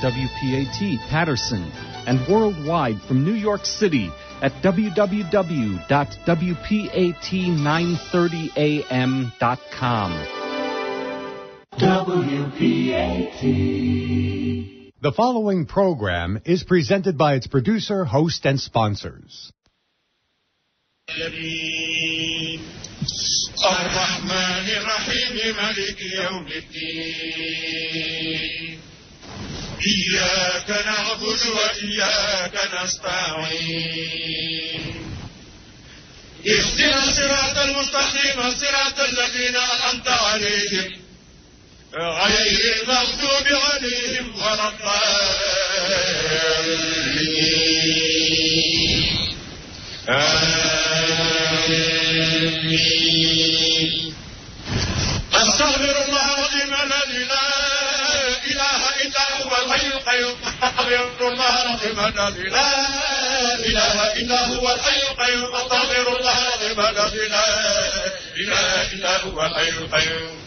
WPAT Patterson and worldwide from New York City at www.wpat930am.com. WPAT. The following program is presented by its producer, host, and sponsors. إياك نعبد وإياك نستعين اهدنا الصراط المستقيم صراط الذين أنعمت عليهم غير المغضوب عليهم ولا الضالين آمين أستغفر الله لمن لا إله إلا هو الحي القيوم أستغفر الله العظيم الذي لا إله إلا هو الحي القيوم أستغفر الله العظيم الذي لا إله إلا هو الحي القيوم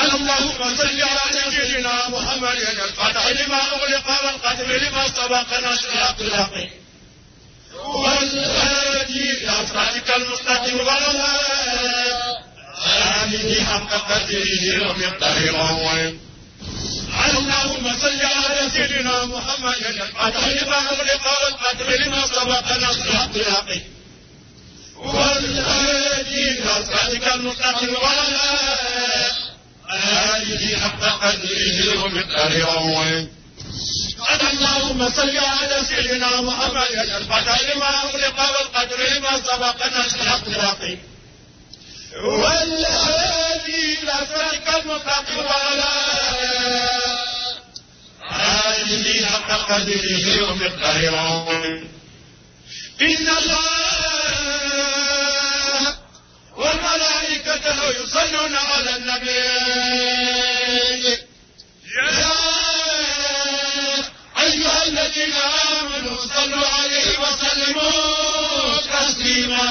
اللهم صل على سيدنا محمد الفتح لما أغلق والقتل لما سبق نشر الأخلاق والهادي لأسرارك المستقيم ولا آله حق قدره ومقداره وعلمه اللهم صل على سيدنا محمد الفتح لما أغلق والفتح لما سبق نصر الطلاق والهادي إلى صراطك المستقيم وعلى آله حق قدره ومقداره اللهم صل على سيدنا محمد الفتح لما أغلق والقدر لما سبق نصر الطلاق والهادي إلى صراطك المستقيم وعلى آله حق قدره ومقداره العظيم إن الله وملائكته يصلون على النبي يا أيها الذين آمنوا صلوا عليه وسلموا تسليما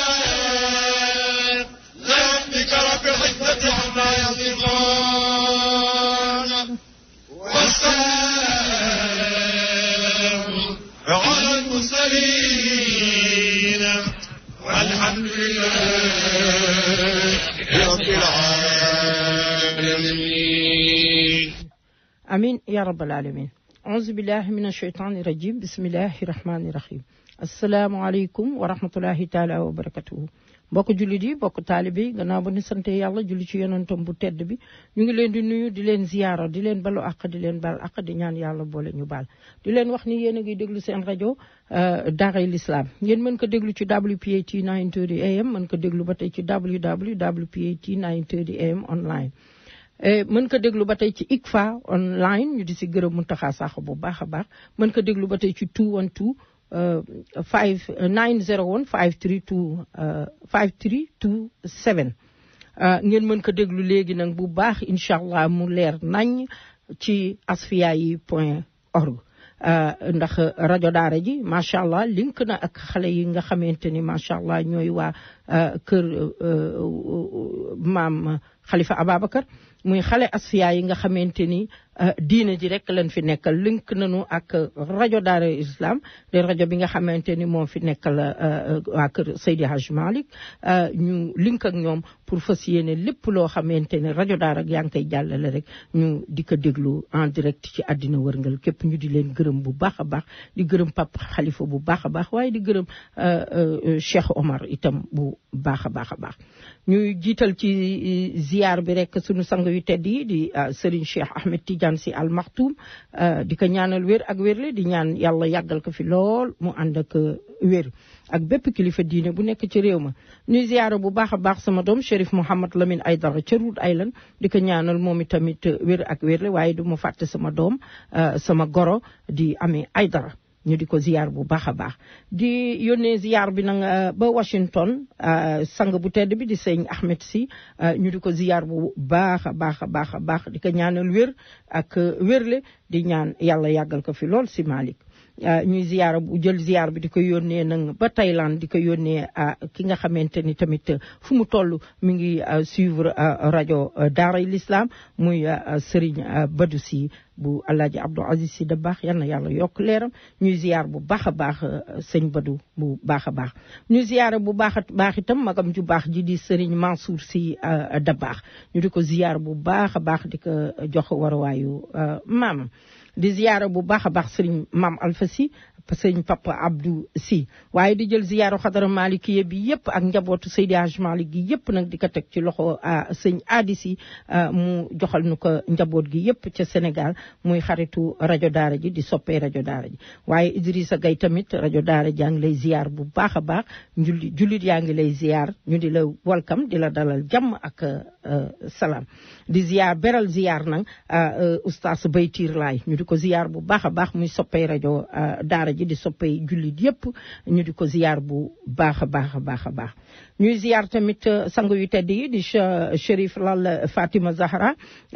amin ya rabbal alamin auzu billahi min asheytaani rajim bismillahi rahmaani rahim asalaamaaleykum wa rahmatulahi taala wa barakatuhu mbokk jullit yi mbokk taalibe yi gannaaw ba ni sant yàlla julli ci yonentam bu tedd bi ñu ngi leen di nuyu di leen ziyaara di leen balu àq di leen bal àq di ñaan yàlla boole ñu baal di leen wax ni yéen a ngi déglu seen rajo euh, daaray l'islam ngeen mën ko déglu ci WPAT 930 AM mën ko déglu ba tey ci www WPAT 930 AM online Eh, mën ko déglu ba tey ci ICFA online ñu di si gërëm Mountakha Sakho bu baax a baax mën ka déglu ba tey ci 212 5 901 532 5327 ngeen mën ko déglu léegi nag bu baax incha allah mu leer nañ ci asfiyahi point org eh, ndax rajo daara ji macha allah link na ak xale yi nga xamante ni macha allah ñooy waa eh, kër maam Khalifa Ababacar muy xale asfiya yi nga xamante ni euh, diine ji rek lañ fi nekkal link nañu ak rajo daara islam de rajo bi nga xamante ni moom fi nekkal euh, waa kër Seydi Hadj Malick euh, ñu link ak ñoom pour fas yéene lépp loo xamante ni rajo daara yaa ngi koy jàllale rek ñu di ko déglu en direct ci àddina wërngal képp ñu di leen gërëm bu baax a baax di gërëm Pape Khalifa bu baax a baax waaye di gërëm Cheikh Omar itam bu baax a baax a baax ñuy jiital ci e, ziar bi rek sunu sang yu tedd yi di e, Serigne Cheikh Ahmed Tidiane si Al Maktoum e, di ko ñaanal wér ak wérle di ñaan yàlla yàggal ko fi lool mu ànd ak weer ak bépp kilifa diine bu nekk ci réew ma ñuy ziara bu baax a baax sama doom Chérif Mouhamad Lamine Aydara ca Rhode Island di ko ñaanal moom itamit wér ak wérle waaye du ma fàtte sama doom sama goro di amee dara ñu di ko ziar bu baax a baax di yónnee ziar bi nag euh, ba Washington euh, sang bu tedd bi di sëñ Ahmed si euh, ñu di ko ziar bu baax a baax a baax a baax di ko ñaanal wér ak wérle di ñaan yàlla yàggal ko fi lool si Malick Euh, ñuy ziyaara bu jël ziyaar bi di ko yónnee nag ba Thaïlande di ko yónnee euh, ki nga xamante ni tamit euh, fu mu toll mi ngi suivre rajo Daaray lislaam muy Serigne Badou si bu Alaaji Abdou Aziz Sy baax yal na yàlla yokk leeram ñuy ziyaar bu baax a baax sëñ Badou bu baax a baax ñu ziyaara bu baax baax itam magam ju baax ji di Serigne Mansour da baax ñu di ko ziyaar bu baax a baax di ko jox warawaayu maamam di ziyaara bu baax a baax sëriñ maam Alfa Si sëñ Papa Abdou Si waaye di jël ziyaaru xadara Malikiye bi yëpp ak njabootu Seydi Hadj Malick gi yëpp nag di ko teg ci loxo sëñ Adi Si mu joxal nu ko njaboot gi yëpp ca Sénégal muy xaritu rajo daara ji di soppee rajo daara waaye waaye Idrissa Gay tamit rajo daara jaa ngi lay ziyaar bu baax a baax njulli jullit yaa ngi lay ziyaar ñu di la walkam di la dalal jàmm ak salaam di ziyaar beral ziyaar nag oustaz Baytiir Laay ñu di ko ziyaar bu baax a baax muy soppee rajo daara ji ji di soppe jullit yépp ñu di ko ziyaar bu baax a baax a baax a baax ñuy ziyaar tamit euh, sangu yu tedd yi di Chérif Lal Fatima Zahra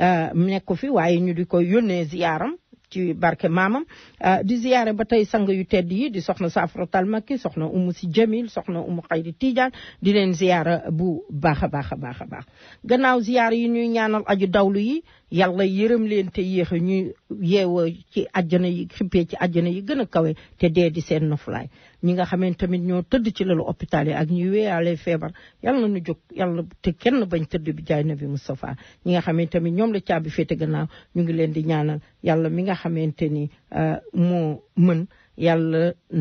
euh, nekku fi waaye ñu di ko yónnee ziyaaram ci barke maamam euh, di ziyaare ba tey sang yu tedd yi di soxna Safratal Makki soxna Umu Si Jamil soxna Umu Xayri Tidiane di leen ziyaara bu baax a baax a baax a baax gannaaw ziyaara yi ñuy ñaanal aju dawlu yi yàlla yërëm leen te yéex a ñuy yeewoo ci àjjana yi xippee ci àjjana yi gën a kawe te dee di seen noflaay ñi nga xamante tamit ñoo tëdd ci lalu hôpital yi ak ñuy weeyaale feebar yàlla na nu jóg yàlla te kenn bañ tëdd bi jaay na bi Moustapha ñi nga xamante tamit ñoom la caabi féete gannaaw ñu ngi leen di ñaanal yàlla mi nga xamante ni euh, moo mën yal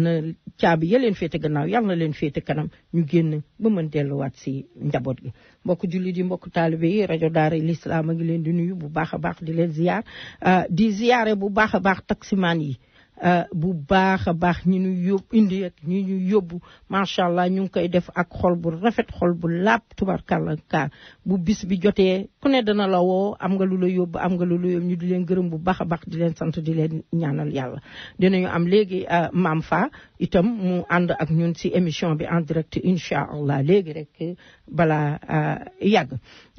na caabi ya leen féete gannaaw yàlla na leen féete kanam ñu génn ba mën delluwaat si njaboot gi mbokk juli yi mbokk taalibe yi rajo daara l'islam a ngi leen di nuyu bu baax a baax di leen ziar euh, di ziare bu baax a baax taximaan yi Euh, bu baax a baax ñi nu yóbbu indi yet ñi ñu yóbbu macha allah ñu ngi koy def ak xol bu rafet xol bu làpp tubarkàlla kaar bu bis bi jotee ku ne dana la woo am nga lu la yóbbu am nga lu la yóbbu ñu di leen gërëm bu baax a baax di leen sant di leen ñaanal yàlla. dinañu am léegi euh, maam fa itam mu ànd ak ñun si émission bi en direct incha allah léegi rek balaa euh, yàgg.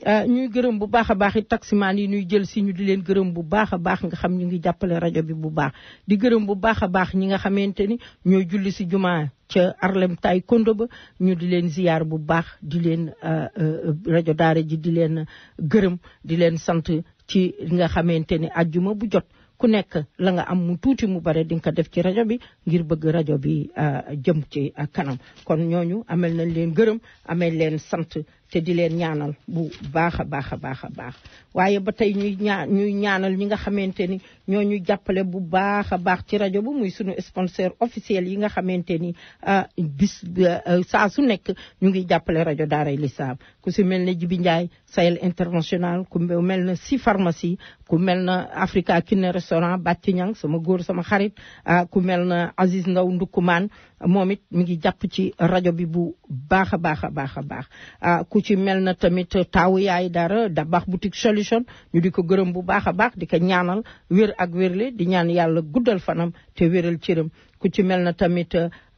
Euh, ñuy gërëm bu baax a baax i taximaan yi ñuy jël si ñu di leen gërëm bu baax a baax nga xam ñu ngi jàppale rajo bi bu baax di gërëm bu baax a baax ñi nga xamante ni ñooy julli si jumaa ca Arlem tay kondo ba ñu di leen ziyaar bu baax di leen euh, rajo daara ji di leen gërëm di leen sant ci nga xamante ni ajjuma bu jot. ku nekk la nga am mu tuuti mu bare di nga ko def ci rajo bi ngir bëgg rajo bi euh, jëm ci euh, kanam kon ñooñu amel nañ leen gërëm amel leen sant te di leen ñaanal bu baax a baax a baax a baax waaye ba tey ñuy ñaa ñuy ñaanal ñi nga xamante ni ñooñu jàppale bu baax a baax ci rajo bi muy sunu sponsor officiel yi nga xamante ni euh, bis saa su nekk ñu ngi jàppale rajo Daaray Lislaam ku si mel ne Jibi Ndiaye Sahel International ku mel na si pharmacie ku mel na Africa Kine restaurant Bàcci Ñang sama góor sama xarit ku mel na Aziz Ndaw Ndukumaan moom it mi ngi jàpp ci rajo bi bu baax a baax a baax a baax ku ci mel na tamit taawu yaay dara da baax boutique solution ñu di ko gërëm bu baax a baax di ko ñaanal wér ak wérle di ñaan yàlla guddal fanam te wéral cëram ku ci mel na tamit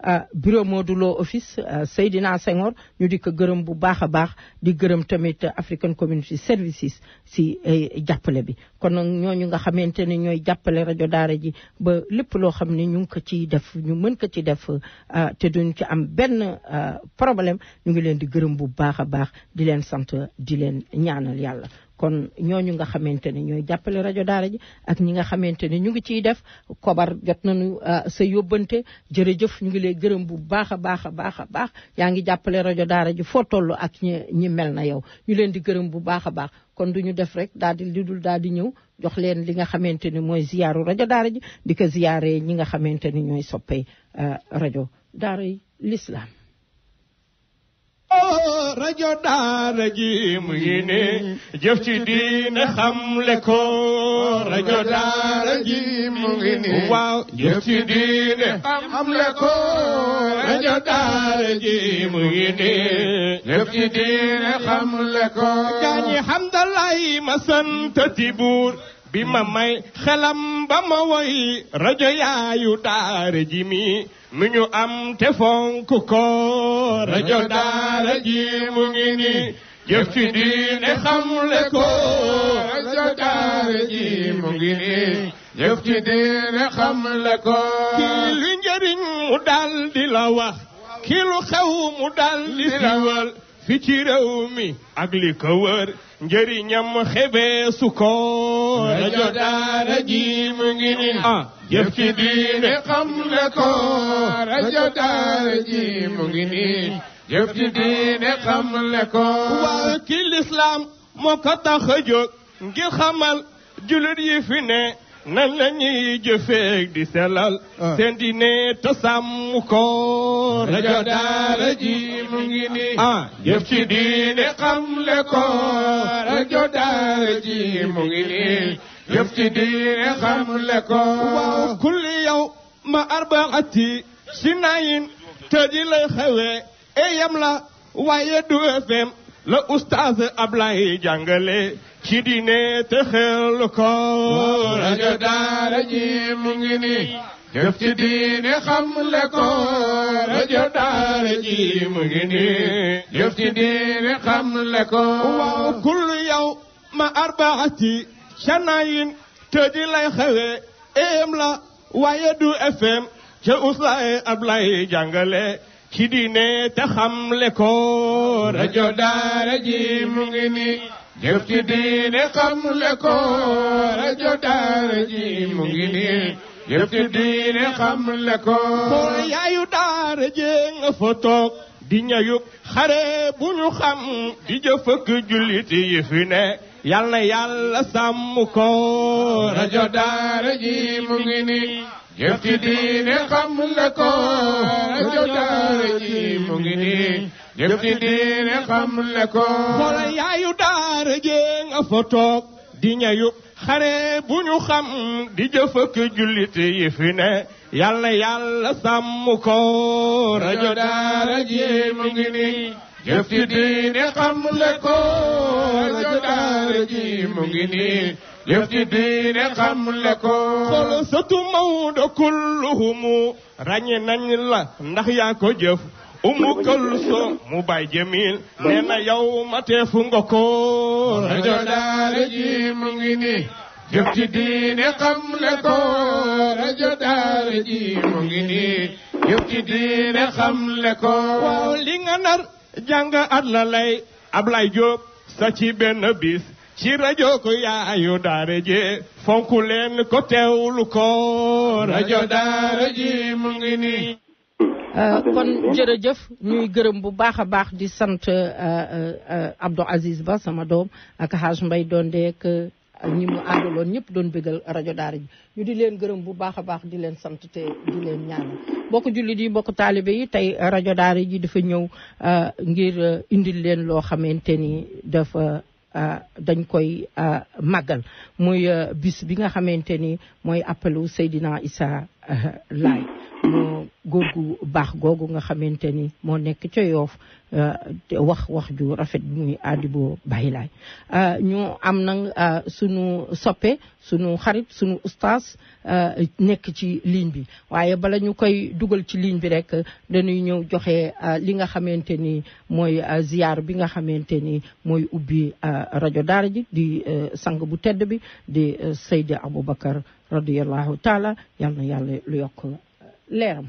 Euh, bureau Modou Lo office euh, Seydina Senghor ñu di ko gërëm bu baax a baax di gërëm tamit African Community Services si eh, jàppale bi kon nag ñooñu nga xamante ne ñooy jàppale rajo daara ji ba lépp loo xam ne ñu ngi ko ciy def ñu mën ko ci def euh, te duñ ci am benn problème ñu ngi leen di gërëm bu baax a baax di leen sant di leen ñaanal yàlla kon ñooñu nga xamante ne ñooy jàppale rajo daara ji ak ñi nga xamante ne ñu ngi ciy def kobar jot na nañu euh, sa yóbbante jërëjëf ñu ngi lay gërëm bu baax a baax a baax baax yaa ngi jàppale rajo daara ji foo toll ak ñi mel na yow ñu leen di gërëm bu baax a baax kon du ñu def rek daal di li dul daal di ñëw jox leen li nga xamante ni mooy ziyaaru rajo daara ji di ko ziyaare ñi nga xamante ni ñooy soppee euh, rajo daara yi rajo daara ji mu ngi ne ci diine xamle ko rajo daara mu ngi ne ci diine xamle ko rajo daara ji ma sant ti bi ma may xelam ba ma woy rajo yaayu daara mi nu ñu am te fonk ko rajo daara ji mu ngi ni jëf ci diine xamle ko rajo daara ji mu ngi ni jëf ci diine xamle ko kii li njëriñ mu dal di la wax xew mu dal di la fi ci réew mi ak li ko njëriñam xebe su rajo daara ji mu ngi ni ah jëf ci diine xam na ko rajo daara ji mu ngi ni jëf ci diine xam na ko waa ki lislaam moo ko tax a ngir xamal jullit yi fi ne nan la ñuy jëfeeg di selal. Ah. seen diine te sàmm rajo daara ji mu ngi nii. ci diine xamle ko. rajo daara ji mu ngi nii. Ah, jëf ci diine xamle ko. waaw kulli ma arbaati si nayin te di lay xewee. e yam la waaye du FM la oustaz Ablaye jàngale. ci diine te xel ko rajo daara ji mu ngi nii diine xam le rajo daara ji mu ngi nii diine xam le ko waaw kul yow ma arbaati sanayin te di lay xewe em la waaye du fm ca uslay ab lay jàngale ci diine te xam le rajo daara ji mu ngi jëf ci diine xamle ko rajo daara ji mu ci diine xamle ko yaayu daara nga fa toog di ñayuk xare bu ñu xam di jëfëkk jullit yi fi ne yal na yàlla sàmm ko rajo daara ji jëf ci diine xam nga ko jotaare ji mu ngi nii ko daara ko ji mu ngi nii diine xam nga ko rajo daara ji mu ngi لفت دين خملكم خلصت مود كلهم راني نانيلا ndax yaa ko jëf umu kalsum mu na yow mateefu nga ko rajo daara ji mu ngi ni jëf ci diine xam le ko rajo daara ji mu ngi ni jëf diine xam le li nga nar jàng at la lay Ablaye Diop sa ci benn bis ci rajo ko yaayu daara ji fonk leen ko teewlu ko rajo daara mu ngi nii. Euh, kon jërëjëf ñuy gërëm bu baax a baax di sant euh, euh, Abdou Aziz Ba sama doom ak Haj Mbay doon deek ñi mu àndaloon ñëpp doon bégal rajo daara ñu di leen gërëm bu baax a baax di leen sant te di leen ñaanal bokk jullit yi bokk taalibe yi tey rajo daara ji dafa ñëw ngir indi leen loo xamante ni dafa Euh, dañ koy euh, màggal mooy euh, bis bi nga xamante ni mooy appelu Seydina Issa Laye mu góor baax googu nga xamante ni moo nekk ca Yoof Euh, wax wax ju rafet bi muy Hadjibou Bahilaye euh, ñu am nag euh, sunu soppe sunu xarit sunu ustaas nekk ci ligne bi waaye bala ñu koy dugal ci ligne bi rek dañuy ñëw joxe li nga xamante ni mooy ziar bi nga xamante ni mooy ubbi rajo daara ji di sang bu tedd bi di Seydi Aboubacar radiyallahu taala yal na yàlla lu yokk leeram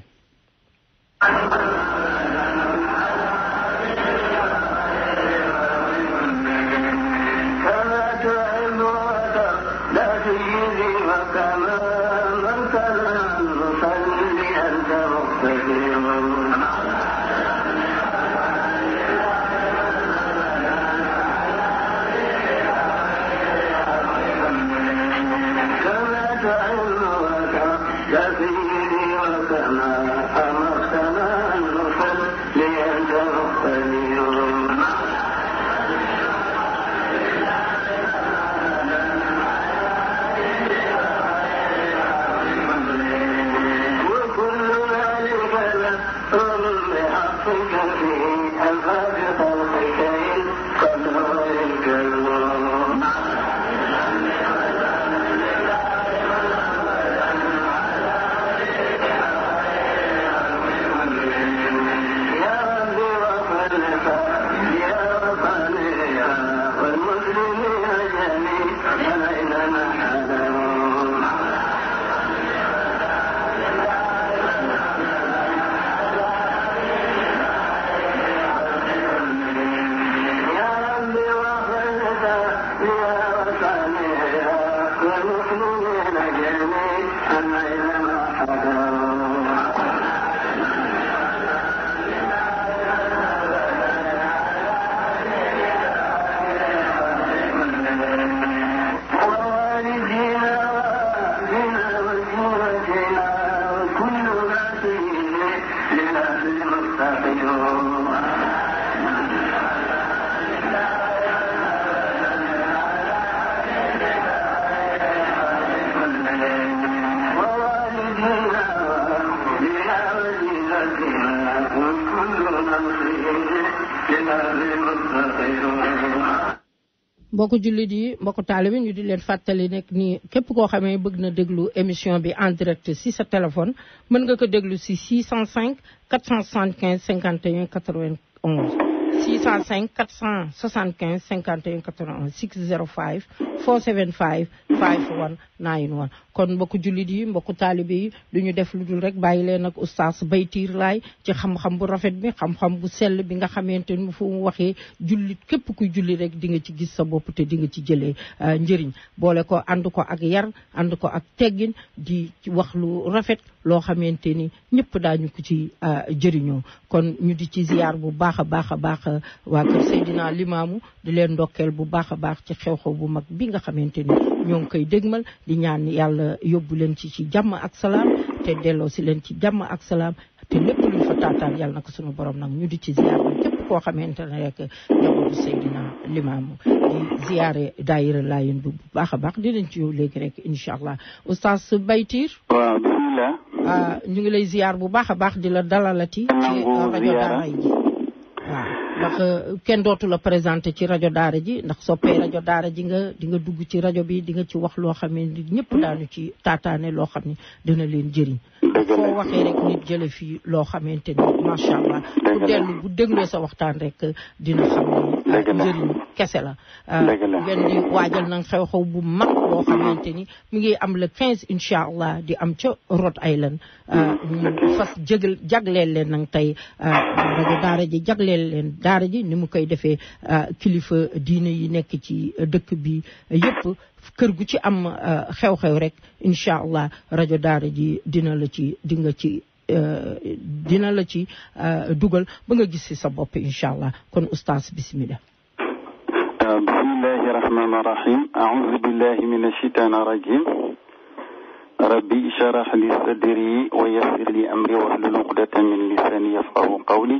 لله المستقيم boo ko jullit yi mbokk taalibi ñu di leen fàttali nekk nii képp koo xamee bëgg na déglu émission bi en direct si sa téléphone mën nga ko déglu si 605 475 51 91. cinq 605 475 51 81 605 475 5191 kon mbokku jullit yi mbokku taalibe yi lu ñu def lu dul rek bàyyi leen ak bay Baytiir Laay ci xam-xam bu rafet bi xam-xam bu sell bi nga xamante ni fu mu waxee jullit képp kuy julli rek di nga ci gis sa bopp te di nga ci jëlee euh, njëriñ boole ko ànd ko ak yar ànd ko ak teggin di wax lu rafet loo xamante ni ñëpp daañu ko ci euh, jëriñoo kon ñu di ci ziar bu baax a baax a baax euh, waa kër Seydina Limaamu di leen ndokkeel bu baax a baax ci xew-xew bu mag bi nga xamante ni ñoo ngi koy dégmal di ñaan yàlla yóbbu leen ci ci jàmm ak salaam te delloo si leen ci jàmm ak salaam te lépp luñ fa taataan yàlla na ko suñu borom nag ñu di ci ziar bu képp koo xamante ne rek njabootu Seydina Limaamu di ziare daayira Laayeen bi bu baax a baax dinañ ci yow léegi rek incha allah Euh, ñu ngi lay ziar bu baax a baax di la dalalati ci euh, rajo daara ji waaw ndax euh, kenn dootula la présenté ci rajo daara ji ndax soppee rajo daara ji nga di nga dugg ci rajo bi di nga ci wax loo xam ne ñëpp daanu ci taataane loo xam ne dina leen jëriñ foo waxee rek nit jële fii loo xamante ni macha allah bu dellu bu dégloo sa waxtaan rek dina xam njëriñ kese la euh, ngeen di waajal nag xew-xew bu mag boo xamante ni mu ngi am le 15 incha allah di am ca Rhode Island euh, hmm, ñu fas jëgal jagleel leen nag tey euh, rajo daara ji jagleel leen daara ji ni mu koy defee kilifa diine yi nekk ci dëkk bi yépp kër gu ci am xew-xew rek incha allah rajo daara ji dina la ci dinga ci dina la ci euh, dugal ba nga gis sa bopp incha allah kon oustaz bismillah bismillahi rahmani rahim aoudu billahi min ashitaani rajim rabbi ishrah li sadri wa yassir li amri wahlul uqdatan min lisani yafqahu qawli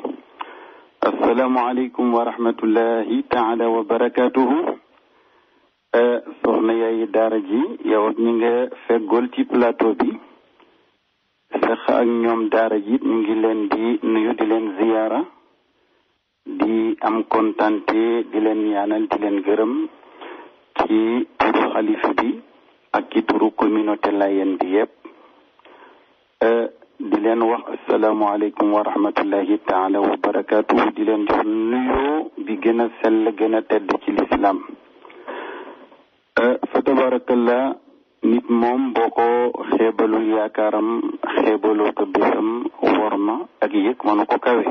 asalaamaaleykum wa rahmatullahi taala wa barakatuhu euh, soxna yaay daara ji yow ak ñi bi seq ak ñoom daara ji ñu ngi leen di nuyu di leen ziyaara di am kontante di leen ñaanal di leen gërëm ci turu xalifa bi ak ci turu communauté Layeen bi yépp euh, di leen wax asalaamaaleykum wa rahmatullahi taala wa barakaatu di leen jox nuyoo bi gën a sell gën a tedd ci lislaam euh, fa tabarakallah nit moom boo ko xeebalul yaakaaram xeebaloo ko bésam worma ak yëg mënu ko kawe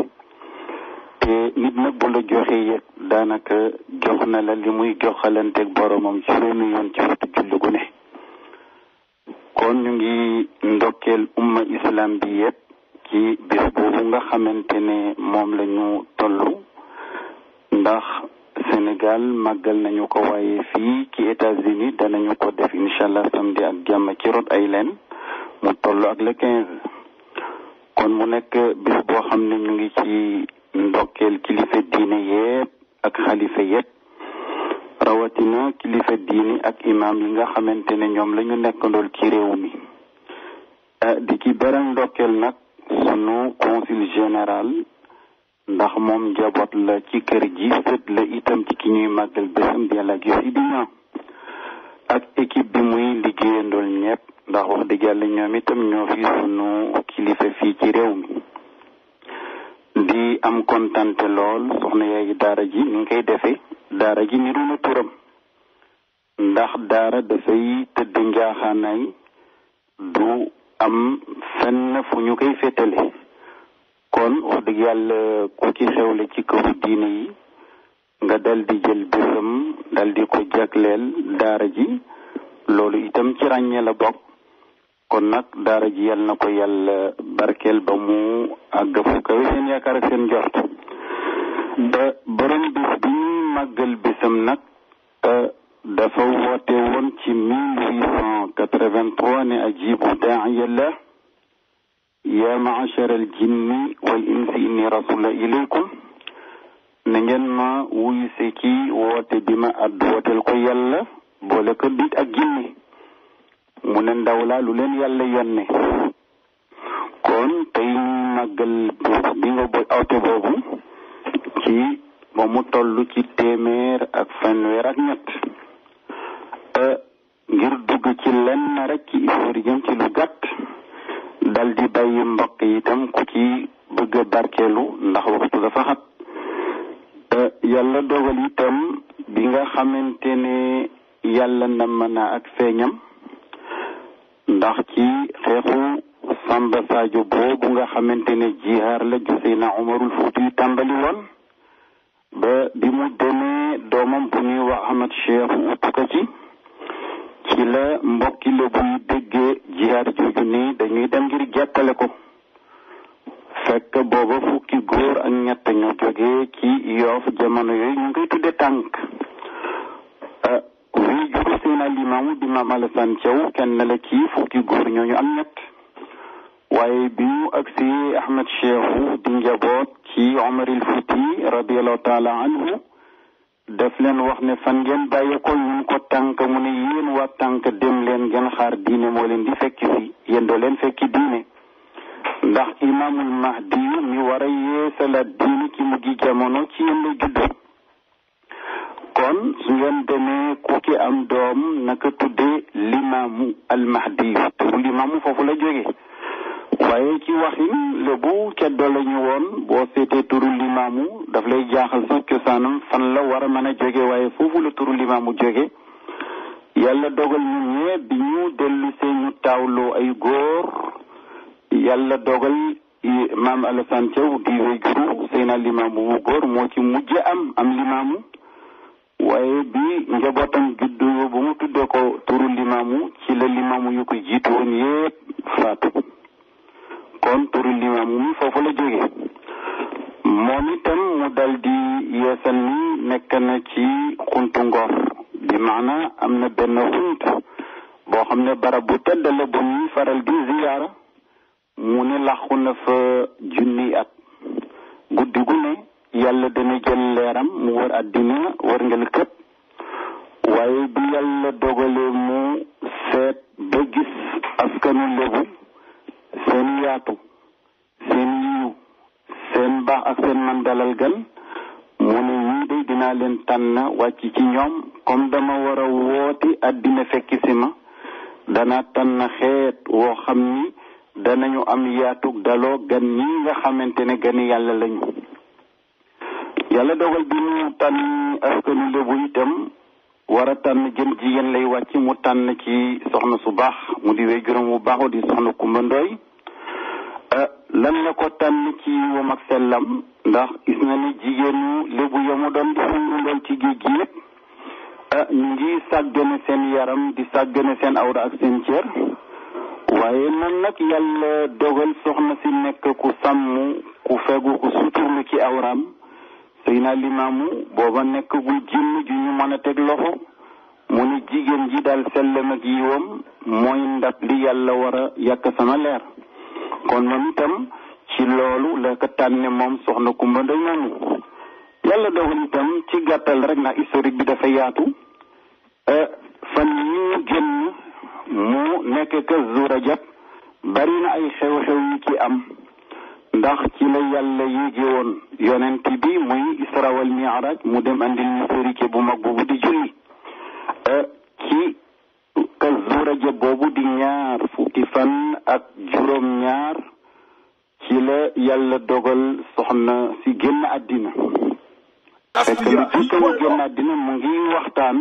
te nit nag bu la yëg daanaka jox na la li muy joxalanteeg boromam juróomi yoon ci waxtu julli kon ñu ngi ndokkeel umma islam bi yëpp ci bés boobu nga xamante ne moom la ñu ndax Sénégal màggal nañu ko waaye fii ci États-Unis nañu ko def incha allah samedi ak jàmm ci Rhode Island mu toll ak le quinze. kon mu nekk bis boo xam ne ñu ngi ci ndokkeel kilifa diine yépp ak xalifa yépp rawatina kilifa diini ak imaam yi nga xamante ne ñoom lañu ñu nekkandool ci réew mi. Eh, di ci beral ndokkeel nag sunu consul général. ndax moom jaboot la ci kër gi sët la itam ci ki ñuy màggal bésam bi yàlla gis yi di ñoom ak équipe bi muy liggéeyandool ñepp ndax wax dëgg yàlla ñoom itam ñoo fi sunu kilifa fii ci réew mi di am kontante lool soxna yaay daara ji ni ngi koy defee daara ji ni duna turam ndax daara dafay tëdd njaaxaanaay du am fenn fu ñu koy féetale kon wax dëgg yàlla ku ci xewle ci këru diine yi nga dal di jël bésam dal di ko jagleel daara ji loolu itam ci ràññee la bokk kon nag daara ji yal na ko yàlla barkeel ba mu àgg fu kawe seen yaakaar ak seen njort ba borom bis bi ñuy màggal bésam nag euh, dafa woote woon ci 1883 ne ajibu daa'iya Allah yaa ma'ashara al jinni wal insi inni rasulullah ilaykum na ngeen ma wuyu si woote bi ma àdd wooteel ko yàlla boole ko nit ak jinni mu ne ndaw laa leen yàlla yónne kon tey ñu bi nga bo awte boobu ci ba mu toll ci téeméer ak fanweer ak ñett ngir dugg ci lenn rek ci histoire jëm lu gàtt dal di bàyyi mbokk yi itam ku ci bëgg a ndax waxtu dafa xat yàlla dogal itam bi nga xamante ne yàlla na mën ak feeñam ndax ci xeexu Samba Sadio boobu nga xamante ne jihaar la ju Seydina Umarul Fuuti tàmbali woon bi mu demee doomam bu ñuy wax Ahmad ci ci la mbokki Lebu yi déggee jooju nii dañuy dem ngir jàppale ko fekk booba fukki góor ak ñett ñu jógee ci yoof jamono yooyu ñu ngi tudde tànk ah, wii juru seen alimaamu di maam kenn la ci fukki góor ñooñu am ñett waaye bi ñu agsi Ahmed Cheikhou di ci Omar il Fouti radiyallahu taala anhu def leen wax ne fan ngeen bàyyeekoo ñun ko tànk mu ne yéen waa tànk dem leen ngeen xaar diine moo leen di fekk si yéen doo leen fekki diine ndax imaamul mahdi mi war a yeesalaat diine ci mujj jamono ci yéen la judd kon su ngeen demee ku ci am doom naka tudde limaamu al mahdi yu te limaamu foofu la jóge waaye ci waxin lébu ceddo la ñu woon boo seetee turu limaamu daf lay jaaxal sax cosaanam fan la war a mën a jóge waaye foofu la turu limaamu jóge yàlla dogal ñu ñee bi ñu dellu see ñu taawloo ay góor yàlla dogal maam Alassane Thiaw di wéjuru seyna limaamu bu góor moo ci mujj am am limaamu waaye bi njabootam juddu ba mu tuddee ko turu limaamu ci la limaamu yu ko jiitu woon yépp faatu kon turu limaam mi foofu la jóge moom itam mu dal di yeesal ni nekk na ci xuntu Ngor bi maana am na benn xunt boo xam ne barab bu tedd la bu ñuy faral di ziyaara mu ne làqu na fa junni at guddi gu ne yàlla dana jël leeram mu wër àddina wër ngel këpp waaye bi yàlla dogalee mu seet ba gis askanu lébu seen yaatu seen yiw seen baax ak seen man dalal gan mu ne ñii de dinaa leen tànn wàcc ci ñoom comme dama war a wooti àddina fekki si ma dana tànn xeet woo xam ni danañu am yaatug daloo gan ñi nga xamante ne gani yàlla lañu yàlla dogal bi mu tànn askanu lébu itam war a tànn jëm jigéen lay wàcc mu tànn ci soxna su baax mu di wéy juróom bu baaxu di soxna Kumba Ndooy Euh, lan la ko tànn ci yiwam ak sellam ndax gis na ni jigéenu lébu ya mu doon di sungundool ci géej gi yëpp euh, ngi sàggane seen yaram di sàggane seen awra ak seen cër waaye moom nag yàlla dogal soxna si nekk ku sàmm ku fegu ku suturlu ci awraam sëy naa limaamu booba nekk gul jinn ju ñu mën a teg loxo mu ni jigéen ji daal sellam ak yiwam mooy ndab li yàlla war a yàkk sama leer kon moom itam ci loolu la ko tànne moom soxna Kumba Ndey Mamu yàlla dogal itam ci gàttal rek na historique bi dafa yaatu euh, fan yi mu génn mu nekk ka zu rajab bari na ay xew-xew yu ci am ndax ci la yàlla yéege woon yonent bi muy isra wal mi'raj mu dem andi ñu bu mag boobu di julli euh, ci ka zu boobu di ñaar fukki fan ak juróom ñaar ci la yàlla dogal soxna ci génn àddina fekk lu jikka mu génn àddina mu ngi waxtaan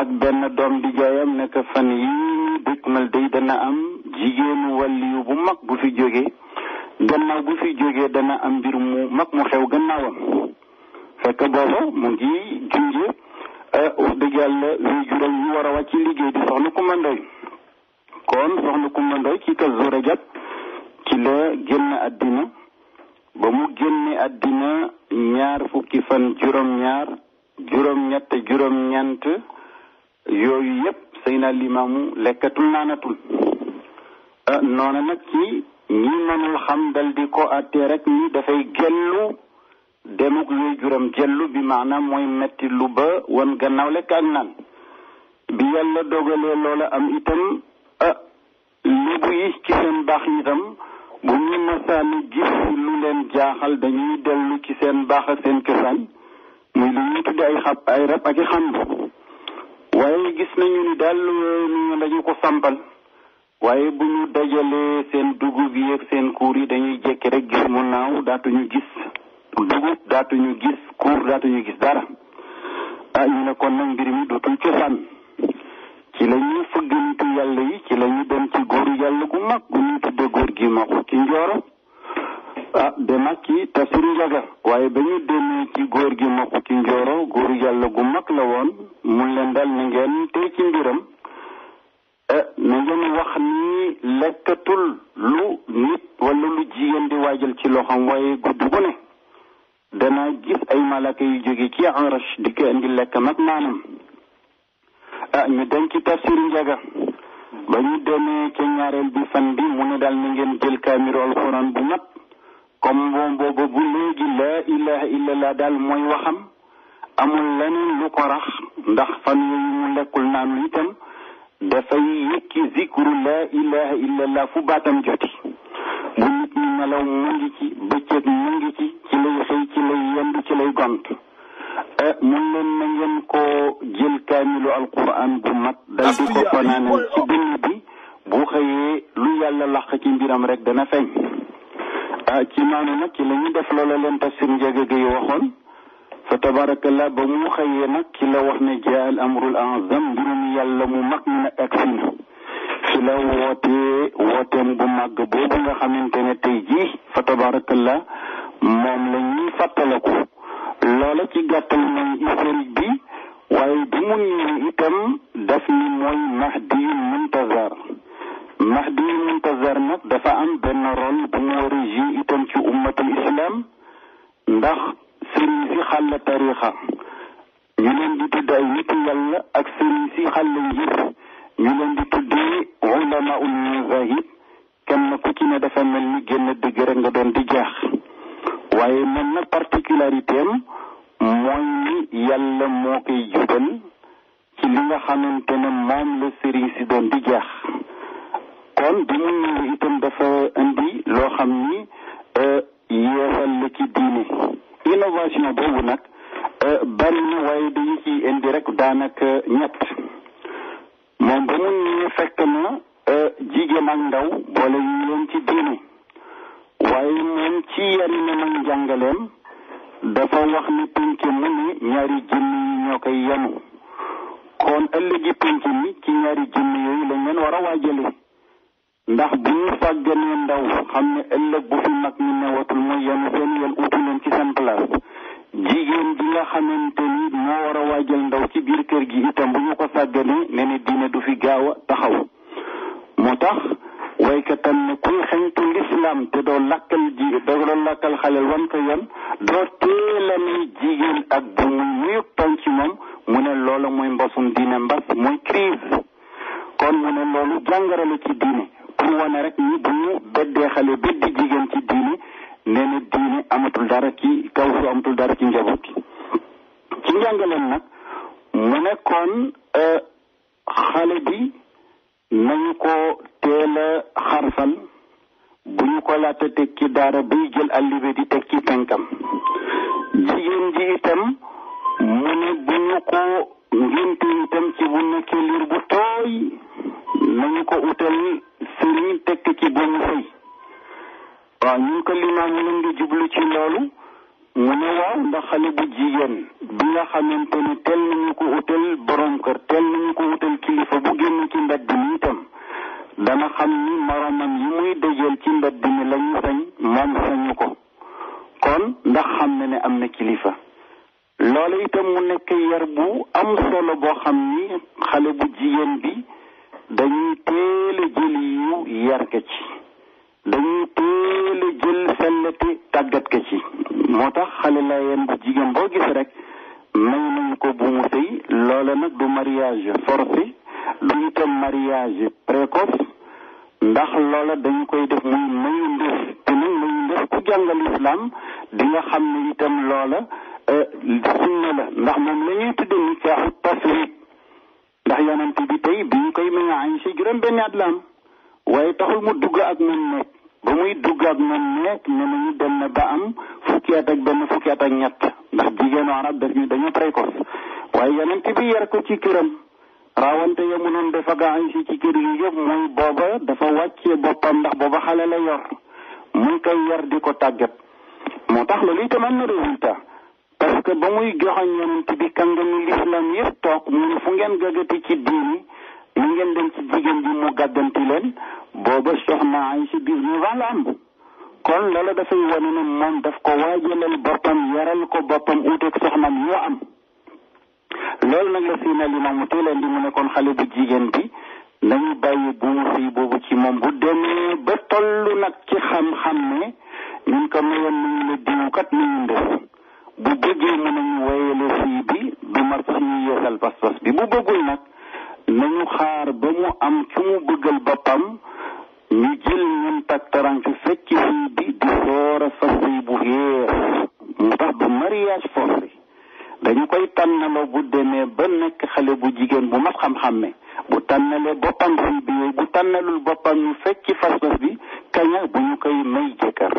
ak benn doom di jooyam nekk fan yi ñu dëkkmal day dana am jigéenu wàlliyu bu mag bu fi jóge gannaaw bu fi jógee dana am mbir mu mag mu xew gannaawam fekk booba mu ngi junje Eh, wax dëgg yàlla yuy jural ñu war a wàcc liggéey di soxna Kumba Ndoy kon soxna Kumba Ndoy ci Kazu Rajab ci la génn àddina ba mu génne àddina ñaar fukki fan juróom-ñaar juróom-ñett juróom-ñeent yooyu yépp Seydina Limaamu lekkatul naanatul eh, noona nag ci ñi mënul xam dal ko àttee rek ni dafay gellu demuk yooyu juram jellu bi maana mooy metti lu ba wan gannaaw lekk ak naan bi yàlla dogalee loola am itam ah lébu yi ci seen baax itam bu ñu masaani gis lu leen jaaxal dañuy dellu ci seen baax ak seen cosaan muy lu ñuy tudde ay xab ay rab ak i waaye gis nañu ni daal ñu dañu ko sampal waaye bu ñu dajalee seen dugub yi ak seen kuur yi dañuy jekki rek gis mu naaw daatuñu gis dugub daatuñu gis kuur daatuñu gis dara ah ñu ne kon nag mbir mi dootul cosaan ci la ñuy fëgg nitu yàlla yi ci la dem ci góor yàlla gu mag gu ñu tudde góor gi maxu ci njooro ah dem ak ci tafsir njaga waaye ba ñu demee ci góor gi maxu ci njooro góoru yàlla gu mag la woon mu leen dal na ngeen tey ci mbiram eh, na ngeen wax ni lekkatul lu nit wala lu jigéen di waajal ci loxoom waaye gudd gu ne danaa gis ay malaka yu jóge ci arash di ko indi lekkam ak naanam ah ñu dem ci tafsir njaga ba ñu demee ca bi fan bi mu ne daal na ngeen jël kaamiru alxuraan bu mat comme moom boobu bu léegi laa ilaha illallah daal mooy waxam amul leneen lu ko rax ndax fan yooyu mu lekkul naanu itam dafay yëkki zikru laa ilaha illallah fu baatam joti nelaw mu ngi ci bëccëg mu ngi ci ci lay xëy ci lay yend ci lay gont eh, mun leen na ngeen koo jël kaamilu alquran bu mat dal ko ko naane ci dënn bi bu xëyee lu yàlla làq ci mbiram rek dana feeñ eh, ci noonu nag ci la ñu def loola leen tafsir njege gi waxoon fa tabarakallah ba mu xëyee nag ci la wax ne jaal amrul azam mbirum yàlla mu mag mi nag ak si na ci la wootee wooteem bu màgg boobu nga xamante ne tey jii fa tabarakallah moom la ñuy fàttaliku loola ci gàttal mooy historique bi waaye bi mu ñëwee itam daf ni mooy mahdi yu muntazar mahdi yu muntazar nag dafa am benn rôle bu mu war itam ci ummatul islam ndax sëriñ si xàll tarixa ñu leen di tudd ay nitu yàlla ak sëriñ si xàll ngir ñu leen di tuddee ulamaul mazahib kenn ku ci ne dafa mel ni génn dëgg rek nga doon di jaax waaye mën na particularité am mooy ni yàlla moo koy jubal ci li nga xamante ne moom la sëriñ si doon di jaax kon bi mu ñëw itam dafa indi loo xam ni euh, yeewal la ci diine innovation boobu nag euh, bari na waaye dañu indi rek daanaka ñett moom ba mu ñëwee fekk na euh, jigéen ak ndaw boole ñu leen ci diine waaye moom ci yenn man njàngaleem dafa wax ni pénc mu ni ñaari jëmm yi ñoo koy yenu kon ëllëgi pénc mi ci ñaari jëmm yooyu lañ leen war a waajale ndax bu ñu fàgganee ndaw xam ne ëllëg bu fi mag ñu newatul mooy yenu seen yel utu leen ci seen place jigéen bi nga xamante ni moo war a waajal ndaw ci biir kër gi itam bu ñu ko sàgganee ne ne diine du fi gaaw a taxaw moo tax waykatam ne kuy xeñtu lislaam te doo lakkal ji doo lakkal xale wante ko yoon doo teela jigéen ak bu muy nuyu penc moom mu ne loola mooy mbasum diine mbas mooy crise kon mu ne loolu jàngara la ci diine pour wane rek ni bu ñu beddee xale bi di jigéen ci diine nee diine amatul dara ci kaw su amatul dara ci njaboot yi ci njàngaleem nag mu ne kon euh, xale bi nañu ko teel a bu ñu ko laata teg ci daara buy jël allibe di teg ci penkam jigéen ji itam mu ne bu ñu ko ngénte itam ci bu nekkee liir bu tooy nañu ko utal sëriñ teg ci bu mu sëy waaw ñun ko limaam ñu ngi jublu ci loolu mu ne waaw ndax xale bu jigéen bi nga xamante ni teel nañu ko utal borom kër teel nañu ko utal kilifa bu génn ci mbedd mi itam dana xam ni moromam yi muy dajeel ci mbedd mi lañu sañ moom sañu ko kon ndax xam na ni am na kilifa loolu itam mu nekk yar bu am solo boo xam ni xale bu jigéen bi dañuy teel jëli yu yar ko ci dañuy teel a jël sellati tàggat ko ci moo tax xale laayeen bu jigéen boo gis rek may nañ ko bu mu sëy loola nag du mariage forcé du itam mariage précoce ndax loola dañ koy def muy mayu ndëf te nag mayu ndëf ku jàngal islam di nga xam ne itam loola euh, sunna la ndax moom la ñuy tudde ni caaxu taswit ndax yonent bi tey bi ñu koy may Aïcha juróom benn at la am waaye taxul mu dugg ak moom nekk ba muy dugg ak man nekk ne nañu dem na ba am fukki at ak benn fukki ak ñett ndax jigéenu arab daf ñu dañu précoce waaye yonent bi yar ko ci këram raawante ya mu noon dafa gaa añ ci kër yi yëpp mooy booba dafa wàccee boppam ndax booba xale la yor muy koy yar di ko tàggat moo tax loolu itam am na résultat parce que ba muy joxoñ yonent bi kàngami l'islam yëpp toog mu ne fu ngeen gagati ci diini li ngeen dem ci jigéen bi mu gàddanti leen booba soxna Aysa dix-neuf ans la am kon loolu dafay wane ne moom daf ko waajalal boppam yaral ko boppam uuteeg soxnaam yoo am loolu nag la fii na li moomu teeleen di mu ne kon xale bu jigéen bi nañu bàyyi buumu fii boobu ci moom bu demee ba tollu nag ci xam-xam ne ñun ko mayoon nañu la diw kat nañu def bu bëggee mën nañu wayale fii bi du mar ci yeesal pas-pas bi bu bëggul nag nañu xaar ba mu am ku mu bëggal boppam ñu jël ñun tak tarang fekk sëy bi di soor a fas sëy bu yees mu tax bu mariage forcé dañu koy tànnaloo bu demee ba nekk xale bu jigéen bu mag xam-xam ne bu tànnalee boppam sëy bi bu tànnalul boppam ñu fekk ci fas fas bi kaña bu ñu koy may jëkkër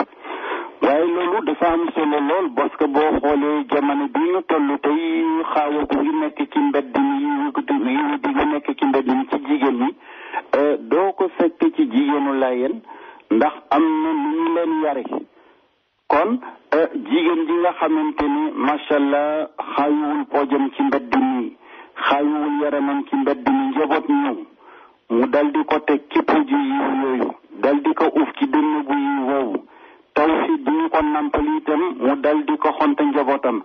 waaye loolu dafa am solo lool parce que boo xoolee jamono bi ñu toll tey xaawaku yi nekk ci mbedd mi yiwu di gi nekk ci mbedd mi ci jigéen ñi euh, doo ko fekk ci jigéenu Laayeen ndax am na nu ñu leen yare kon euh, jigéen ji nga xamante ni macha allah xaayuwul poojam ci mbedd mi xaayuwul yaramam ci mbedd mi njaboot ñëw mu dal di ko teg ci puju yooyu dal ko uuf ci dënn bu yiw woowu taw si duñ ko nampal itam mu dal di ko xonte njabootam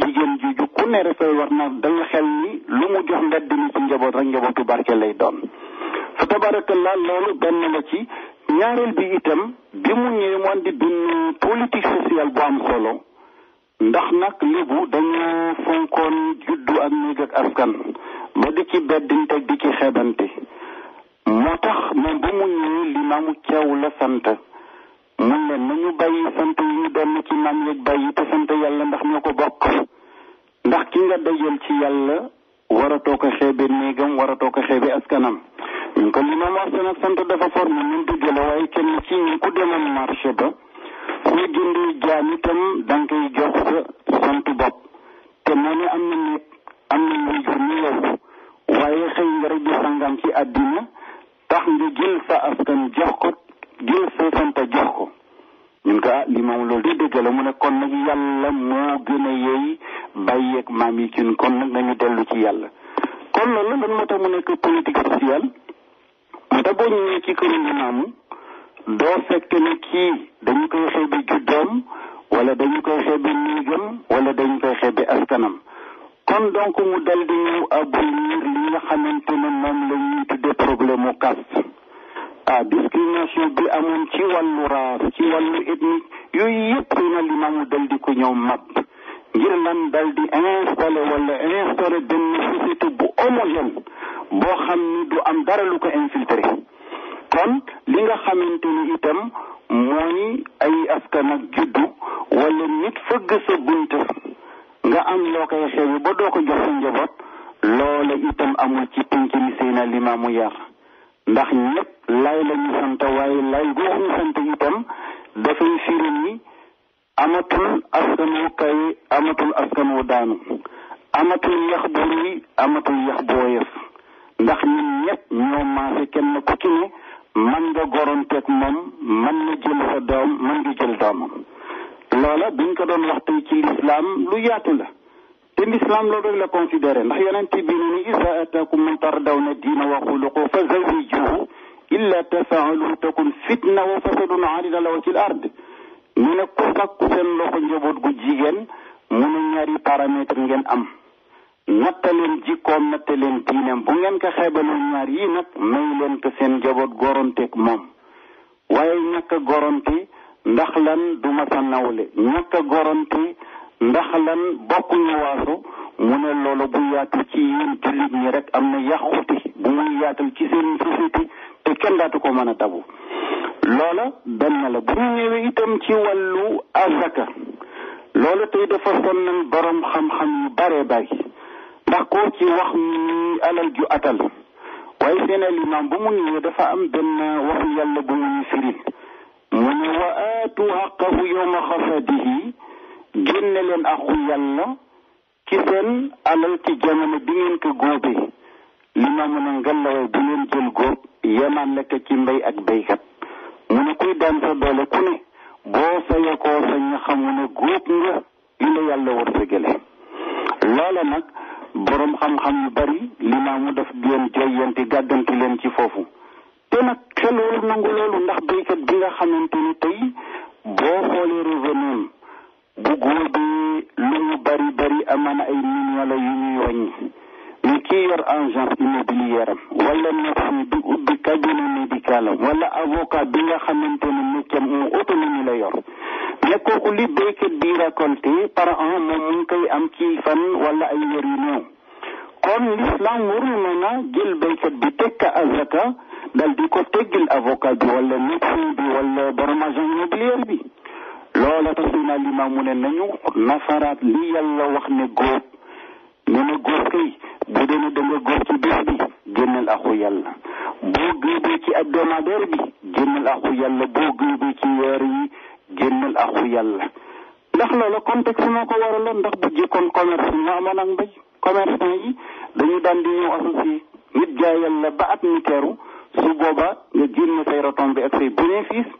jigéen ju ju ku ne rek war na dal xel ni lu mu jox mbedd mi ci njaboot rek njabootu barke lay doon fa tabarakallah loolu benn la ci ñaareel bi itam bi mu ñëwee moom di benn politique sociale bu am solo ndax nag lébu dañu fonkoon juddu ak néeg ak askan ba di ci beddinte di ci xebante moo tax moom bu mu ñëwee limaamu ceew la sant mun leen nañu bàyyi sant yi ñu doon ci maam yeeg bàyyi te sant yàlla ndax ñoo ko bokk ndax ki nga dajal ci yàlla waratoo ko xeebe néegam waratoo ko xeebe askanam ñun ko li ma marché nag sant dafa forme ñun dëgg la waaye kenn ci ñu ku demoon marché ba soo jëndee jaam itam da koy jox sa sant bopp te moo am na nit am na luy jur ni waaye xëy nga rek di sangaan ci àddina tax nga jël sa askan jox ko jël seesanta jox ko ñun ko ah li moom loolu de dëgg la mu ne kon nag yàlla moo gën a yeey bàyyeeg maam yi ci kon nag nañu dellu ci yàlla kon loolu lan moo tax mu nekk politique sociale moo tax boo ñëwee ci këru maamu doo fekk ne kii dañu koy xeebe juddoom wala dañu koy xeebe néegam wala dañu koy xeebe askanam kon donc mu dal di ñëw abolir li nga xamante ne moom la tuddee problème mu ah bi amoon ci wàllu raas ci wàllu ethnique yooyu yëpp na limaamu dal di ko ñëw mab ngir lan dal installé wala installé benn société bu homogène boo xam ni du am dara lu ko infiltré kon li nga xamante ni itam mooy ay askan ak juddu wala nit fëgg sa bunt nga am loo koy xewi ba doo ko jox sa njaboot loola itam amul ci penc mi seen yar ndax ñëpp lay la ñu sant waaye lay googu ñu sant itam dafay firi ni amatul askanu kay amatul askanu daanu amatul yax bu rëy amatul yax bu woyof ndax ñun ñëpp ñoo maase kenn ku ci ne man nga goronteeg moom man nga jël sa doom man nga jël doomam loola buñ ko doon wax tey ci lislaam lu yaatu la te lislaam loolu rek la considéré ndax yonent bi ne ni isa ataakum man tardawna diina wa xuluqu fa zawijuhu illa tafaaluhu takun fitna wa fasadun arida law fil ard mu ne ku sàkku seen loxo njaboot gu jigéen mu ne ñaari paramètre ngeen am natta leen jikkoom natta leen diineem bu ngeen ko xeebalul ñaar yi nag may leen ko seen njaboot goronteeg moom waaye ñàkk goronti ndax lan du ma sa nawle ñàkk goronti ndax lan bokkuñu waaso mu ne loolu bu yaatu ci yéen jullit ñi rek am na yàquti bu muy yaatal ci seen société te kenn daatu ko mën a tabu loola benn la bu ñu ñëwee itam ci wàllu azaka loola tey dafa sonnal borom xam-xam yu bare bari ndax ko ci wax ni alal ju atal waaye seen alimaam bu mu ñëwee dafa am benn waxu yàlla bu mu ñu firil mu ne wa aatu xaqahu yowma xasadihi génne leen aqu yàlla ci seen alal ci jamono bi ngeen ko góobee li ma mën a ngallawee bu leen jël góob yemaan lekk ci mbay ak béykat mu ne kuy daan sa doole ku ne boo fayee koo sa ña xamu ne góob nga li la yàlla war sa loola nag boroom xam-xam yu bari limaamu daf gen joyyanti gàddantu leen ci foofu te nag xel nangu loolu ndax béykat bi nga xamante ni tey boo xoolee revenu bu góor bi lu mu bari bari amaana ay millions la yu ñuy wàññi mais kii yor agence immobilière am wala médecin bi ubbi cabinet médical am wala avocat bi nga xamante ne métier am autonomie la yor mais kooku li béykat bi récolté par an moom mu am ci fan wala ay weer yu kon l'islam warul mën a jël béykat bi teg ka azaka dal di ko teggil avocat bi wala médecin bi wala borom agence immobilière bi loola tax Seydina Limaamu mu ne nañu nafaraat li yàlla wax ne góob ñu ne góob kay bu dee ne da nga góob ci bés bi génnal axu yàlla boo góobee ci hebdomadaire bi génnal axu yàlla boo góobee ci weer yi génnal axu yàlla ndax loola contexte moo ko waraloon ndax bu jëkkoon commerce moo amoon ak mbéy commerçant yi dañu daan di ñëw associé nit jaayal la ba at mi su booba nga génn say retombées ak say bénéfice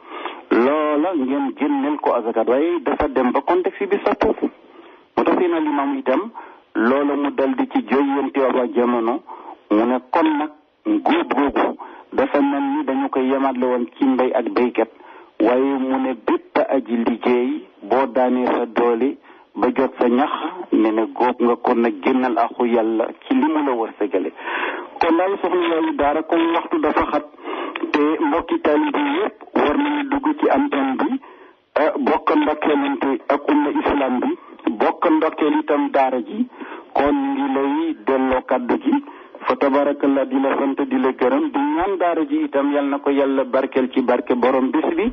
loola ngeen génneel ko azakaat waaye dafa dem ba contexte bi sa soppeeku moo tax seen alimaam itam loola mu dal di ci joyante a jamono mu ne kon nag góob googu dafa mel ni dañu koy yemaatle woon ci mbay ak béykat waaye mu ne bépp aji liggéey boo daanee sa doole ba jot sa ñax nene ne góob nga kon nag génnal axu yàlla ci li mu la wërsëgale kon daal soxna yaayu daara comme waxtu dafa xat te mbokki taalibe yëpp war nañu dugg ci antenne bi ah, bokk ndokkeelante ak umma islam bi bokk ndokkeel itam daara ji kon ngi lay delloo kàddu gi fa tabarakallah di la sant di la gërëm di ñaan daara ji itam yal na ko yàlla barkeel ci barke borom bis bi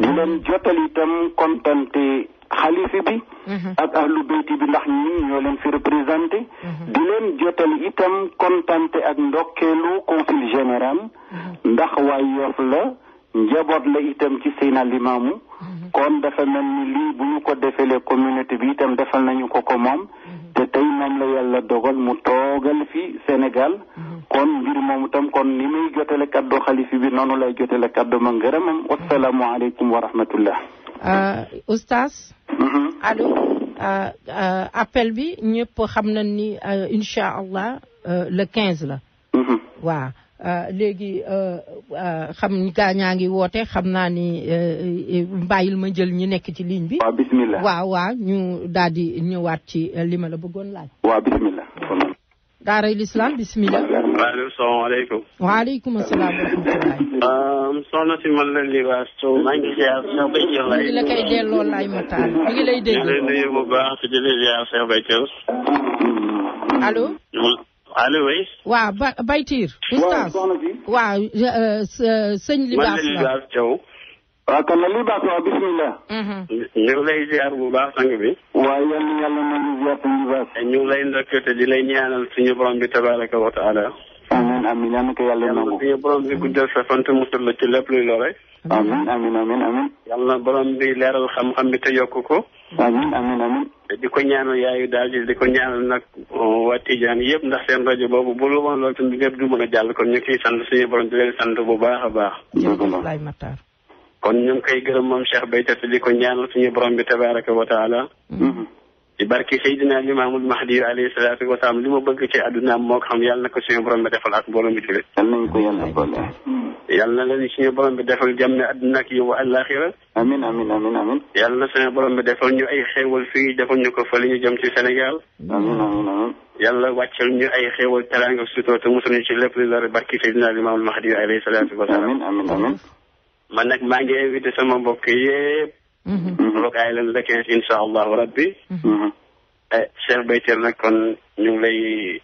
di leen jotal itam kontante xalifi bi mhm. ak ahlu bayti bi ndax ñi ñoo leen fi représenté mhm. di leen jotal itam kontante ak ndokkeelu confil général mhm. ndax waa Yoff la njaboot la itam ci Seydina Limaamu mhm. kon dafa mel ni lii bu ñu ko defalee communauté bi itam defal nañu ko ko moom mhm. te tey moom la yàlla dogal mu toogal fi Sénégal mhm. kon mbir moom itam kon ni muy jotale kaddu xalifi bi noonu lay jotale kaddu ma ngërëmam wasalaamu aleykum wa rahmatullah euh, oustaz allo euh, euh, appel bi ñëpp xam na ni incha allah le quinze la waaw Euh, léegi euh, euh, xam gaa ñaa ngi woote xam naa ni bàyyil ma jël ñi nekk ci ligne bi. waaw waaw ñu daal ñëwaat ci li la bëggoon laaj. waaw bisimilah. daaray lislaam bisimilah. maaleykum salaam. waaleykum salaam wa alo oui. waa ba Baytiir. oustaz waaw euh, euh, sëñ Libaas la man la Libaas Thiaw. waaw kon la Libaas waaw bisimilah. Mhm. ñu ngi lay ziar bu baax sang bi. waaw yàlla yàlla na ñu ziar suñu Libaas. ñu ngi lay ndokkate di lay ñaanal suñu borom bi tabaraka wa taala. amiin amiin yaa ngi ko yàlla nangu. yàlla suñu borom bi sa fant musal la ci lépp luy lore. amin amin amin amin yàlla na borom bi leeral xam-xam bi te yokk ko. amin amin amin di ko ñaanal yaayu daal di ko ñaanal nag waa Tijaan yëpp ndax seen rajo boobu bu lu woon loolu tamit lépp du mën a jàll kon ñu ngi ciy sant suñu borom di leen sant bu baax a baax. jërëjëf kon ñu ngi koy gërëm moom Cheikh Béthio te di ko ñaanal suñu borom bi te tabaaraka wa taala. Mm-hmm. ci barke Seydina Limaamul Mahdi alayhi salaatu wa salaam li ma bëgg ci àddunaam moo xam yàlla na ko suñu borom defal ak mbooloo yal na leen suñu borom bi defal jàmm ne àdduna ak yow àllaaxira. amiin amiin na suñu borom defal ñu ay xéewal fii defal ñu ko fa li ñu jëm ci Sénégal. amiin amiin amiin. yàlla wàccal ñu ay xéewal teraanga sutura te mosuñu ci lépp li lor barke Seydina Limaamul Mahdi alayhi salaatu wa salaam. amiin amiin amiin. man nag maa ngi invité sama mbokk yépp ba mhm. gars yi leen le quinze incha allahu rabbi. Mhm. Mhm. Eh, Cheikh Baytel nag kon ñu ngi lay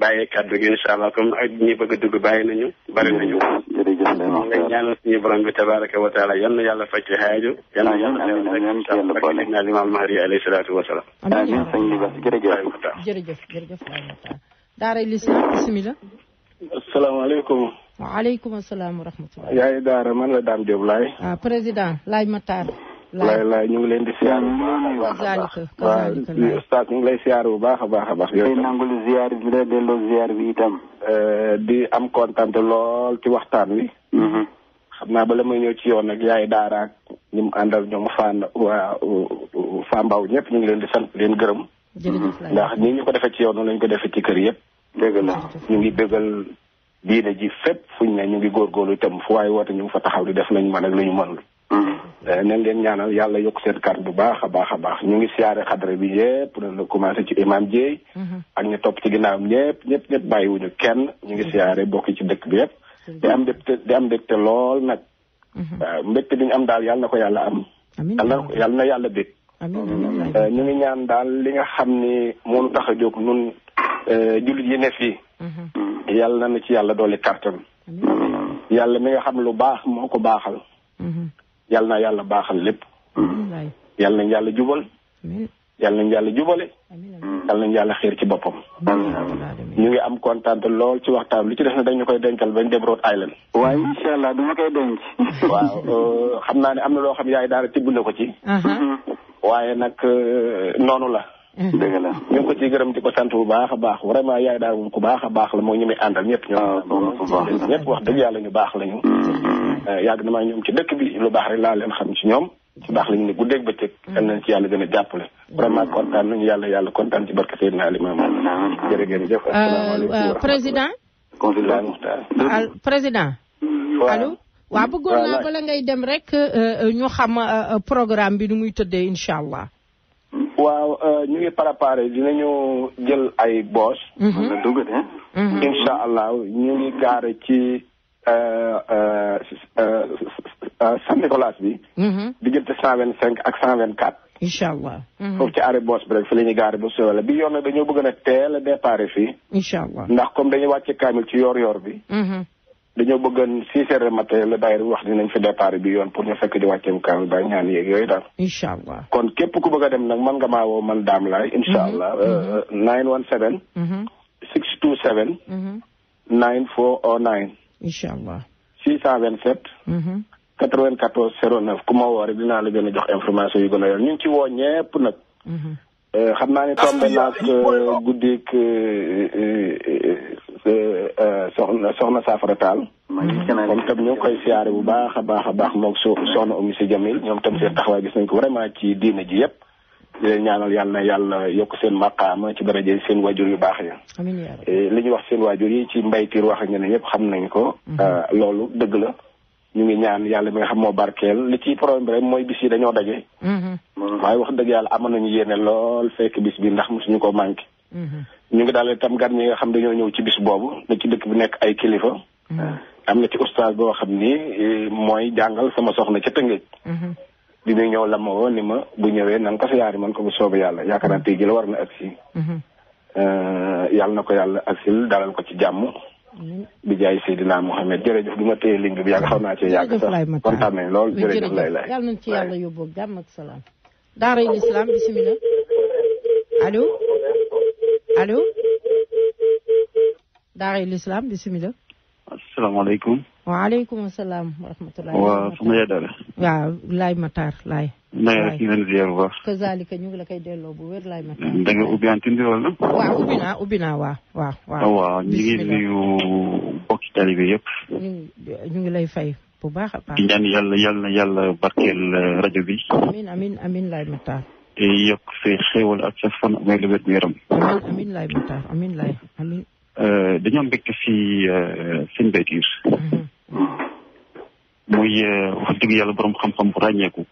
bàyyi kàddu gi incha allah comme ak ñi bëgg a dugg bàyyi nañu bari nañu. jërëjëf ñu ngi ñaanal suñu borom bi tabaraka wa taala yal na yàlla faj ci xaaju. yal na yàlla lewal rek incha allah ak Seydina Limaam Mahdi alayhi salaatu wa salaam. amiin sëñ bi baax jërëjëf. jërëjëf jërëjëf daaray lislaam bismillah. asalaamaaleykum. waaleykum salaam wa rahmatulah. yaay Daara man la Dame Diop laay. ah président laaj ma taar. laay laay ñu ngi leen di siyaar bu baax a baax waaw ustaas ñu ngi lay siyaar bu baax a baax a baax yooyu nangul ziar bi la delloo ziar bi itam eh, di am kontaan lool ci waxtaan wi mm-hmm. xam naa ba bala may ñëw ci yoon nag yaay daaraak ñu mu àndal ñoom Fane waa Fambaw ñëpp ñu ngi leen di sant leen gërëm ndax ñu ñu ko defee ci yoon noonu lañu ko defee ci kër yëpp dëgg na ñu ngi bégal diine ji fépp ñu ne ñu ngi góorgóorlu itam fu waaye woote ñu ngi fa taxaw di def lañu mën ak lu ñu mënul Euh, nañ leen ñaanal yàlla yokk seen kar bu baax a baax a baax ñu ngi siyaare xadra bi yëpp dañ la commencé ci imam Dieye mm-hmm. ak ñu topp ci ginnaawam ñëpp ñëpp ñëpp bàyyiwuñu kenn ñu ngi mm-hmm. siyaare bokk ci dëkk bi yëpp mm-hmm. di am dégte di am dégte lool nag waaw mbégte bi ñu am daal yàlla na ko yàlla am yàlla yàlla na yàlla bég euh, ñu ngi ñaan daal li nga xam ni moonu tax a jóg nun euh, jullit yi ne fii yàlla na ci yàlla doole kàttan yàlla mi nga xam lu baax moo ko baaxal yàlla na yàlla baaxal lépp yàlla nañ yàlla jubal yàlla nañ yàlla jubale yàlla nañ yàlla xiir ci boppam ñu ngi am kontaan lool ci waxtaan li ci def ne dañu koy dencal bañ dem Rhode Island waaye incha allah duma koy denc waaw euh, xam naa ne am na loo xam yaay daara tibb na ko ci waaye nag euh, noonu la la ñu ngi ko ciy gërëm di ko sant bu baax a baax vraiment yaay daal moom ku baax a baax la moo ñu muy àndal ñëpp ñoo ah, ñëpp wax dëgg yàlla ñu baax lañu mm-hmm. Euh, yàgg na ñoom ci dëkk bi lu baax rek laa leen xam ci ñoom ci baax la ñu ne guddeeg bëccëg kan mm. nañ ci yàlla gën a jàppale vraiment kontaan nañu yàlla yàlla kontaan ci barke Seydina Limaamu Laay jërë ngeen jëf euh, asalaamaaleykum euh, président consulat Muxtaar président allo waaw bëggoon naa bala ngay dem rek ñu xam programme bi nu muy tëddee incha allah waaw ñu ngi préparé dinañu jël ay boos. Mm-hmm. dugg mm-hmm. allah ñu ngi gaare ci Euh, euh, euh, San Nicolas bi. Mhm. diggante cent vingt cinq ak cent vingt quatre. incha mhm. foofu ci arrêt bi rek fi la ñuy gaaree ba sowala bi yoon nag dañoo bëgg na teel a déparé fii. incha allah ndax comme dañuy wàcce kaamil ci yoor-yoor bi. Mhm. dañoo bëggoon six heures du matin la daayira wax fi départ bi yoon pour ñu fekk di wàcceem kaamil ba ñaan yeeg yooyu daal. incha kon képp ku bëgg a dem nag man nga maa man daam laay. incha allah nine one seven. six two seven. nine four oh incha allah. 627. 94 09 ku ma woo rek dinaa la gën a jox information yu gën a yor ñu ngi ci woo ñëpp nag. Mm-hmm. Euh, xam naa ne tombé naag euh, guddik euh, soxna soxna Saafara Taal. moom tam ñu ngi koy siyaare bu baax a baax a baax moog soxna Oumy Sy Jamil ñoom tam seen taxawaay gis nañ ko vraiment ci diina ji yëpp. di leen ñaanal yàlla na yàlla yokk seen maqaama ci daraje seen waajur yu baax ya eh, li ñu wax seen waajur yi ci mbaytiir wax ak ñeneen ñëpp xam nañ ko mhm. ah, loolu dëgg la ñu ngi ñaan yàlla mi nga xam moo barkeel li ci problème bi rek mooy bis yi dañoo daje mhm. Mhm. waaye wax dëgg yàlla amoon nañu yéene lool fekk bis bi ndax su ñu ko manqué ñu ngi daal itam gan ñi nga xam dañoo ñëw ci bis boobu na ci dëkk bu nekk ay kilifa am na ci oustaz boo xam ni eh, mooy jàngal sama soxna ca Tëngéej bi muy ñëw la ma ni ma bu ñëwee na nga ko siyaari man ko bu soobee yàlla yaakaar naa tey ji war na agsi mhm. euh, yàlla na ko yàlla agsil dalal ko ci jàmm mhm. bi jaay Seydina Mouhamed jërëjëf du ma téye ligne bi yàgg xaw naa cee yàgg sax kontaan nañ lool jërëjëf lay lay yàlla nañ ci yàlla yóbbu jàmm ak salaam daaray lislaam bismillah allo allo daaray lislaam bismillah asalaamaaleykum waaleykum salaam wa rahmatulah. waaw soxna Yadara. waaw Laye Matar Laye. na nga def ñu leen ziar bu baax. kazaalika ñu ngi la koy delloo bu wér Laye Matar. da nga ubbi antindi wala. waaw ubbi naa ubbi naa waaw waaw. waaw ñu ngi nuyu mbokki talibé yëpp. ñu ngi ñu ngi lay fay bu baax a baax. di ñaan yàlla yàlla yàlla barkeel eh, rajo bi. amin amin amin Laye Matar. te yokk say xéewal ak sa fan may lu wér yaram. amin amin Laye Matar amin Laye amin. Eh, dañoo mbégte si seen béykat muy euh, wax dëgg yàlla boroom xam-xam bu ràññeeku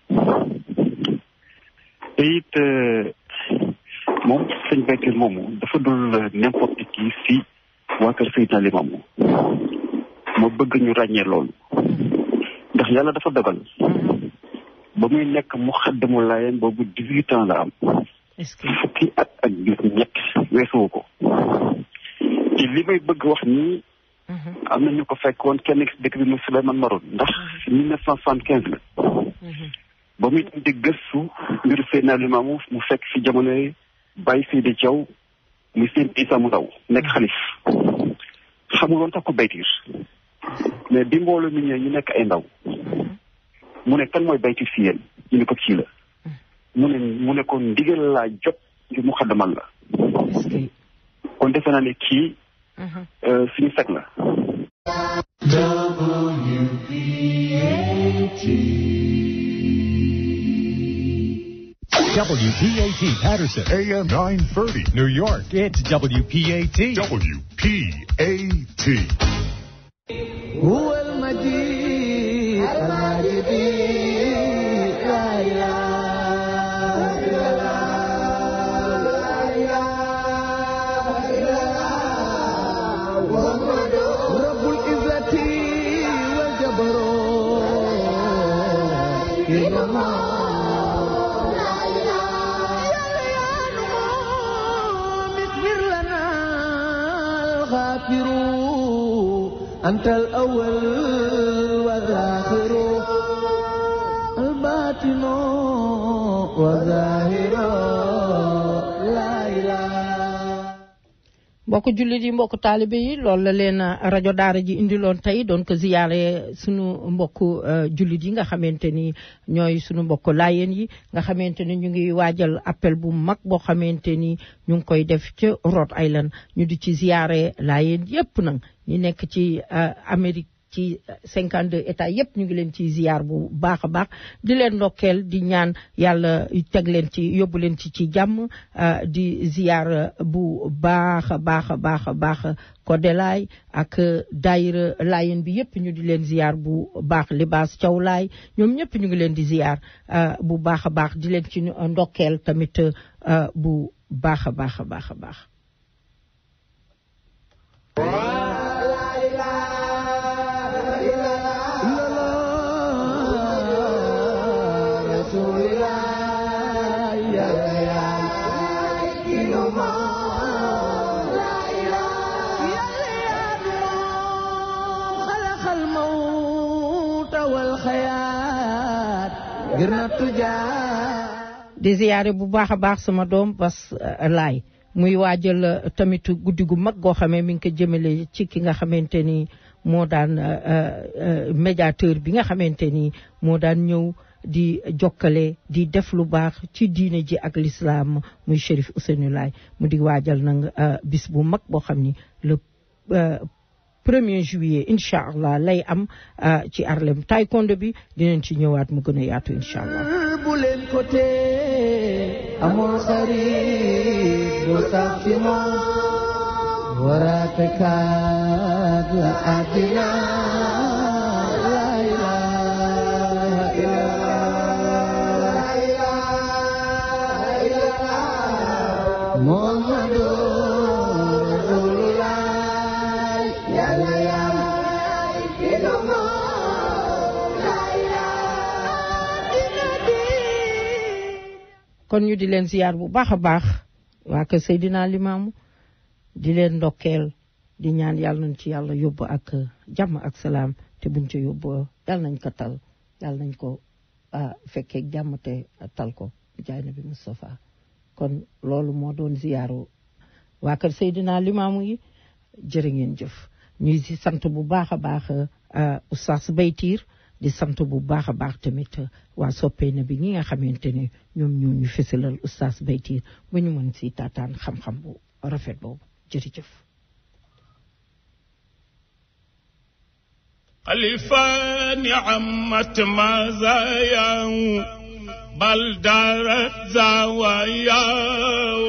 te it euh, moom sëñ Baykal moomu dafa dul n'importe qui si waa kër Seydina Limaamu ma bëgg ñu ràññee loolu ndax yàlla dafa dogal ba muy nekk mu xaddamu laayeen boobu dix la am fukki at ak ñett weesuwu ko te li may bëgg wax nii Mm-hmm. am na ñu ko fekk woon kenn ci dëkk bi mu Souleymane Maroon ndax mm-hmm. mille neuf cent soixante quinze la mm-hmm. ba muy dem di gëstu mbiru Seydina Limaamu mu fekk si jamono yi bàyyi Seydi Thiaw muy seen Issa mu ndaw nekk xalif xamul woon tax ko baytiir mais bi mbooloo mi ñëw ñu nekk ay ndaw mu ne kan mooy baytiir si yéen ñu ne ko kii la mu ne mu ne ko ndigal laa jot ci mu xaddamal la kon defe naa ne kii Euh, fii sag na. WPAT Patterson. AM 930, New York. It's WPAT. WPAT. أنت الأول والآخر الباطن والظاهر mbokk jullit yi mbokku taalibe yi loolu la leen rajo daara ji indiloon tey doon ko ziyaare sunu mbokk euh, jullit yi nga xamante ni ñooy sunu mbokk laayeen yi nga xamante ni ñu ngi waajal appel bu mag boo xamante ni ñu ngi koy def ca Rhode Island ñu di ci ziyaare laayeen yépp nag ñu nekk ci euh, Amérique ci cinquante 52 états yépp ñu ngi leen ci ziar bu baax a baax di leen ndokkeel di ñaan yàlla teg leen ci yóbbu leen ci ci jàmm euh, di ziar bu baax a baax a baax a baax kodelaay ak daayira layen bi yépp ñu di leen ziar bu baax libaas caw laay ñoom ñépp ñu ngi leen di ziar euh, bu baax a baax di leen ci ndokkeel tamit euh, bu baax a baax a baax a baax di ziyaare bu baax a baax sama doom bas eh, laay muy waajal eh, tamit guddi gu mag goo xamee mi ngi ko jëmale ci ki nga xamante ni moo daan eh, médiateur bi nga xamante ni moo daan ñëw di jokkale di def lu baax ci diine ji ak lislaam muy Chérif Ousseynou Laye mu di waajal nag bis bu mag boo xam ni premier juillet incha allah lay am euh, ci Harlem taekwondo bi dinañ ci ñëwaat mu gën a yaatu incha allah. bu leen ko tee amoo xarit doo kon ñu di leen ziyaar bu baax a baax waa kër Seydina Limaamu di leen ndokkeel di ñaan yàlla nañ ci yàlla yóbbu ak uh, jàmm ak salaam te buñ ci yóbbu uh, yàlla nañ ko tal yàlla nañ ko uh, fekkee jàmm te tal ko jaay na kon loolu moo doon ziyaaru waa kër Seydina Limaamu yi jërë ngeen jëf ñuy si sant bu baax a baax oustaz Baytiir di sant bu baax a baax tamit waa soppee na bi ñi nga xamante ne ñoom ñoo ñu fësalal oustaz Baytiir ba ñu mën si taataan xam-xam bu rafet boobu jërëjëf xalifaani amat mazayaw bal bal darat zawayaw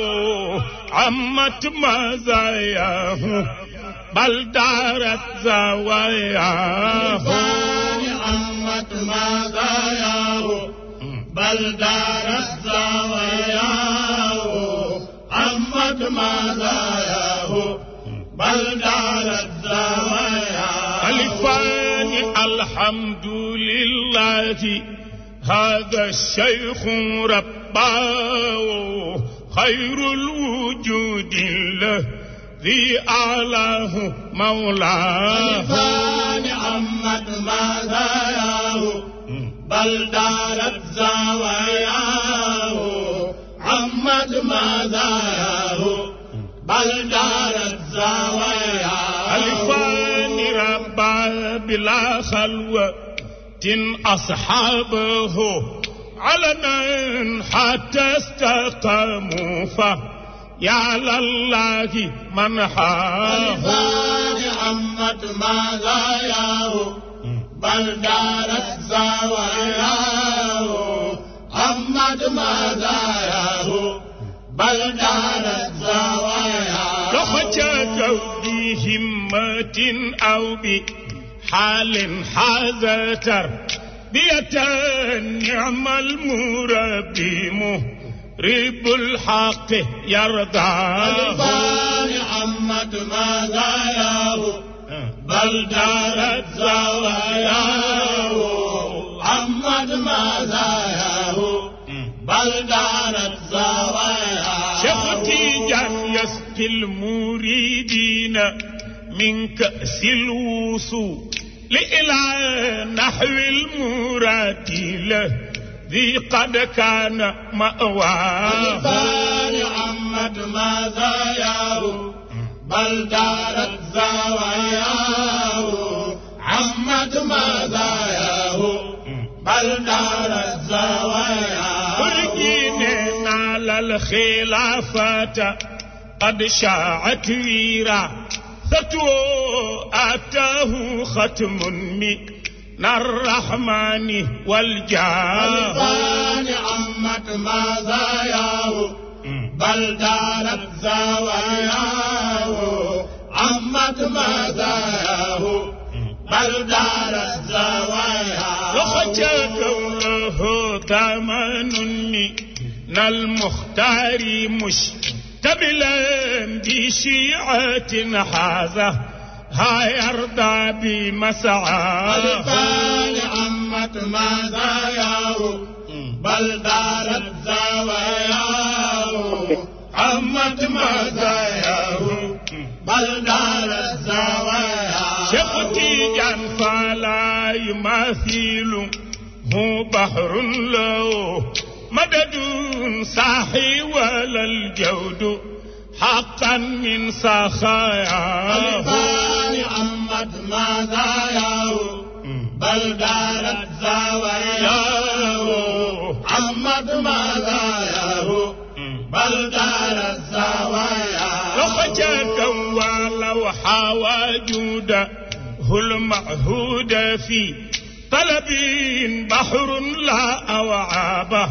xalifaani بل دار الزواياه عمت مزاياه بل دار الزواياه الفان الحمد لله هذا الشيخ رباه خير الوجود الذي أعلاه مولاه الفان عمت مزاياه بل دارت زواياه عمت مزاياه بل دارت زواياه الفان ربا بلا خلوة أصحابه علنا حتى استقاموا يا لله من حال الفان عمت مزاياه بل دارت زواياه عمد مزاياه بل دارت زواياه لخجا كودي همة أو بحال حاز ترك نعم المربي مهرب الحق يرضاه الفاني عمد مزاياه بل دارت زواياه محمد مزاياه بل دارت زواياه شيخ تيجان يسقي المريدين من كأس الوصول لإلى نحو المراد له ذي قد كان مأواه الفاني عمد مزاياه بل دارت زواياه عمت مزاياه بل دارت زواياه ولكن على الخلافة قد شاعت ويرا فتو أتاه ختم من الرحمن والجاه ولسان عمت مزاياه بل دارت زواياه عمت مزاياه بل دار الزوايا وخجاك الله تمنني المختار مشتبلا بشيعة هذا ها يرضى بمسعى الفال عمت مزاياه بل دارت زواياه عمت مزاياه bal daara zawaya Cheikh Tidiane Fala yumathilu hu bahrun law madadun sahi walal jawdu haqqan min sakhaya alifani amad mazayahu mm. bal وجدا ولو حواجودا هو المعهود في طلب بحر لا أوعابه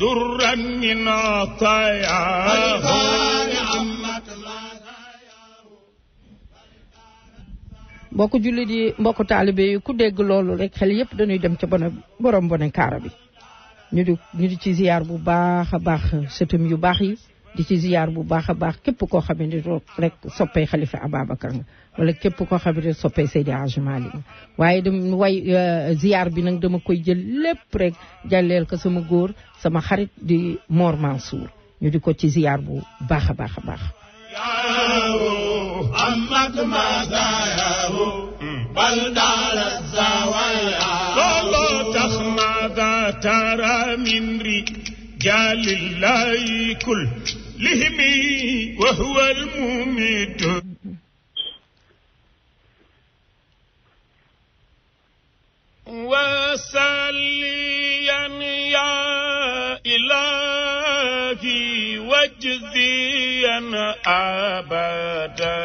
درا من عطاياه mbokku jullit yi mbokku taalibe yi ku dégg loolu rek xel yépp dañuy dem ca bone borom bone kaara bi ñu di ñu di ci ziyaar bu baax a baax sëtëm yu baax yi di ci ziyaar bu baax a baax képp koo xam ne rek soppee xalifa Ababacar nga wala képp koo xam ne soppee Seydi Hadji Malick nga waaye dam way euh, ziyaar bi nag dama koy jël lépp rek jàlleel ko sama góor sama xarit di Mor Mansour ñu di ko ci ziyaar bu baax a baax a baax looloo tax maada tara min ri jaalillahi kul lihimi wa huwa almumitu وسليا يا إلهي واجزيا أبدا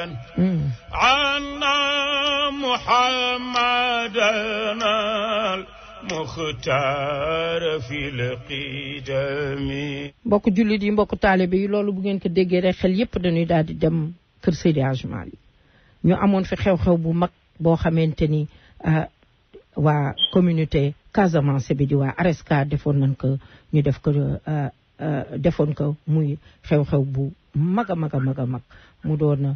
عنا محمدنا mbokk jullit yi mbokk taalibe yi loolu bu ngeen ko déggee rek xel yépp dañuy daal di dem kër Seydi Hadji Malick ñu amoon fi xew-xew bu mag boo xamante ni ah, waa communauté Casamance bi di waa Areska defoon nañ ko ñu def ko ah, ah, defoon ko muy xew-xew bu mag a mag a mag a mag mu doon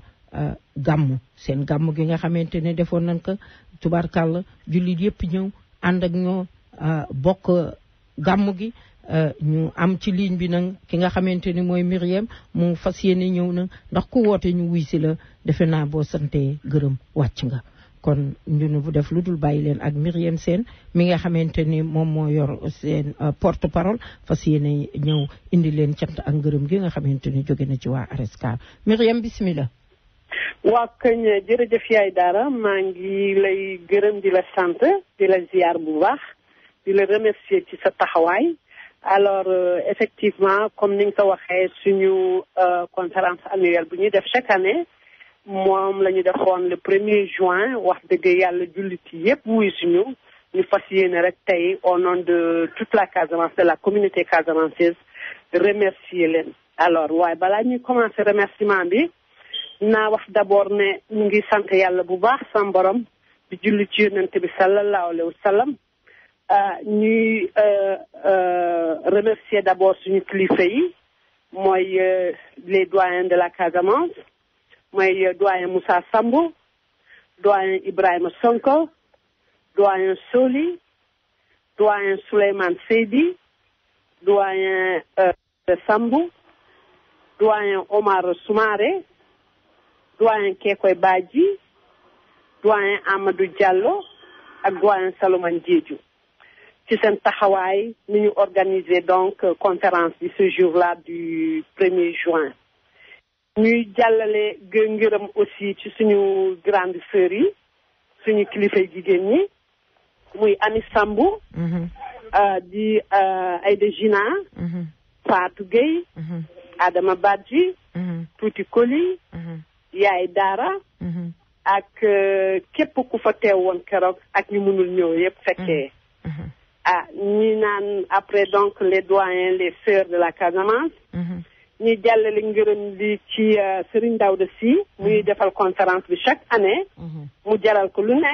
gàmm seen gàmm gi nga xamante ne defoon nañ ko tubaarkàlla jullit yépp ñëw ànd ak ñoo euh, bokk gàmm gi euh, ñu am ci ligne bi nag ki nga xamante ni mooy Myriam mu fas yéene ñëw na ndax ku woote ñu wuy si la defe naa boo santee gërëm wàcc nga kon ñun bu def lu dul bàyyi leen ak Myriam seen mi nga xamante ni moom moo yor seen euh, porte parole fas yéene ñëw indi leen cant ak gërëm gi nga xamante ni jóge na ci waa Arescar miriem bismillah waa kañ jërëjëf yaay Dara maa ngi lay gërëm di la sant di la ziar bu baax di la remercier ci sa taxawaay alors euh, effectivement comme ni nga ko waxee suñu euh, conférence annuelle bu ñuy def chaque année moom la def defoon le premier juin wax dëgg yàlla jullit yépp wuy suñu ñu fas yéene rek tey au nom de toute la Casamance de la communauté casamançaise remercier leen alors waaye balaa ñuy commencer remerciement bi naa wax d'abord ne mu ngi sant yàlla bu baax sam borom di julli ci yonent bi sallallahu alayhi euh, ñuy euh, euh, remercier d'abord suñu kilifa yi mooy les doyens de la Casamance mooy doyen Moussa Sambo doyen Ibrahima Sonko doyen Soli doyen Souleymane Seydi doyen Sambo doyen Omar Soumaré doyen Kekoy Badji doyen amadu Diallo ak doyen Salomon Diédhiou ci seen taxawaay ni organise donc conférence bi ce jour-là du premier juin ñuy jàllale ngërëm aussi ci suñu grande sœur yi suñu kilifa jigéen ñi muy Ami Sambou mm-hmm. euh, di euh, Aïda Gina mm-hmm. Fatou Gueye mm-hmm. Adama Badji Tuuti Koli yaay daara. Mhm. ak euh, képp ku fa teew woon keroog ak ñu mënul ñëw yëpp fekkee. Mhm. Mhm. ah ñi naan après donc les doyens les sœurs de la Casamance. ñi jàllale ngërëm li ci euh, Serigne Daouda Sy muy defal conférence bi chaque année. mu jaral ko lu ne.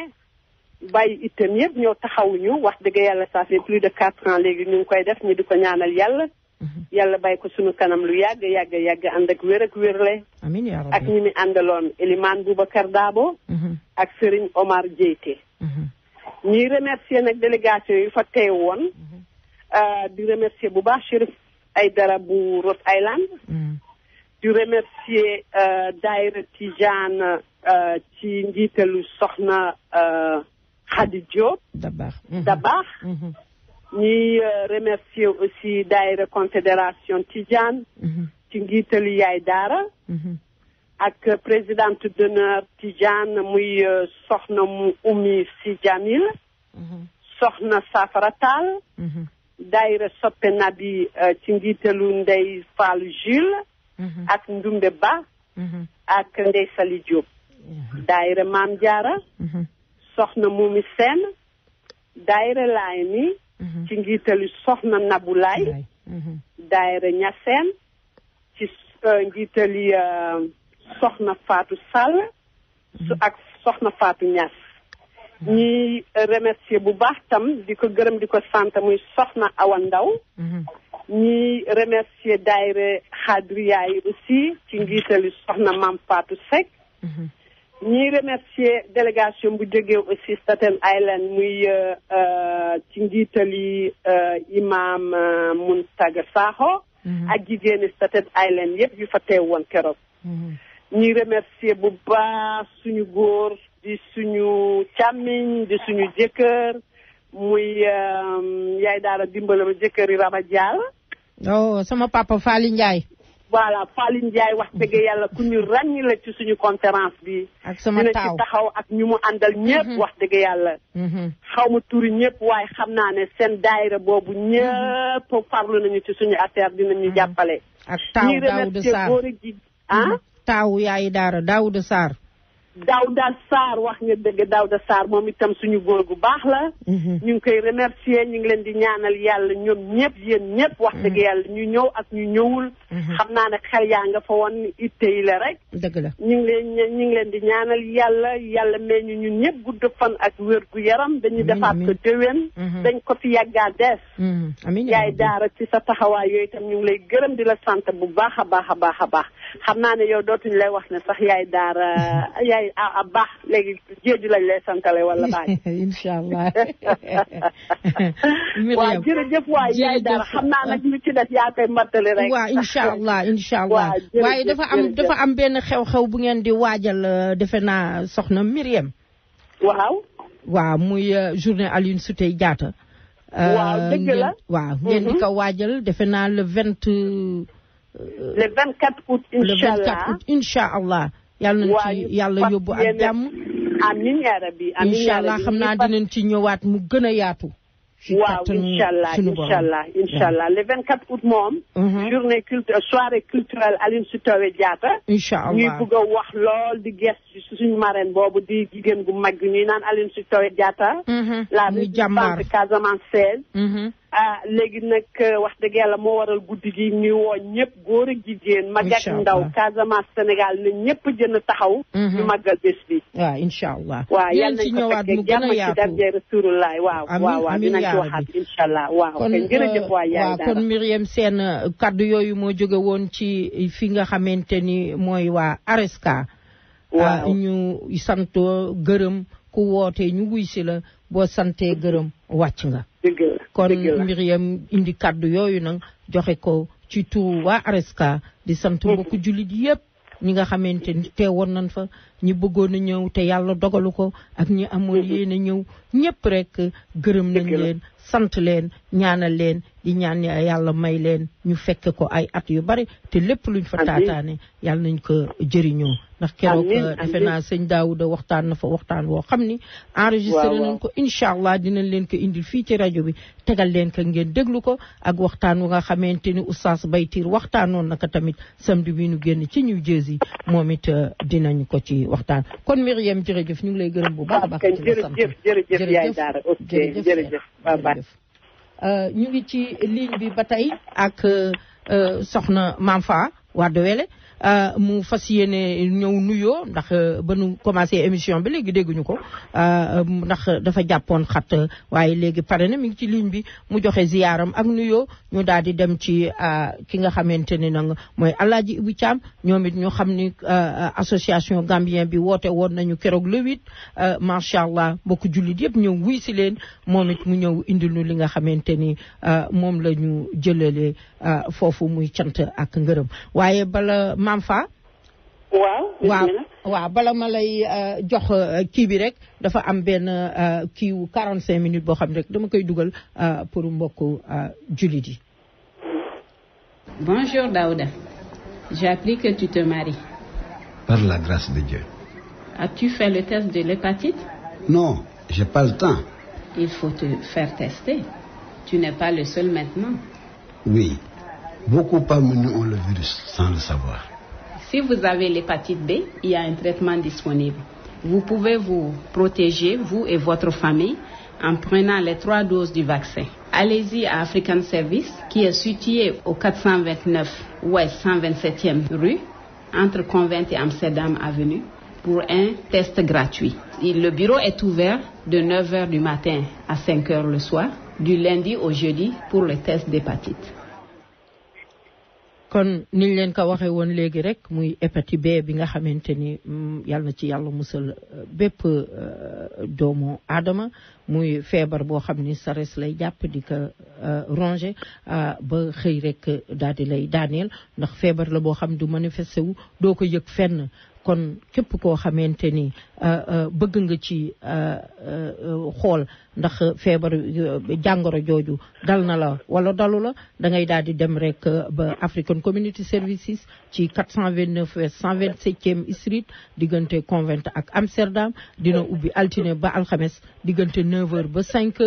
bàyyi itam yëpp ñoo taxawuñu wax dëgg yàlla saa fait plus de quatre ans léegi ñu ngi koy def ñu di ko ñaanal yàlla. Mhm. yàlla bàyyi ko suñu kanam lu yàgg yàgg yàgg ànd ak wér ak wérle. amiin yaa rabbi ak ñi mi àndaloon Elimane Boubacar Dabo. Mhm. ak Serigne Omar Diété. Mhm. ñuy remercier nag délégation yu fa teew woon. Euh, di remercier bu baax ay dara bu Rhode Island. di remercier euh, Daïra Tijane euh, ci njiitalu Soxna Khady Diop. Dabaax. ñuy euh, remercier aussi daayira confédération Tidiane. Mhm. ci ngiitalu yaay daara. Mhm. ak présidente d'honneur Tidiane muy euh, soxna mu Oumy Sy Djamil. Mhm. soxna Safara dayre daayira soppe nabi euh, ci ngiitalu Ndey Fall Jules. ak Ndumbe Ba. ak Ndey Sali Diop. daayira Maam Jaara. soxna Moumi Sène. daayira Laay Mhm. ci njiitalu soxna Nabou Laye mhm. daayira Ñaseen ci euh, njiitali euh, soxna Fatou Sall su mhm. ak soxna Fatou Niass ñuy remercier bu baax tam di ko gërëm di ko sant muy soxna Awa Ndaw ñuy remercier daayira Xaadriyaay aussi ci njiitali soxna Mame Fatou Seck ñuy remercier délégation bu jógee aussi Staten Island muy euh, euh, ci njiitali euh, imaam Muntaga Sakho mhm. ak jigéeni Staten Island yëpp yu fa teew woon keroog mhm. ñuy remercier bu baax suñu góor di suñu càmmiñ di suñu jëkkër muy yaay daal daara dimbale ma jëkkëri Rama Diall oh sama papa Faly Ndiaye voilà Faly Ndiaye wax dëgg yàlla ku ñu ràññi la ci suñu conférence bi. ak sama taaw dina ci taxaw ak ñu mu àndal ñëpp. Mhm. wax dëgg yàlla. Mhm. xaw ma turi ñëpp waaye xam naa ne seen daayira boobu ñëpp farlu nañu ci suñu affaire dinañu mhm. jàppale. ak taaw ah? Daouda Sarr ñuy remercier góor ji ah. taaw yaayu daara daaw Daouda Sarr wax nga dëgg daaw da saar moom itam suñu góor gu baax la. Mhm. ñu ngi koy remercier ñu ngi leen di ñaanal yàlla ñoom ñëpp yéen ñëpp. wax dëgg mhm. yàlla ñu ñëw ak ñu ñëwul. Mhm. xam naa ne xel yaa nga fa wan itte yi la rek. dëgg ñu ngi leen ñu ngi leen di ñaanal yàlla yàlla mee ñu ñun ñëpp gudd fan ak wér gu yaram. dañu defaat ko déwén. dañ ko fi yàggaa des. amiin yaay daara ci sa taxawaay yooyu itam ñu ngi lay gërëm di la sant bu baax a baax a baax a baax. xam naa ne yow dootuñ lay wax ne sax yaay daara yaay a baax léegi jéeju lañ lay santale wala baañ incha allah waaw jërëjëf rek waaw incha allah dafa am dafa am benn xew-xew bu ngeen di waajal euh, defe naa soxna Myriam waaw muy euh, journée Aline Sitoé Diatta euh, waaw dëgg la waaw ngeen di mhm. ko waajal defe naa le vingt le 24 août. incha allah le 24 août incha allah. yàlla nañu ci yàlla yóbbu ak jàmm. amiin yaa rabbi amiin incha allah xam naa dinañ ci ñëwaat mu gën a yaatu. waaw incha allah incha allah incha allah le 24 août moom. Mhm. journée culture soirée culturelle Aline Sitoé Diatta. incha allah ñuy bëgg a wax lool di gëstu ci suñu marraine boobu di jigéen gu mag ñuy naan Aline Sitoé Diatta. Mhm. la résidente Casamance 16. ah léegi nag euh, wax dëgg yàlla moo waral guddi gi ñuy woo ñëpp góor ak jigéen. mag ak ndaw Casamance Sénégal na ñëpp jën taxaw. ñu mhm. màggal bés bi. waaw incha allah. waaw yal nañu ko fekkee jàmm ci darje Rasulullah waaw. waaw kon jërëjëf waay yaay euh, yooyu moo jóge woon ci fi nga xamante ni mooy waa Areska. waaw ah, ñu sant gërëm ku woote ñu wuy si la boo santee gërëm wàcc nga. dëgg la kon indi kàddu yooyu nag joxe ko ci turu waa Areska di sant mm-hmm. mbokku jullit yëpp ñi nga xamante ni teewoon nañ fa ñi bëggoon a ñëw te yàlla dogalu ko ak ñi amoon mm-hmm. yéen ñëw ñëpp rek gërëm nañ leen sant leen ñaana leen di ñaan yàlla may leen ñu fekk ko ay at yu bari te lépp luñ fa ne yàlla nañ ko jëriñoo ndax keroog euh, defe naa sëñ Daouda waxtaan na fa waxtaan woo xam ni enregistré nañ ko dinañ leen ko indil fii ci rajo bi tegal leen ko ngeen déglu ko ak waxtaan wu nga xamante ni tiir waxtaan waxtaanoon naka tamit samedi bi nu génn ci New Jersey moom it euh, dinañ ko ci waxtaan kon Myriam jërëjëf ñu ngi lay gërëm bu baax a baax jërëjëf jërëjëf yaay Daara ok Euh, ñu ngi ci ligne bi ba tey ak euh, soxna Maam Fa Wade Wele Euh, mu fas yéene ñëw nuyoo ndax euh, ba nu commencé émission bi léegi dégguñu ko euh, ndax dafa jàppoon xat waaye léegi pare na mi ngi ci ligne bi mu joxe ziyaaram ak nuyoo ñu daal di dem ci ki nga xamante ni nag mooy Alaaji Ibu Caam ñoom it ñu xam ni association Gambien bi woote woon nañu keroog le huit macha allah mbokk jullit yëpp ñëw wuy si leen moom it mu ñëw indil nu li nga xamante ni moom la ñu jëlale foofu muy cant ak ngërëm waaye bala maam fa waaw bala ma lay euh, jox euh, kii bi rek dafa am benn euh, kii wu 45 minutes boo xam ne rek dama koy dugal pour mbokku jullit yi. Bonjour Daouda. J'ai que tu te maries. Par la grâce de Dieu. As-tu fait le test de l'hépatite? Non, j'ai pas le temps. Il faut te faire tester. Tu n'es pas le seul maintenant. Oui, beaucoup parmi nous ont le virus sans le savoir. Si vous avez l'hépatite B, il y a un traitement disponible. Vous pouvez vous protéger, vous et votre famille, en prenant les trois doses du vaccin. Allez-y à African Service, qui est situé au 429 Ouest 127e rue, entre Convent et Amsterdam Avenue, pour un test gratuit. le bureau est ouvert de 9h matin à 5h le soir, du lundi au jeudi pour le test d'hépatite. kon niñ leen ko waxee woon léegi rek muy hépatite B bi nga xamante ni mm, yàlla na ci yàlla musal euh, bépp euh, doomu aadama muy feebar boo xam ni sares lay jàpp di ko euh, rongé ba xëy rek daal di lay daaneel ndax feebar la boo xam du manifesté wu doo ko yëg fenn kon képp koo xamante ni euh, euh, bëgg nga ci euh, xool ndax feebar jàngoro jooju dal na la wala dalu la da ngay daal di dem rek ba African Community Services ci 429 West 127e Street diggante Convent ak Amsterdam dina ubbi altine ba alxames diggante 9h ba 5h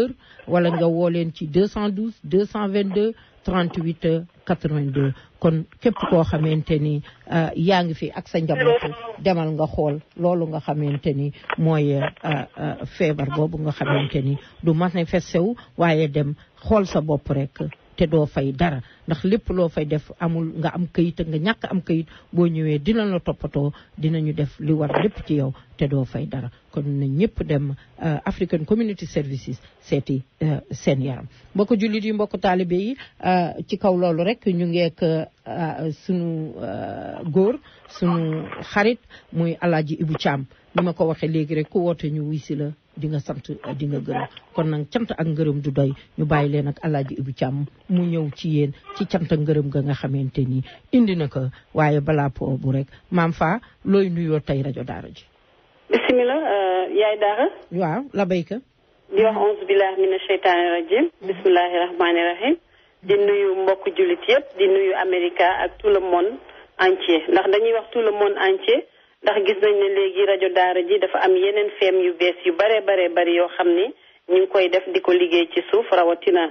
wala nga woo leen ci 212 222 38 82 kon képp koo xamante ni euh, yaa ngi fi ak sa njaboot demal nga xool loolu nga xamante ni mooy euh, euh, feebar boobu nga xamante ni du manifesté wu waaye dem xool sa bopp rek te doo fay dara ndax lépp loo fay def amul nga am kayit ak nga ñàkk am kayit boo ñëwee dina la toppatoo dinañu def li war lépp ci yow te doo fay dara kon na ñëpp dem euh, African Community Services seeti euh, seen yaram mbokk jullit yi mbokk taalibe yi euh, ci kaw loolu rek ñu ngeek sunu góor sunu xarit muy Alaaji Ibu Caam ni ma ko waxee léegi rek ku woote ñu wuy si la di nga sant di nga gërëm kon nag cant ak ngërëm du doy ñu bàyyi leen ak alaaji Ibu Càmm mu ñëw ci yéen ci cant ak ngërëm ga nga xamante ni indi na ko waaye balaa po bu rek maam fa looy nuyoo tey rajo daara ji bisimila euh, yaay daara waaw la béyka di wax onze billah mina sheytaani rajim bismillahi rahmaani rahim di nuyu mbokk jullit yëpp di nuyu Amérique ak tout le monde entier ndax dañuy wax tout le monde entier ndax gis nañ ne léegi rajo daara ji dafa am yeneen feem yu bees yu bare bare bari yoo xam ni ñu ngi koy def di ko liggéey ci suuf rawatina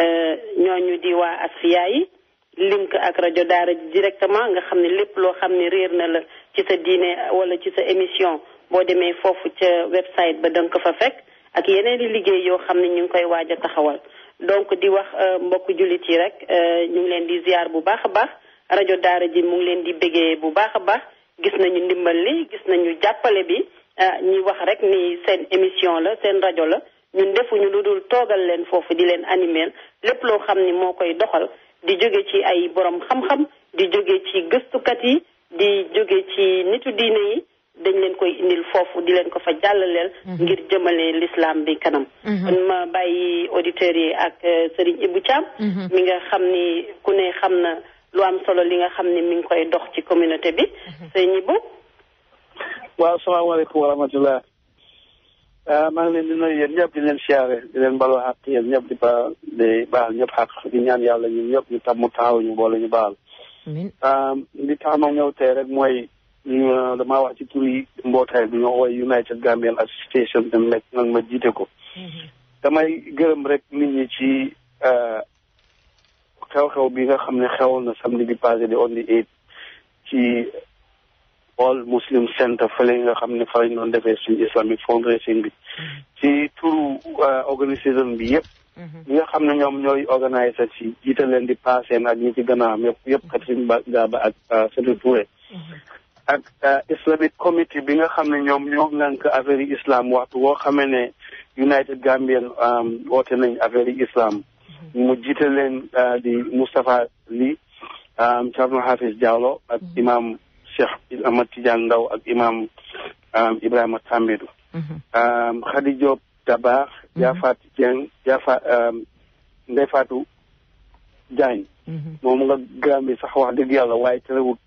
euh, ñooñu di waa ak yi link ak rajo daara ji directement nga xam ne lépp loo xam ne réer na la ci sa diine wala ci sa émission boo demee foofu ca website ba danga ko fa fekk ak yeneen i liggéey yoo xam ne ñu ngi koy waaj a taxawal donc di wax euh, mbokk jullit yi rek euh, ñu ngi leen di ziar bu baax a baax rajo daara ji mu ngi leen di bégee bu baax a baax gis nañu ndimbal li gis nañu jàppale bi ah, ñuy wax rek ni seen émission la seen rajo la ñun defuñu lu dul toogal leen foofu di leen animeel lépp loo xam ni moo koy doxal di jóge ci ay boroom xam-xam di jóge ci gëstukat yi di jóge ci nitu diine yi dañ leen koy indil foofu di leen ko fa jàllaleel mhm. ngir jëmale l'islam bi kanam mhm. kon ma bàyyi auditeurs yi ak euh, Serigne Ibou Thiam mhm. mi nga xam ni ku ne xam na lu am solo li nga xam ne mu ngi koy dox ci communauté bi mhm. sëñ Ibou waaw salaamaaleykum wa rahmatullah ah euh, maa ngi leen di nuyu yéen ñëpp di leen siyaare di leen baloo xaq yéen ñëpp di baal di baax ñëpp xaq di ñaan yàlla ñu ñëpp ñu tam mu taaw ñu boole ñu baal euh, li tax ma ñëw tey rek mooy dama wax ci tur yi mbootaay bi ñoo wooy United Gambian Association bi nekk ma jiite ko mhm. damay gërëm rek nit ñi ci euh, xew-xew bi nga xam ne xewoon na samedi bi passé di on the eight ci all muslim center fële nga xam ne fa lañ doon defee suñu islamic fundraising bi ci turu uh, organisation bi yëpp mhm. ñi nga xam ne ñoom ñooy organiser ci jiital leen di paaseen ak ñi ci gannaawam yëpp yëpp kat suñu ba gaaba ak uh, mhm. uh, islamic committee bi nga xam ne ñoom ñoo ngànk affaire yi islam waxtu woo xam ne United Gambian um, woote nañ affaire yi islam mu jiite leen uh, di Moustapha Ly uh, Thierno Hafiz Diallo ak mm-hmm. imam Cheikh Ahmad Ndaw ak imam um, Ibrahima Tambidou mm-hmm. um, Khady Diop Dabakh mm-hmm. Diafat Dieng Diafa um, Ndeye Fatou Diagne moom nga gàmm sax wax dëgg yàlla waaye terewut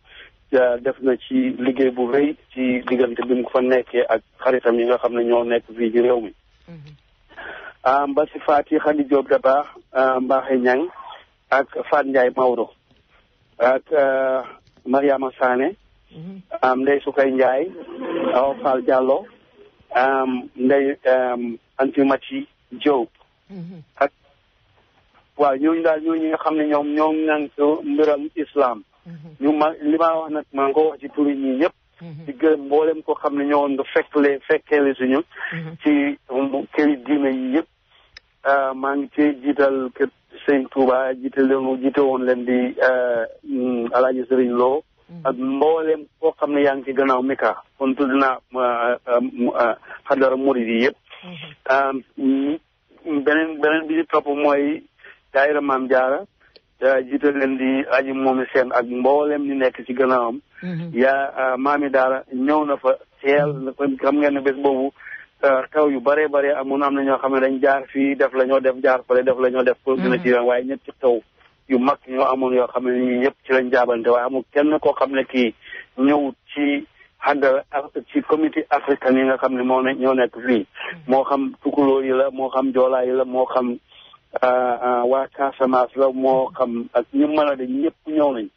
def na ci liggéey bu rëy ci diggante bi mu fa nekkee ak xaritam yi nga xam ne ñoo nekk fii ci réew mi Mbassi Fati Khady Diop Dabakh Euh, Mbaxe Ñang ak Fat Ndiaye Maodo ak euh, Mariama Sané mhm. Ndey Sukay Ndiaye Awa Fall Diallo Ndey Antimati Diop mhm. ak waaw ñooñu daal ñooñu nga xam ne ñoom ñoom ñànk mbiram islam mhm. ñu ma li ma wax nag maa ngi ko wax ci turi ñii ñëpp mboolem ko xam ne ñëwoon nga fekk le fekkee le suñu ci um, këri diine yi yëpp Euh, maa ngi ci jiital kër Sëñ Touba jiital leen mu jiite woon leen di euh, mm, Alaaji Sëriñ Lo mm. ak mboolem koo xam ne yaa ngi ci gannaaw Mika kon tudd naa euh, xadara murid yi yëpp mm-hmm. mm, beneen beneen bi ci topp mooy daayira Maam Jaara jiital leen di aji moomi seen ak mboolem ñu nekk ci gannaawam mm-hmm. yaa maami daara ñëw na fa teel xam ngeen ne boobu xew yu bëree bëri amoon am na ñoo xam ne dañ jaar fii def lañoo ñoo def jaar fële def la ñoo def pour gën a ci mm-hmm. yoon waaye ñetti xew yu mag ñoo amoon yoo xam ne ñii ñëpp ci lañ jaabante waaye amul kenn koo xam ne kii ñëwut ci xadda ci comité africain yi nga xam ne moo ne ñoo nekk fii mm-hmm. moo xam tukulóor yi la moo xam joolaa yi la moo xam ah, ah, waa Casamance la moo mm-hmm. xam ak ñu mën a de ñëpp ñëw nañ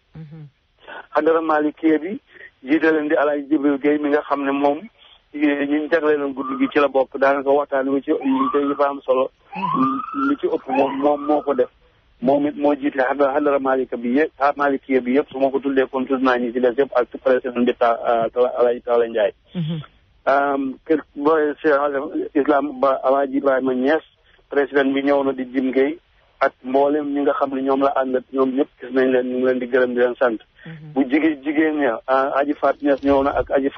xadara Malikia bi jiite leen di Alaaji Jibril Gueye mi nga xam ne moom ci ñi jagleeloon guddi gi ci la bokk daanaka waxtaan wi ci yi fa am solo lu ci ëpp moom moom moo ko def moom it moo jiite xadara malika bi yëpp a malikiya bi yëpp su ma ko tuddee kon tudd naa ñi ci des yëpp ak ci président bi ta Alaaji Taala Njaay Islam ba Alaaji Ibrahima Niass président bi ñëw na di Jim Guèye ak mboolem ñi nga xam ne ñoom la àndat ñoom ñëpp gis nañ leen ñu ngi leen di gërëm di leen sant mhm. bu jigéen jigéen ña ah, Aji Faat Niass ñëw na ak Aji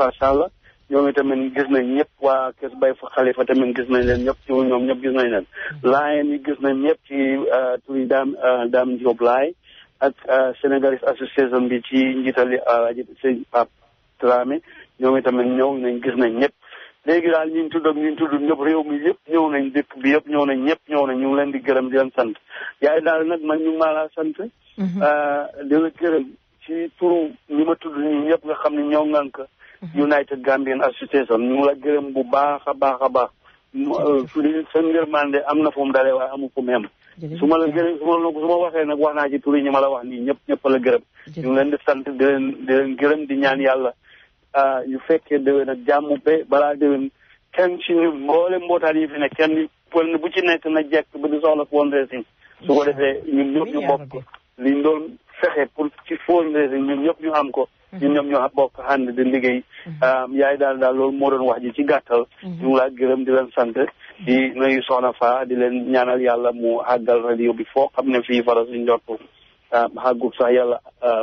ñoom itamit gis nañ ñëpp waa Kër Baye Khalifa tamit gis nañ leen ñëpp ñoom ñëpp gis nañ leen mm-hmm. laayeen yi gis nañ ñëpp ci euh, turi daam euh, daam Diop laay ak euh, Sénégalais association bi ci njiitali Alaaji Sëñ Pape Dramé ñoom itamit ñëw nañ gis nañ ñëpp léegi daal ñu ngi tudd ak ñu ngi tudd ñëpp réew mi yëpp ñëw nañ dëkk bi yëpp ñëw nañ ñëpp ñëw nañ ñu leen di gërëm di leen sant yaay daal nag man ñu ngi maa laa sant mm-hmm. di la gërëm ci turu ñi ma tudd ñi ñëpp nga xam ne ñoo ngànk Mm-hmm. United Gambian Association ñu ngi la gërëm bu baax a baax a baax sa euh, ngërmande am na fu mu dalee waaye amu fu mu yem su ma la gërëm su ma la waxee nag wax naa ci turi ñi ma la wax nii ñëpp ñëpp la gërëm ñu leen di sant di leen gërëm di ñaan yàlla euh, ñu fekkee déwén nag jàmm be balaa déwén kenn ci ñu mboole mbootaal yi fi ne kenn pël bu ci nekk na jekk ba di soxla fundraising su ko defee ñun ñëpp ñu bokk li doon fexe pour ci fundraising ñun ñëpp ñu ko Mhm. ñun ñoom ñoo bokk ànd di liggéey mhm. yaay daal daal loolu moo doon wax ji ci gàttal mhm. ñu ngi laa gërëm di leen sant di nuyu soxna Faa di leen ñaanal yàlla mu àggal radio bi foo xam ne fii fara suñ njort àggul sax yàlla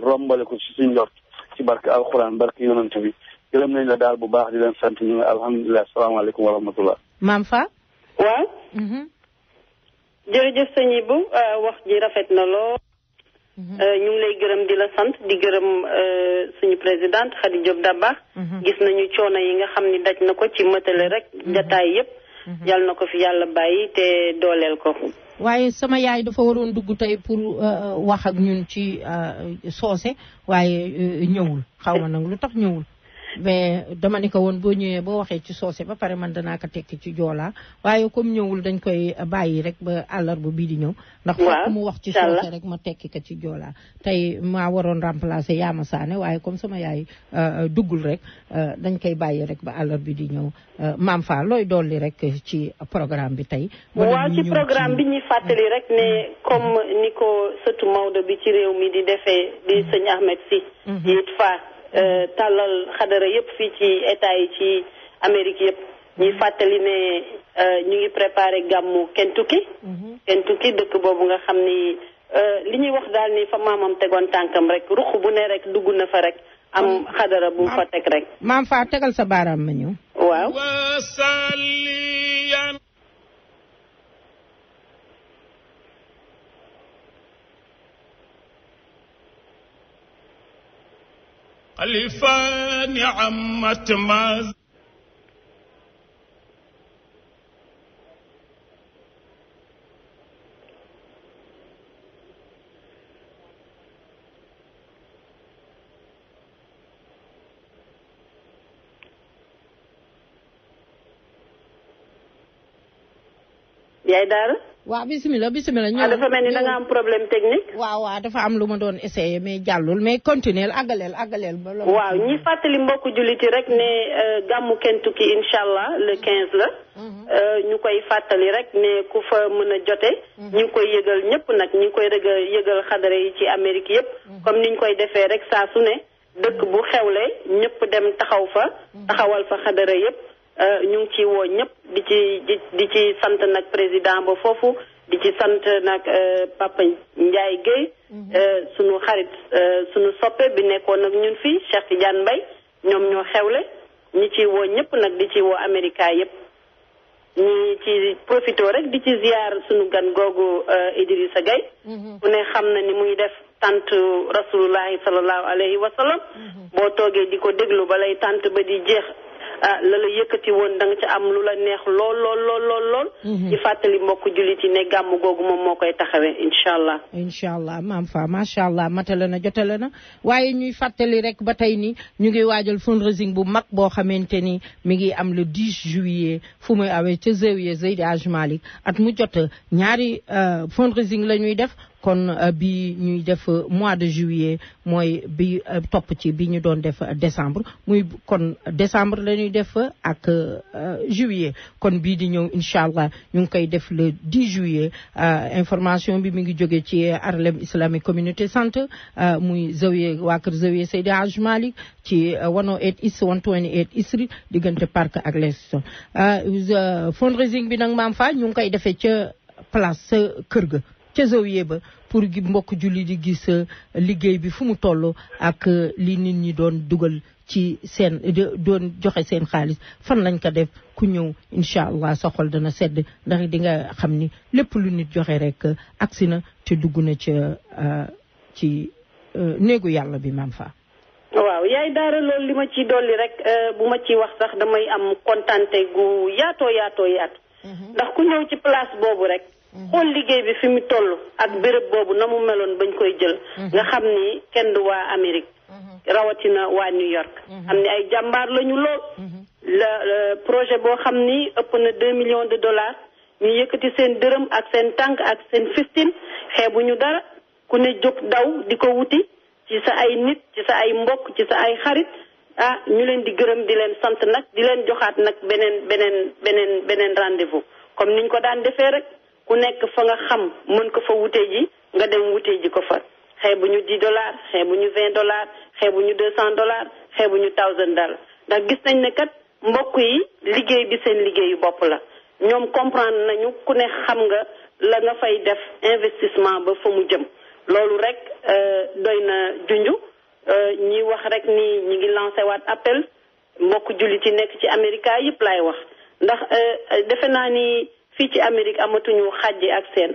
rombale ko si suñ njort ci barke alquran barke yonent bi gërëm nañ la daal bu baax di leen sant ñu ngi alhamdulilah salaamaaleykum wa rahmatullah maam Faa waaw jërëjëf sëñ Ibou wax ji rafet na lool Mhm. Euh, ñu ngi lay gërëm di la sant di gërëm euh, suñu présidente Khady Diop Dabakh mhm. gis nañu coono yi nga xam ni daj na ko ci mëtale rek mhm. jataay yépp yal na ko fi yàlla bàyyi te dooleel ko waaye sama yaay dafa waroon dugg tey pour euh, wax ak ñun ci soose waaye ñëwul xawma ma nag lu tax ñëwul mais dama ne ko woon boo ñëwee boo waxee ci soose ba pare man danaa ko tekki ci joolaa waaye comme ñëwul dañ koy bàyyi rek ba àllarba bii di ñëw ndax fokk mu wax ci soose rek ma tekki ko ci joolaa tey maa waroon remplacer Yaama Saane waaye comme sama yaay euh, duggul rek euh, dañ koy bàyyi rek ba àllarba bi di ñëw euh, maam fa looy dolli rek ci waaw ci programme bi ñuy fàttali rek ne mm-hmm. comme ni ko sëtu Maodo bi ci réew mi di defee di mm-hmm. sëñ Ahmed si mm-hmm. yit fa Euh, tàllal xadara yëpp fii ci état yi ci Amérique yëpp ñuy mhm. fàttali ne euh, ñu ngi préparé gàmmu kenn Kentucky mhm. Kentucky dëkk boobu nga xam ni euh, li ñuy wax daal ni fa maamam tegoon tànkam rek ruq bu ne rek dugg na fa rek am xadara bu fa teg rek maam faa tegal sa baaraam ma ñëw waaw ألفان عمت ما yaay daara waaw bisimilah bisimilah. ñëw ah, dafa mel ni da am problème technique. waaw waaw dafa am lu ma doon essayé mais jàllul mais continuer àggaleel àggaleel ba. waaw ñi fàttali mbokku jullit yi rek ne euh, gàmmu Kentucky incha allah le 15 la. Mhm. Euh, ñu koy fàttali rek ne ku fa mën a jote. Mhm. ñu koy yëgal ñëpp nag ñu ngi koy rëgg yëgal xadara yi ci Amérique yëpp. Mhm. comme niñ koy defee rek saa su ne dëkk bu xewle ñëpp dem taxaw fa. taxawal fa xadara yëpp. Euh, ñu ngi ciy woo ñëpp di ci di ci sant nag président ba foofu di ci sant nag euh, Papa njaay Guèye mhm. euh, sunu xarit sunu soppe bi nekkoon nag ñun fii Cheikh Tidiane Mbaye ñoom ñoo xewle ñu ciy woo ñëpp nag di ci woo américain yëpp ñi ci profité rek di ci ziar suñu gan googu Idrissa Gueye mhm. ku ne xam na ni muy def tant rasulullahi sallallahu alayhi wa sallam mhm. boo toogee di ko déglu balay tànt ba di jeex ah la yëkkati woon da nga am lu la neex lool lool lool lool mhm. fàttali mbokk jullit yi ne gàmm googu moom moo koy taxawee incha allah. incha allah maam fa macha allah matale na jotale na waaye ñuy fàttali rek ba tey nii ñu ngi waajal fundraising bu mag boo xamante ni mi ngi am le 10 juillet fu muy awee ca Zawiya Seydi Hadj Malick at mu jot ñaari euh, fundraising la ñuy def. kon euh, bi ñuy def euh, mois de juillet mooy bi euh, topp ci bii ñu doon def décembre muy kon décembre la ñuy def ak juillet kon bii di ñëw incha allah ñu ngi koy def le 10 juillet information bi mu ngi jóge ci Harlem Islamic communauté Center muy zawiye waa kër zawiye Seydi Hadj Malick ci 108 East 128 East Street diggante parc ak Lexington fundraising bi nag maam fa ñu ngi koy defee ca place kër ga ca zawiya ba pour mbokk julli di gis euh, liggéey bi fu mu toll ak euh, li nit ñi doon dugal ci seen doon joxe seen xaalis fan lañ ko def ku ñëw incha allah sa xol dana sedd ndax di nga xam ni lépp lu nit joxe rek euh, agsi na te dugg na ca ci néegu yàlla bi maam fa waaw yaay daara li ma ci dolli rek bu ma ci wax sax damay am kontante gu yaatoo yaatoo yaatu mhm. ndax ku ñëw ci place boobu rek Mm-hmm. xool liggéey bi fi mu toll ak béréb boobu na mu meloon bañ koy jël mm-hmm. nga xam ni kenn du waa Amérique mm-hmm. rawatina waa New York am ni ay jàmbaar lañu lool la projet boo xam ni ëpp na deux millions de dollars ñu yëkkati seen dërëm ak seen tànk ak seen fistin xeebu ñu dara ku ne jóg daw di ko wuti ci sa ay nit ci sa ay mbokk ci sa ay xarit ah ñu leen di gërëm di leen sant nag di leen joxaat nag beneen beneen beneen beneen rendez comme niñ ko daan defee rek ku nekk fa nga xam mën ko fa wute ji nga dem wute ji ko fa bu ñu dix xee bu ñu vingt xee bu ñu deux cent xee bu ñu thousand dollars ndax gis nañ ne kat mbokk yi liggéey bi seen liggéeyu bopp la ñoom comprendre nañu ku ne xam nga la nga fay def investissement ba fa mu jëm loolu rek euh, doy na junju euh, ñi wax rek ni ñi ngi lancé waat appel mbokk jullit ci nekk ci Amérique yëpp laay wax ndax euh, defe naa ni fii ci Amérique amatuñu xàjji ak seen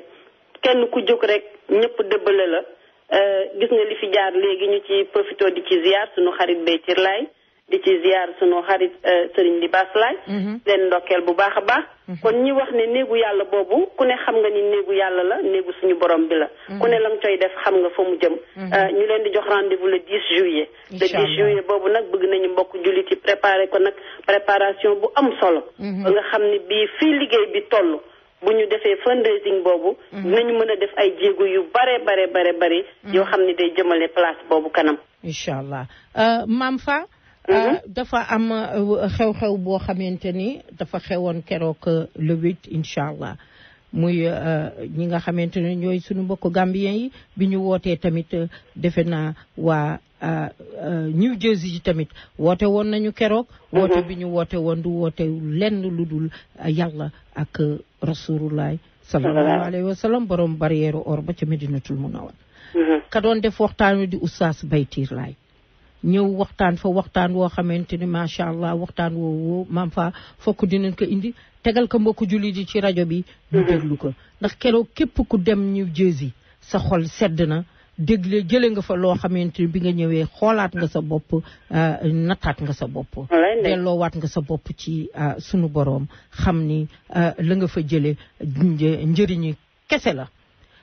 kenn ku jóg rek ñëpp dëbbale la euh, gis nga li fi jaar léegi ñu ci profité di ci ziar suñu xarit Béthio Laye di ci ziar suñoo xarit euh, sëriñ di Baslaay mhm. leen ndokkeel bu baax a baax mhm. kon ñi wax ne néegu yàlla boobu ku ne xam nga ni néegu yàlla la néegu suñu borom bi la mhm. ku ne la coy def xam nga fa mu jëm euh, ñu leen di jox rendez la le 10 juillet le 10 boobu nag bëgg nañu mbokk jullit yi préparé ko nag préparation bu am solo nga xam ne bii fii liggéey bi toll bu ñu defee fundraising boobu nañu mën a def ay jéego yu bare bare bare bare yoo xam ne day jëmale place boobu kanam incha allah euh, Mm-hmm. Euh, dafa am euh, xew-xew boo xamante ni dafa xewoon keroog euh, le huit incha allah muy ñi nga xamante ne ñooy sunu mbokku gambien yi bi ñu wootee tamit defe naa waa New Jersey yi tamit woote woon nañu keroog. Mm-hmm. woote bi ñu woote woon du woote lenn lu dul yàlla ak rasulullah sallallahu alayhi wa sallam borom barrière or ba ca Medinatul Munawwar mm-hmm. ka doon def waxtaan wi di oustaz Baytiir Laay ñëw waxtaan fa waxtaan woo xamante ni macha allah waxtaan woowu maam fa fokk dinañ ko indi tegal ko mbokku jullit yi ci rajo bi. ñu mhm. déglu ko ndax keroog képp ku dem ñu jësi sa xol sedd na dégle jële nga fa loo xamante ni bi nga ñëwee xoolaat nga sa bopp euh, nattaat nga sa bopp. delloowaat nga sa bopp ci euh, sunu boroom xam ni euh, la nga fa jëlee njëriñi kese la.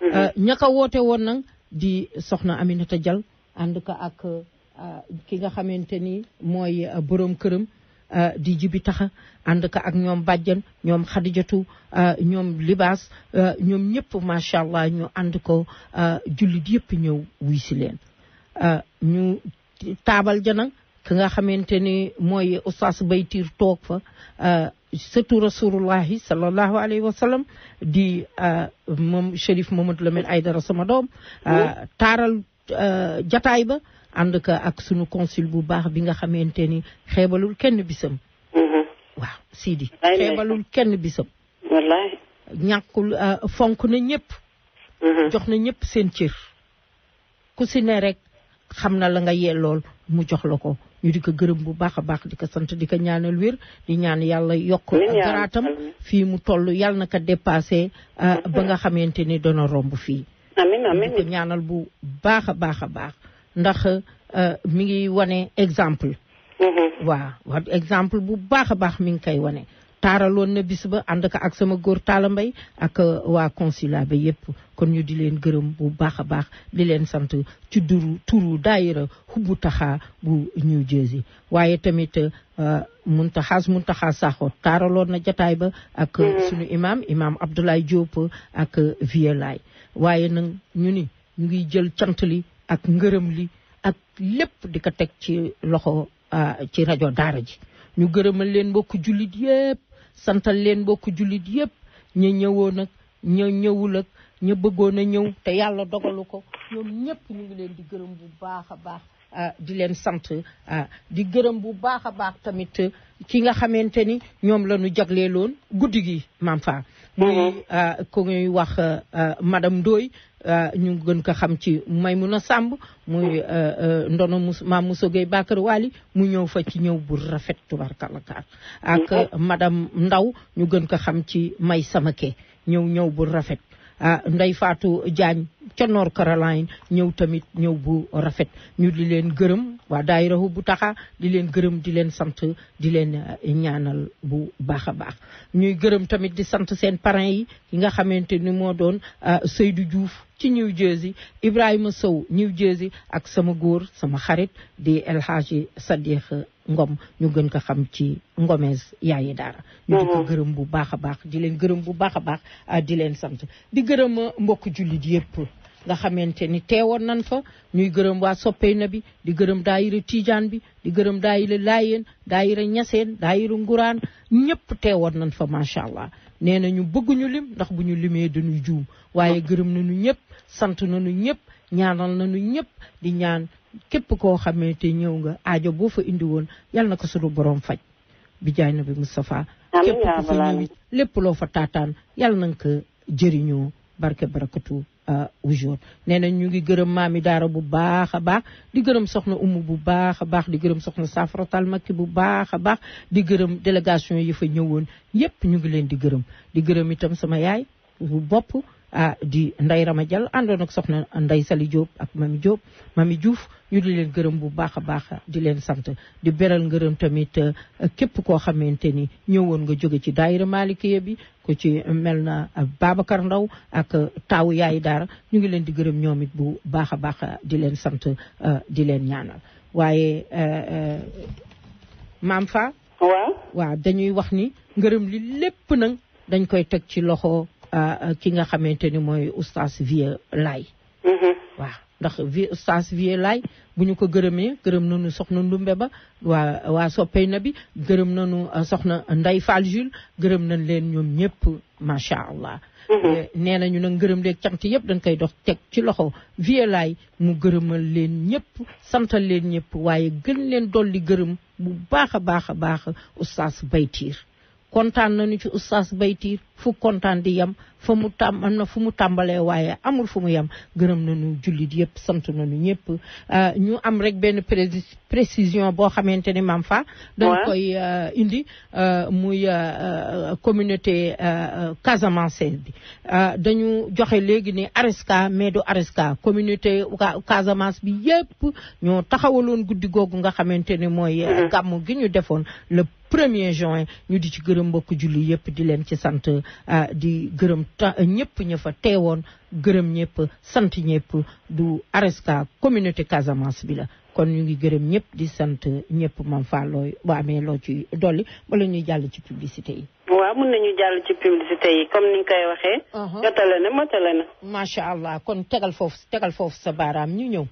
Mhm. ña ko woote woon nag di soxna Aminata jal ànd ko ak. Euh, ki nga xamante ni mooy euh, borom këram euh, di jibi tax ànd ka ak ñoom bàjjan ñoom xadijatu ñoom libaas ñoom ñëpp macha allah ñu ànd ko jullit yëpp ñëw wuy leen ñu taabal jana ki nga xamante ni mooy oustaz baytiir toog fa surtout rasulullahi sallallahu alayhi wa sallam di moom Chérif Mamadou Lamine Aydara sama doom taaral jataay ba ànd ko ak sunu consul bu baax bi nga xamante ni xeebalul kenn bisam. Mm-hmm. waaw Sidi. xeebalul kenn bisam. wallaay. ñàkkul euh, fonk na ñëpp. Mm-hmm. jox na ñëpp seen cër. ku si ne rek xam na la nga yellool mu jox la ko ñu di ko gërëm bu baax a baax di ko sant di ko ñaanal wér di ñaan yàlla yokk garaatam fii mu toll yàlla na ko dépassé euh, ba mm-hmm. nga xamante ni dana romb fii. di ko ñaanal bu baax a baax a baax. ndax euh, mi ngi wane exemple. Mm-hmm. waaw wax exemple bu baax a baax mi ngi koy wane. taaraloon na bis ba ànd ko ak sama góor Talla Mbaye ak euh, waa consulat ba yëpp kon ñu di leen gërëm bu baax a baax di leen sant ci duru turu daayira xubbu taxaa bu New Jersey waaye tamit muntaxaas euh, muntaxaas saxoo taaraloon na jataay ba ak mm-hmm. sunu imam imam Abdoulaye Diop ak Vieux waaye nag ñu ni ñu ngi jël cant li ak ngërëm li ak lépp di ko teg ci loxo euh, ci rajo daara ji ñu gërëmal leen mbokku jullit yëpp santal leen mbokku jullit yëpp ñu ñëwoon ak ña ñëwul ak ña bëggoon a ñëw te yàlla dogalu ko ñoom ñëpp ñu ngi leen di gërëm bu baax a baax euh, di leen sant euh, di gërëm bu baax a baax tamit ki nga xamante ni ñoom la ñu jagleeloon guddi gi maam fa mm-hmm. muy ku ñuy wax madam doy Euh, ñu gën ko xam ci may Maymuna Samb muy euh, euh, ndono mus maam Moussa Gueye Bakar Wali mu ñëw fa ci ñëw bu rafet tubarkalla kaar ak mm-hmm. madame Ndaw ñu gën ko xam ci May sama Samake ñëw ñëw bu rafet nday Ndey Faatu Jaañ ca North Caroline ñëw tamit ñëw bu rafet ñu di leen gërëm waa daayira bu taxa di leen gërëm di leen sant di leen eh, ñaanal bu baax a baax ñuy gërëm tamit di sant seen parrain yi yi nga xamante ni moo doon eh, Seydou juuf ci New Jersey Ibrahima Sow New Jersey ak sama góor sama xarit di El Hadji Sadiq Ngom ñu gën ko xam ci Ngomes yaayi daara ñu di ko mhm. gërëm bu baax a baax di leen gërëm bu baax a baax eh, di leen sant di gërëm mbokk jullit yépp nga xamante ni teewoon nan fa ñuy gërëm waa soppey na bi di gërëm daayira tiijaan bi di gërëm daayira laayeen daayira ñaseen daa daayira nguraan ñëpp teewoon nan fa macha allah nee na ñu bëgguñu lim ndax bu ñu limee dañuy juum waaye gërëm nañu ñëpp sant nañu ñëpp ñaanal nañu ñëpp di ñaan képp koo xamante ñëw nga aajo boo fa indi woon yal na ko suñu boroom faj bi jaay na bi Moustapha képp ku fa ñëw lépp loo fa taataan yal na nga ko jëriñoo barke barakatu Euh, a jour nee nañ ñu ngi gërëm maami daara bu baax a baax di gërëm soxna umu bu baax a baax di gërëm soxna safratal makki bu baax a baax di gërëm délégation yi fa ñëwoon yépp ñu ngi leen di gërëm di gërëm itam sama yaay bu bopp Ah, di Ndeye Rama jal àndoon ak soxna Ndeye Sali Diop ak Mami jóob Mami juuf ñu di leen gërëm bu baax a baax di leen sant di beral ngërëm tamit eh, képp koo xamante ni ñëwoon nga jóge ci daayira bi ku ci mel na eh, Babacar Ndaw ak eh, taawu yaay daara ñu ngi leen di gërëm ñoom it bu baax a baax di leen sant di leen ñaanal waaye maam fa waaw dañuy wax ni ngërëm li lépp nag dañ koy teg ci loxo Euh, euh, ki nga xamante ni mooy oustaz Vieux lay mm-hmm. waaw ndax vie oustaz lay bu ñu ko gërëmee gërëm nañu soxna Ndumbe ba waa waa soppey na bi gërëm nañu euh, soxna nday Fall Jules gërëm nañ leen ñoom ñëpp macha allah mm-hmm. nee nañu nag gërëm leeg cant yëpp dañ koy dox teg ci loxo Vieux lay mu gërëmal leen ñëpp santal leen ñëpp waaye gën leen dolli gërëm bu baax a baax a baax oustaz Baytiir kontaan nañu ci oustaz Baytiir fu kontaan di yem fa mu am na fu mu tàmbalee waaye amul fu mu yem gërëm nañu jullit yëpp sant nañu ñëpp euh, ñu am rek benn précision boo xamante ni maam fa dañ koy euh, indi euh, muy communauté casamance bi dañu joxe léegi ni areska mais du areska communauté casamance bi yëpp ñoo taxawaloon guddi googu nga xamante ni mooy mm-hmm. gàmm gi ñu defoon le premier juin ñu di ci gërëm mbokk julli yëpp di leen ci sant di gërëm ñëpp ña fa woon gërëm ñëpp sant ñëpp du Areska communauté Casamance bi la kon ñu ngi gërëm ñëpp di sant ñëpp Mame Fall looy bu amee ci dolli wala ñuy jàll ci publicité yi. waaw mën nañu jàll ci publicité yi comme ni nga waxee. Uh-huh. jotale na motale na. macha allah kon tegal foofu tegal foofu sa baaraam ñu ñëw.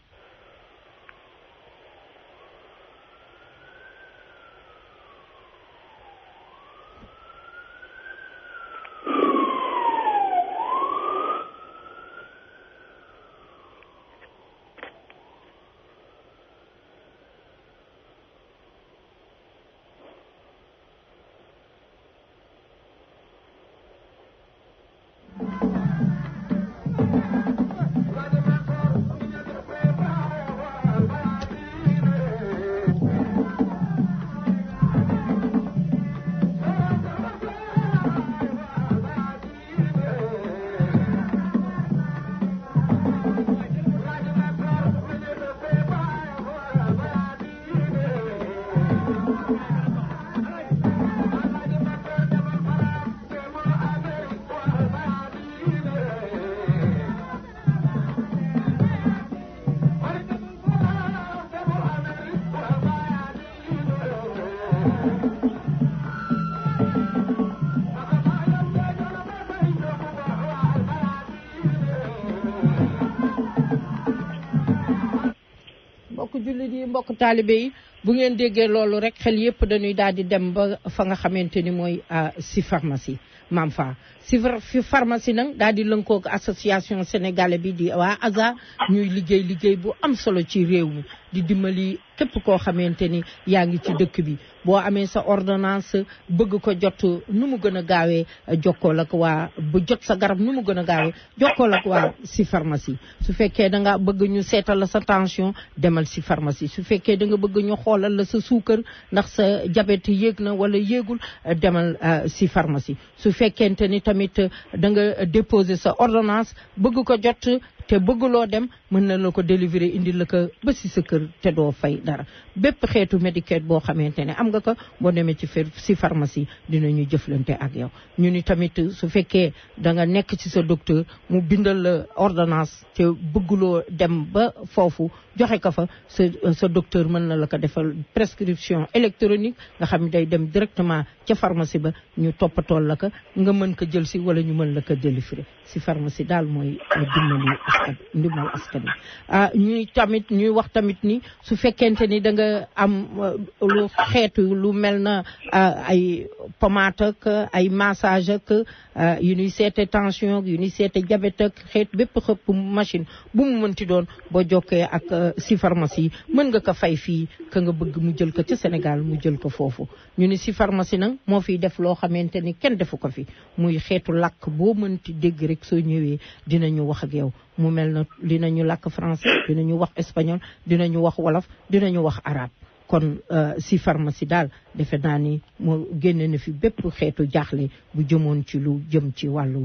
mbokk taalibe yi bu ngeen déggee loolu rek xel yépp dañuy daal di dem ba fa nga xamante ni mooy euh, si pharmacie maam fa si fi pharmacie nag daal di lënkoog association sénégalais bi di waa ASA ñuy liggéey liggéey bu am solo ci réew mi di dimbali képp koo xamante ni yaa ngi ci dëkk bi boo amee sa ordonnance bëgg ko jot nu mu gën a gaawee jokkoo ak waa bu jot sa garab nu mu gën a gaawee jokkoo ak waa si pharmacie su fekkee da nga bëgg ñu seetal sa tension demal si pharmacie su fekkee da nga bëgg ñu xoolal la sa suukar ndax sa diabète yéeg na wala yéegul demal euh, si pharmacie su fekkente ni tamit da nga déposer sa ordonnance bëgg ko jot te bëgguloo dem mën na la ko délivrer indi la ko ba si sa kër te doo fay dara bépp xeetu médicament boo xamante ne am nga ko boo demee ci si pharmacie dinañu jëflante ak yow ñu ni tamit su fekkee da nga nekk ci sa docteur mu bindal la ordonnance te bëgguloo dem ba foofu joxe ko fa sa sa docteur mën na la ko defal prescription électronique nga xam ne day dem directement ca pharmacie ba ñu toppatool la ko nga mën ko jël si wala ñu mën la ko délivrer si pharmacie daal mooy dimbali askan ndimbal askan wi ah, ñuy tamit ñuy wax tamit ni su fekkente ni danga am uh, xeetu lu mel na uh, ay pommade ay massage uh, ak yu ñuy seete tension yu ñuy seete diabète xeet bépp xëpp machine bu mu mënti doon boo jokkee ak si pharmacie mën nga ko fay fii ka nga bëgg mu jël ko ca Sénégal mu jël ko foofu ñu ni si pharmacie nag moo fiy def loo xamante ni kenn defu ko fi muy xeetu làkk boo mënti dégg rek soo ñëwee dinañu wax ak yow mu mel na dinañu làkk français dinañu wax espagnol dinañu wax wolof dinañu wax arabe kon euh, si pharmacie daal defe naa ni moo génne na fi bépp xeetu jaaxle bu jëmoon ci lu jëm ci wàllu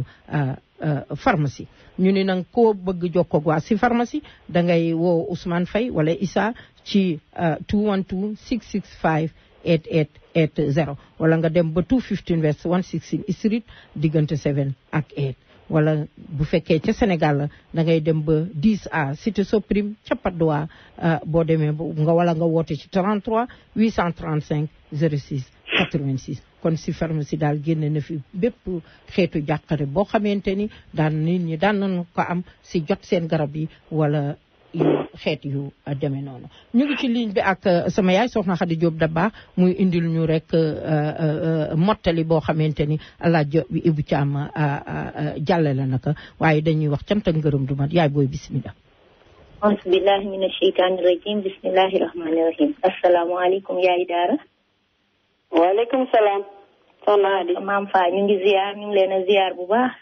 farmasi euh, euh, ñu ni nag koo bëgg jokkoog waa si pharmacie da ngay woo Ousmane Faye wala Issa ci 212 665 88 8 0 wala nga dem ba 215 West 116 Street diggante 7 ak 8 wala bu fekkee ca Sénégal la dangay dem ba 10 à cité Soprim ca Patte d'Oie euh, boo demee nga wala nga woote ci 33 835 06 86 kon si pharmacie daal génne na fi bépp xeetu jàqare boo xamante ni daan nit ñi daan nañu ko am si jot seen garab yi wala yu xeet yu demee noonu ñu ngi ci ligne bi ak euh, sama yaay soxna Khady Diop Dabakh muy indil ñu rek euh, euh, mottali boo xamante ni laaj bi Ibou Thiam jàllale na ko waaye dañuy wax cant ak ngërëm du mat yaay booy bismillah auzu billahi mina sheytaani rajim bismillahi rahmaani rahim asalaamaaleykum yaay daara waaleykum salaam soxna Khady maam fa ñu ngi ziar ñu leen a ziar bu baax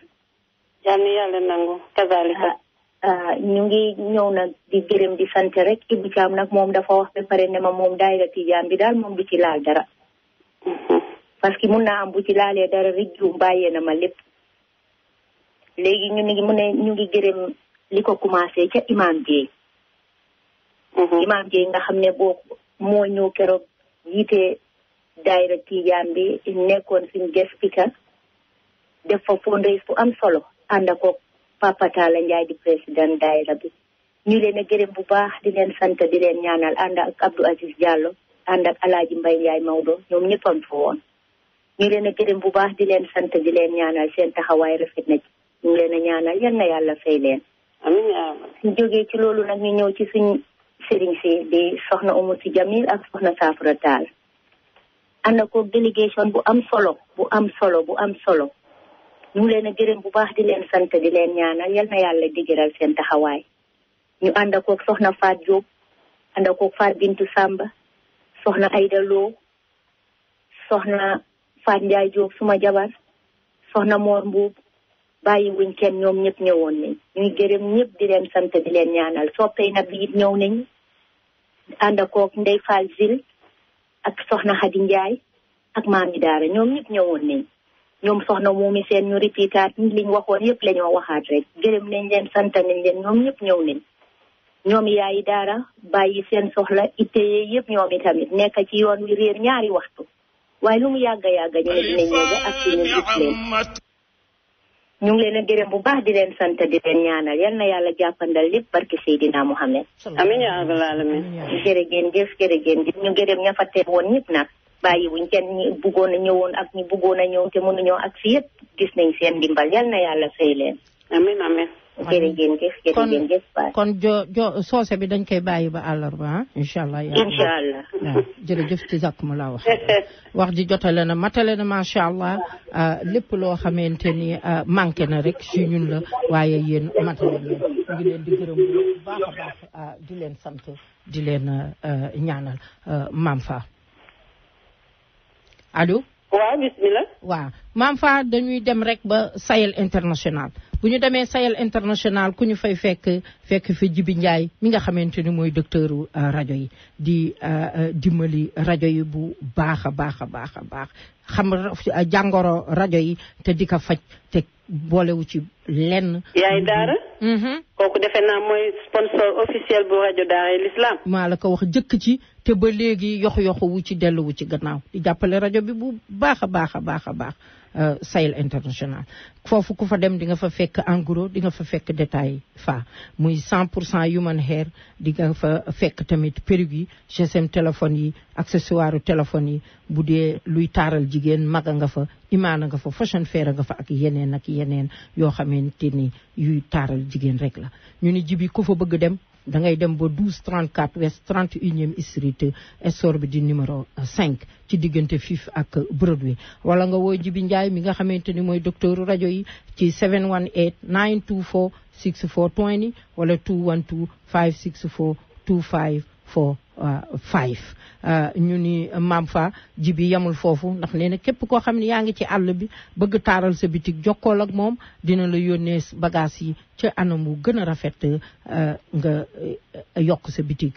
yàlla yàlla nangu kazalika ñu ngi ñëw nag di gërëm di sant rek Ibou Thiam nag moom dafa wax ba pare ne ma moom daayira tijaan bi daal moom du ci laal dara mm-hmm. parce que mun naa am bu ci laalee dara rek bàyyee na ma lépp léegi ñu ngi mu ne ñu ngi gërëm li ko commencé ca imaam Dieye mm-hmm. imaam Dieye nga xam ne boo moo ñëw keroog yiite daayira tijaan bi nekkoon si guest speaker def fa fundraise bu am solo ànd ak Papa Talla Ndiaye di président daayira bi ñu leen a gërëm bu baax di leen sant di leen ñaanal ànd ak Abdou Aziz Diallo ànd ak Alaaji Mbay Ndiaye Maodo ñoom ñëppoon fa woon ñu leen a gërëm bu baax di leen sant di leen ñaanal seen taxawaay rafet na ci ñu leen a ñaanal yal na yàlla fay leen amiin ñu jógee ci loolu nag ñu ñëw ci suñ sëriñ si di soxna Umu si Jamil ak soxna Saafara Taal ànd ak délégation bu am solo bu am solo bu am solo ñu leen a bu baax di leen sant di leen ñaanal yal na yàlla digëral seen taxawaay ñu ànd akoog soxna Faat Diop ànd akoog Faat Bintu Samba soxna Ayda Lo soxna Faat Ndiaye Diop suma jabar soxna Mor Mbuub bàyyi wuñ kenn ñoom ñëpp ñëwoon nañ ñuy gërëm ñëpp di leen sant di leen ñaanal soppey na bi it ñëw nañ ànd kook Ndey Fall Zil ak soxna Xadi Ndiaye ak maami daara ñoom ñëpp ñëwoon nañ ñoom soxna Momy Sène ñu répétaat liñ waxoon yëpp la waxaat rek gërëm nañ leen sant nañ leen ñoom ñëpp ñëw nañ ñoom yaayi daara bàyyi seen soxla ittee yëpp ñoom itamit nekk ci yoon wi réer ñaari waxtu waaye lu mu yàgga yàgga ñu ne dinañ ñëw ba ak ñu gis leen ñu ngi leen a gërëm bu baax di leen sant di leen ñaanal yal na yàlla jàppandal lépp barke Seydina Mohamed amiin yaa rabbal alamin jërë ngeen jëf jërë ngeen jëf ñu gërëm ña fa teewoon ñëpp nag bàyyiwuñ kenn ñi buggoon a ñëwoon ak ñi buggoon a te mënuñoo ak si gis nañ seen ndimbal yal na yàlla fay leen. kon kon jo jo soose bi dañ koy bàyyi ba àllarba ah incha allah. incha allah waaw jërëjëf ci sàkk mu laa wax. wax ji jotale na matale na macha allah ah, lépp loo xamante ni ah, manqué na rek si ñun la waaye yéen matale ngeen ñu leen di gërëm bu baax baax ah, di leen sant di leen ñaanal maam fa allo. waaw bismillah. waaw maam fa dañuy dem rek ba Sahel international bu ñu demee Sahel international ku ñu fay fekk fekk fi Jibi Ndiaye mi nga xamante ni mooy docteuru euh, rajo yi di euh, euh, dimbali rajo yi bu baax a baax a baax a baax xam jàngoro rajo yi te di ko faj te boolewu ci lenn. yaay Daara. Mm-hmm. kooku defe naa mooy sponsor officiel bu rajo Daara l'Islam. maa la ko wax jëkk ci te ba léegi yox yoxu ci delluwu ci gannaaw di jàppale rajo bi bu baax a baax a baax a baax. Euh, Sahel international foofu ku fa dem di nga fa fekk en di nga fa fekk détail fa muy 100 pour cent human hair di nga fa fekk tamit perruque yi GSM téléphone yi accessoire téléphone yi bu dee luy taaral jigéen mag nga fa imaana nga fa fashion fair a nga fa ak yeneen ak yeneen yoo xamante ni yuy taaral jigéen rek la ñu ni jibi ku fa bëgg dem da ngay dem ba 12 34 west 31e street essor bi di numéro cinq ci diggante Fifth ak Broadway wala nga woo Jibi Ndiaye mi nga xamante ni mooy docteur rajo yi ci 718 924 64 20 wala 212 564 25 four uh, five uh, ñu ni uh, maam fa ji bi yamul foofu ndax nee na képp koo xam ne yaa ngi ci àll bi bëgg taaral sa bitig jokkool ak moom dina la yónnee bagaas yi ca anam wu gën a rafet nga yokk sa bitig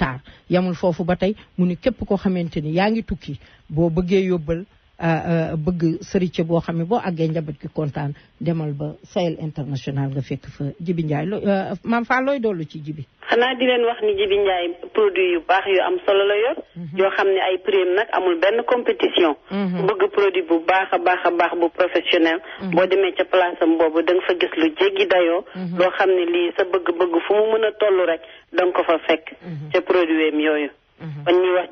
taar yamul foofu ba tey mu ni képp koo xamante ni yaa ngi tukki boo bëggee yóbbal Euh, euh, bëgg sëriñ boo xam ne boo àggee njaboot gi kontaan demal ba Sahel International nga fekk fa Jibi Ndiaye loo euh, maam Fall looy dollu ci Jibi. xanaa di leen wax ni Jibi Ndiaye produit yu baax yu am solo la yor. Mhm. yoo xam ne ay prix nag amul benn compétition. Mhm. bëgg produit bu baax a baax a baax bu professionnel. Mhm. boo demee ca place am boobu da nga fa gis lu jéggi dayoo. loo xam ne lii sa bëgg-bëgg fu mu mën a toll rek da ko fa fekk. ca produit am yooyu. kon ñuy wax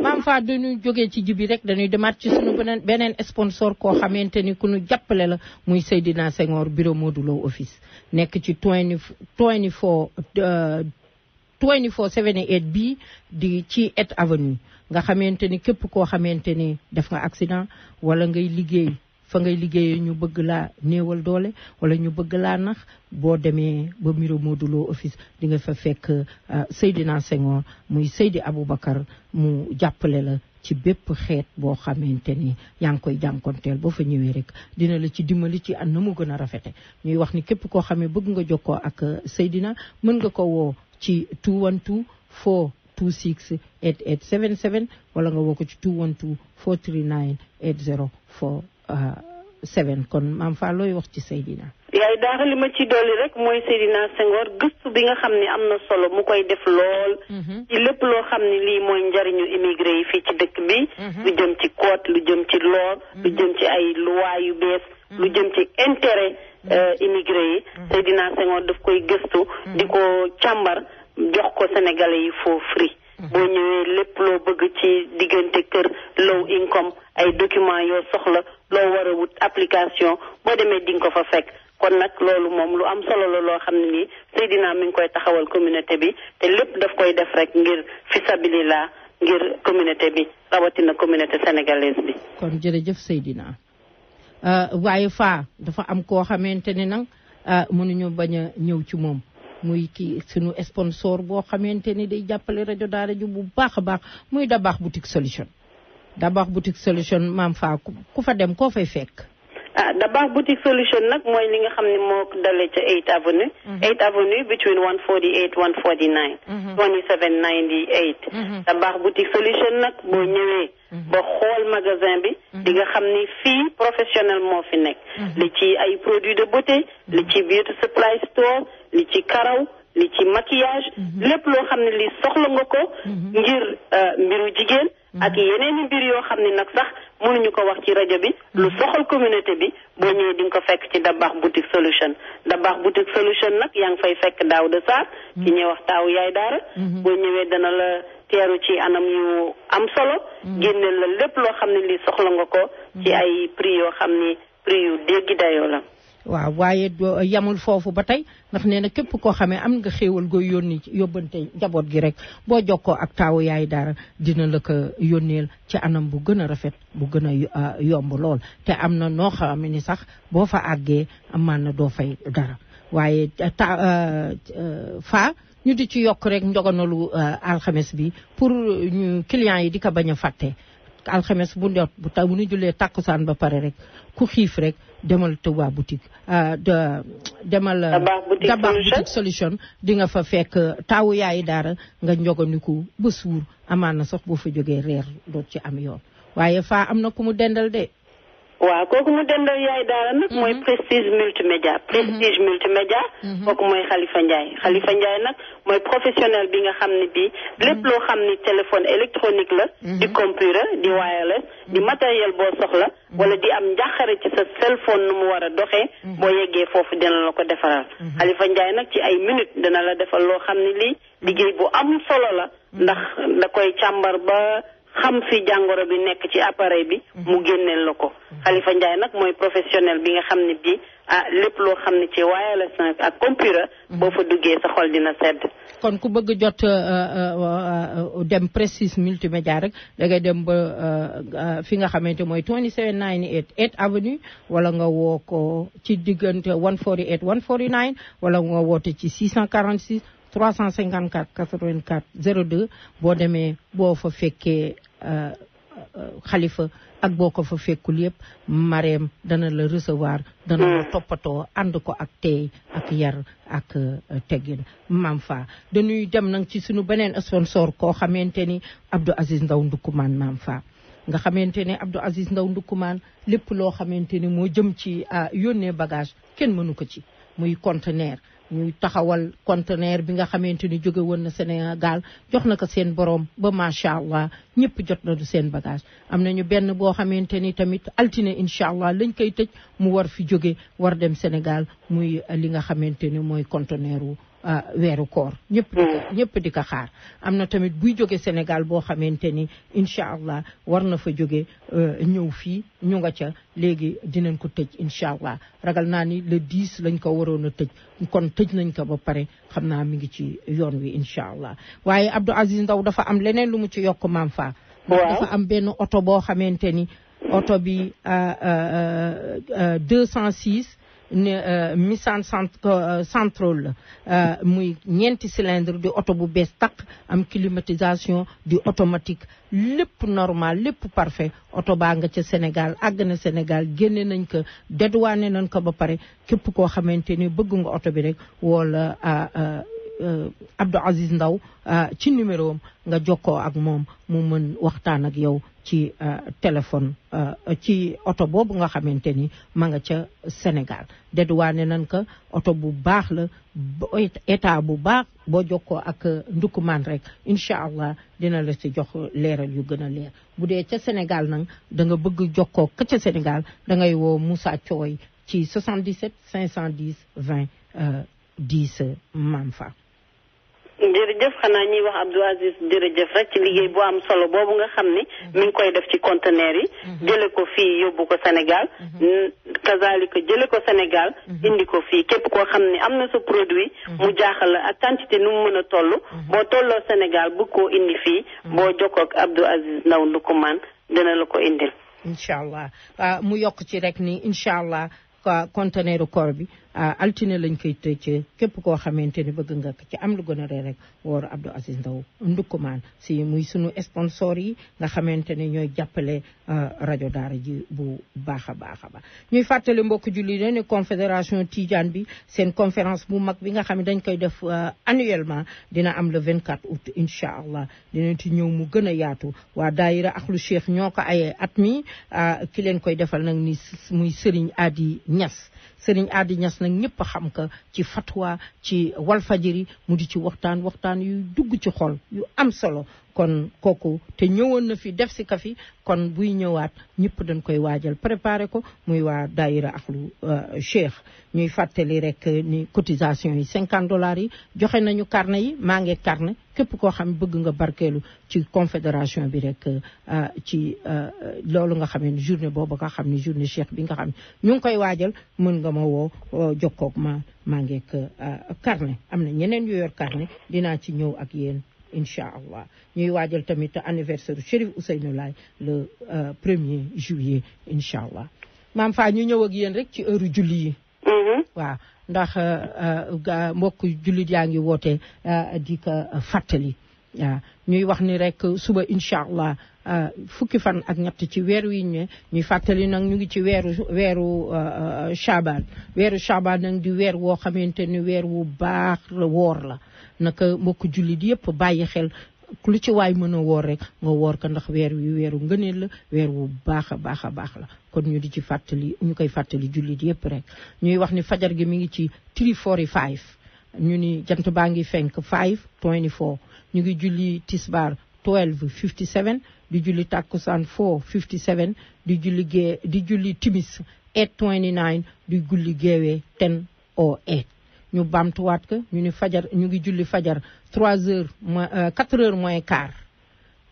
maam fa dañuy jógee ci jibi rek dañuy demaat ci suñu beneen beneen sponsor koo xamante ni ku ñu jàppale la muy Seydina Senghor bureau Modou Lo office nekk ci twenty euh, twenty four twenty four seventy eight bi di ci et avenue nga xamante ni képp koo xamante ni def nga accident wala ngay liggéey fa ngay liggéeyee ñu bëgg laa néewal doole wala ñu bëgg laa nax boo demee ba miro Modou Lo office di nga fa fekk euh, Seydina Senghor muy Seydi Aboubacar mu jàppale la ci bépp xeet boo xamante ni yaa ngi koy jànkonteel boo fa ñëwee rek dina la ci dimbali ci an na mu gën a rafete ñuy wax ni képp koo xamee bëgg nga ko ak euh, Seydina mën nga ko woo ci 212 426 8877 wala nga woo ko ci 212 439 80 4 Euh, Seven kon maam fa looy wax ci Seydina. yaay daaxa li ma ci dolli rek mooy Seydina Senghor gëstu bi nga xam ne am na solo mu koy def lool. Mhm. lépp loo xam ne lii mooy njariñu immigré yi fii ci dëkk bi. Mhm. lu jëm ci code lu jëm ci loi. lu mhm. jëm ci ay loi yu bees. lu jëm ci intérêt euh, immigré yi. Seydina Senghor daf koy gëstu. di ko càmbar jox ko sénégalais yi for free. boo ñëwee lépp loo bëgg ci diggante kër low income ay documents yoo soxla. loo war a wut application boo demee di ko fa fekk kon nag loolu moom lu am solo la loo xam ni nii Seydina mi ngi koy taxawal communauté bi te lépp daf koy def rek ngir fisabilillah ngir communauté bi rawatina communauté sénégalaise bi. kon jërëjëf Seydina euh, waaye fa dafa am koo xamante ne nag euh, mënuñu bañ a ñëw ci moom. muy kii sunu sponsor boo xamante ni day jàppale rajo daara rajo bu baax a baax muy da Dabakh Boutique Solution. da Dabakh boutique solution maam faa ku fa dem koo fay fekk. da ah, Dabakh boutique solution nag mooy li nga xam ne moo dalee ca 8 avenue. 8 mhm. avenue between 148 149. 27 98. Dabakh boutique solution nag boo ñëwee. Mhm. ba xool magasin bi. Mhm. di nga xam ni fii professionnel moo fi nekk. li ci ay produits de beauté. li ci beauty supply store li ci karaw. li ci maquillage mhm. lépp loo xam ne li soxla nga ko mhm. ngir euh, mbiru jigéen mhm. ak yeneen i mbir yoo xam ne nag sax mënuñu ko wax ci rajo bi lu soxal communauté bi boo ñëwee di ko fekk ci Dabakh Boutique Solution Dabakh Boutique Solution nag yaa ngi fay fekk daaw de Sarr ki ñuy wax taawu yaay daara boo ñëwee dana la teeru ci anam yu am solo génne la lépp loo xam ne li soxla nga ko ci ay prix yoo xam ni prix yu déggi dayoo la waaw waaye euh, yamul foofu ba tey ndax nee na képp koo xamee am nga xéewal gooy yónni yóbbante jaboot gi rek boo jokkoo ak taawu yaay dara dina la ko yónneel ci anam bu gën a rafet bu gën a euh, yomb lool te am na noo xam ni sax boo fa àggee man na doo fay dara waaye euh, ta fa ñu di ci yokk rek njoganalu alxames bi pour ñu yi di ko bañ a fàtte alxames bu ndot bu taw bu ñu jullee tàkkusaan ba pare rek ku xiif rek demal Touba boutique euh, demal Dabakh euh, boutique solution di nga fa fekk euh, taawu yaayu daara nga njoganiku ba suur amaan na sox boo fa jógee reer doot ci am yoon waaye faa am na ku dendal de waaw kooku mu dendal yaay daara nag mhm. mooy prestige multimédia mhm. prestige multimédia mhm. kooku mooy Khalifa Ndiaye Khalifa Ndiaye nag mooy professionnel bi nga xam ne bii lépp loo xam ni téléphone électronique la di computer di wireless di matériel boo soxla wala di am njàqare ci sa cellphone nu mu war a doxee boo yeggee foofu dina la ko defaral Khalifa Ndiaye nag ci ay minutes dina la defal loo xam ne lii liggéey bu am solo la ndax da koy càmbar ba xam fi jàngoro bi nekk ci appareil bi mhm. mu génneel la ko mhm. Khalifa Ndiaye nag mooy professionnel bi nga xam ne bii ah lépp loo xam ne ci wireless ak computer mhm. boo fa duggee sa xol dina sedd kon ku bëgg jot euh, euh, euh, dem Prestige multimédia rek da ngay dem ba fi nga xamante mooy 2798 8 avenue wala nga woo ko ci diggante 148 149 wala nga woote ci 646 cent 354 84 02 boo demee boo fa fekkee euh, euh, xalifa ak boo ko fa fekkul yëpp mareem dana la recevoir dana la mm. toppatoo ànd ko ak teey ak yar ak euh, teggin maam fa dañuy dem nag ci suñu beneen sponsor koo xamante ni Abdou Aziz Ndaw Ndukumaan maam fa nga xamante ne Abdou Aziz Ndaw Ndukumaan lépp loo xamante ni moo jëm ci yónnee bagage kenn mënu ko ci muy conteneur ñuy taxawal conteneur bi nga xamante ni jóge woon na Sénégal jox na ko seen borom ba macha allah ñëpp jot na du seen bagage am nañu benn boo xamante ni tamit altine incha allah lañ koy tëj mu war fi jóge war dem Sénégal muy li nga xamante ni mooy conteneur wu Euh, weeru koor ñëpp mm. ñëpp di ko xaar am na tamit buy jóge Sénégal boo xamante ni incha allah war na fa jóge euh, ñëw fii ñu nga ca léegi dinañ ko tëj incha allah ragal naa ni le 10 lañ ko waroon a tëj kon tëj nañ ko ba pare xam naa mi ngi ci yoon wi incha allah waaye Abdou Aziz Ndaw dafa am leneen lu mu ci yokk maam fa dafa am benn oto boo xamante ni oto bi 206 euh, Nissan euh, Sentrol euh, euh, muy ñeenti cylindre di oto bu bees tàq am climatisation di automatique lépp normal lépp parfait oto baa nga ca Sénégal àgg na Sénégal génne nañ ko dédouané nañ ko ba pare képp koo xamante ni bëgg nga oto bi rek wala Euh, Abdou Aziz Ndaw euh, ci numéro am nga jokkoo ak moom mu mën waxtaan ak yow ci euh, téléphone ci oto boobu nga xamante ni ma nga ca Sénégal dédouané nan ko oto bu baax la état bu baax boo jokkoo ak ndukumaan rek incha allah dina la ci jox leeral yu gën a leer bu dee ca Sénégal nag danga nga bëgg jokkoo ka ca Sénégal da ngay woo Moussa Thioy ci 77 510 20 10 Maam Fa jërëjëf xanaa ñuy wax Abdou Aziz jërëjëf rek ci liggéey bu am solo boobu nga xam ne mhm. mi ngi koy def ci conteneur yi mhm. jële ko fii yóbbu ko Sénégal mhm. kazalika jële ko Sénégal indi ko fii képp koo xam ne am na sa produit mu jaaxal la ak quantité nu mu mën a toll boo tolloo Sénégal bëgg koo indi fii boo jokkoo ak Abdou Aziz Ndaw Ndukumaan dina la ko indil incha allah ah, mu yokk ci rek ni incha allah ah, conteneur koor bi Ah, altine lañ koy tëj képp koo xamante ni bëgg nga ci am lu gën a rey rek wooru Abdou Aziz Ndaw ndukkumaan si muy sunu sponsor yi nga xamante ne ñooy jàppale ah, rajo daara ji bu baax a baax a baax ñuy fàttali mbokk julli ne confédération Tidiane bi seen conférence bu mag bi nga xam ne dañ koy def ah, annuellement dina am le quatre août incha allah dinañ ci ñëw mu gën a yaatu waa daayira Akhlu Cheikh ñoo ko ayee at mi ki leen koy defal nag ni muy Serigne Adi Niass Serigne Adi Niass nag ñëpp xam ka ci fatwa ci Walfajiri mu di ci waxtaan waxtaan yu dugg ci xool yu am solo kon kooku te ñëwoon na fi def si kafi kon buy ñëwaat ñëpp dañ koy waajal préparé ko muy waa daayira axlu euh, cheikh ñuy fàttali rek euh, ni cotisation yi 50 dollars yi joxe nañu carnet yi maa ngi carnet képp koo xam bëgg nga barkeelu ci confédération bi rek euh, ci loolu nga xam ne journée boobu nga xam ni journée cheikh bi nga xam ne ñu ngi koy waajal mën nga ma woo jokkoog ma maa ngi carnet am na ñeneen yu yor dinaa ci ñëw ak yéen incha allah ñuy waajal tamit anniversaire Chérif Ousseynou Laye le euh, premier juillet incha allah maam fa ñu ñëw ak yéen rek ci heure julli yi mm-hmm. waaw ndax euh, euh, mbokk jullit yaa ngi woote di ko fàttali ñuy wax ni rek suba incha allah fukki fan ak ñett ci weer wi ñu ñuy fàttali nag ñu ngi ci weeru weeru Shaban weeru Shaban nag di weer woo xamante ni weer wu baax woor la naka mbokk jullit yëpp bàyyi xel lu ci waay mën woor rek nga woor ko ndax weer wi weeru ngëneel la weer wu baax a baax a baax la kon ñu di ci fàttali ñu koy fàttali jullit yëpp rek ñuy wax ni fajar gi mi ngi ci 3:45 ñu ni jant baa ngi fenk 5:24 ñu ngi julli tisbaar 12:57 di julli takkusaan 4:57 di julli gee di julli timis 8:29 di julli geewee ñu baamtuwaat ko ñu ni fajar ñu ngi julli fajar 3 heures moins 4 euh, heures moins quart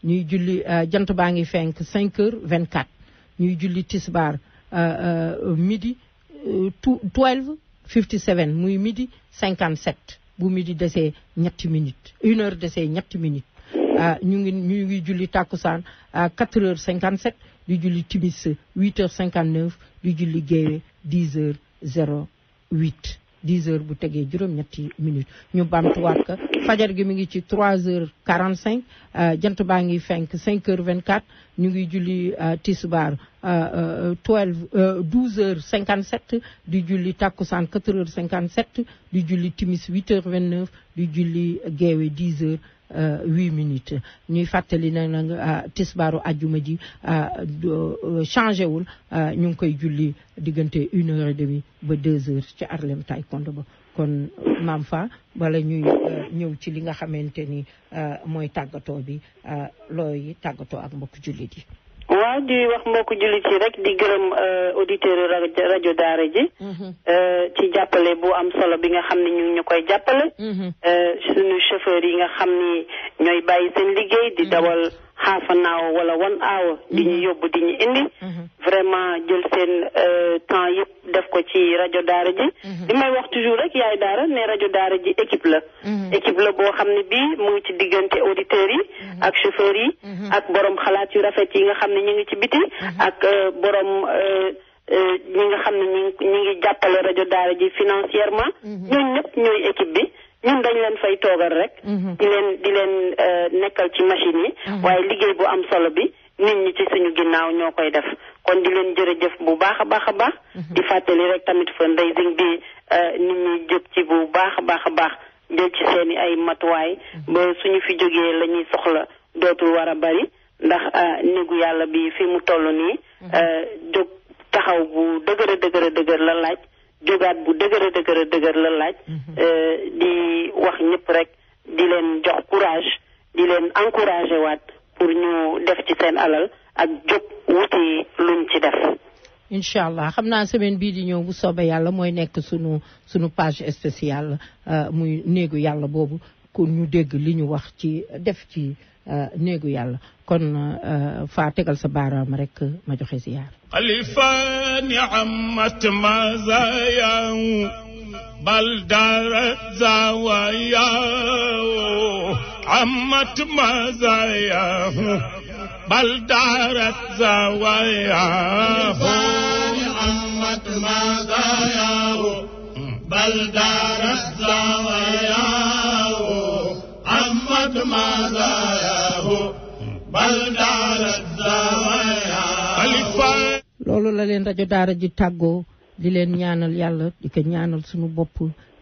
ñuy julli euh, jant baa ngi fenk 5 heures 24 ñuy julli tisbaar euh, midi 12 57 muy midi 57 bu midi desee ñetti minutes une heure desee ñetti minutes ñu ngi ñu ngi julli tàkkusaan 4 heures 57 di julli timis 8 heures 59 di julli géewe 10 heures 08 dix heures bu tegee juróom-ñetti minutes ñu bamtuwaat ko fajar gi mi ngi ci trois heures quarante cinq euh, jant baa ngi fenk cinq heures vingt quatre ñu ngi julli euh, tisbaar euh, twelve douze heures cinquante sept di julli takkusaan quatre heures cinquante sept di julli timis huit heures vingt neuf di julli geewe dix heures Euh, huit minutes ñuy fàttali nag nag euh, tisbaaru ajjuma ji euh, changé wul ñu ngi koy julli diggante une heure et demie ba deux heures ci Harlem Taekwondo ba kon maam fa bala ñuy ñëw ci li nga xamante ni mooy tàggatoo bi looy tàggatoo ak mbokk jullit yi waaw di wax mbokku jullit yi rek di gërëm euh, auditeur rajo daara ji mhm. euh, ci jàppale bu am solo bi nga xam ne ñu ñu koy jàppale mhm. euh, suñu chauffeur yi nga xam ni ñooy bàyyi seen liggéey di mhm. dawal half an hour wala one hour di ñu mhm. yóbbu di ñu indi mhm. vraiment jël seen euh, temps yëpp def ko ci rajo daara ji mhm. li may wax toujours rek yaay daara ne rajo daara ji équipe la équipe la boo xam ne bii mu ngi ci diggante auditeurs yi ak chauffeurs yi ak boroom xalaat yu rafet yi nga xam ne ñu ngi ci biti ak euh, borom euh, ñi nga xam ne ñu ngi jàppale rajo daara ji financièrement ñooñu ñëpp ñooy équipe bi ñun dañ leen fay toogal rek. Mhm. di leen di leen euh, nekkal ci machine yi. Mhm. waaye liggéey bu am solo bi nit ñi ci suñu ginnaaw ñoo koy def kon di leen jërëjëf bu baax a baax a baax. Mhm. di fàttali rek tamit fundraising bi euh, nit ñi jóg ci bu baax a baax a baax jël ci seen i ay matuwaay ba suñu fi jógee la ñuy soxla dootul war a bari ndax euh, néegu yàlla bi fi mu toll nii. jóg taxaw bu dëgër a dëgër a dëgër la laaj. jógaat bu dëgër a dëgër a dëgër la laaj mhm. euh, di wax ñëpp rek di leen jox courage di leen encouragé pour ñu def ci seen alal ak jóg wuti luñ ci def incha allah xam naa semaine bii di ñëw bu soobee yàlla mooy nekk suñu sunu page spéciale euh, muy néegu yàlla boobu kon ñu dégg li ñu wax ci def ci euh, néegu yàlla kon euh, faa tegal alifani amat mazayaw bal bal dara zawayaw loolu la leen rajo daara ji tàggoo di leen ñaanal yàlla di ko ñaanal suñu bopp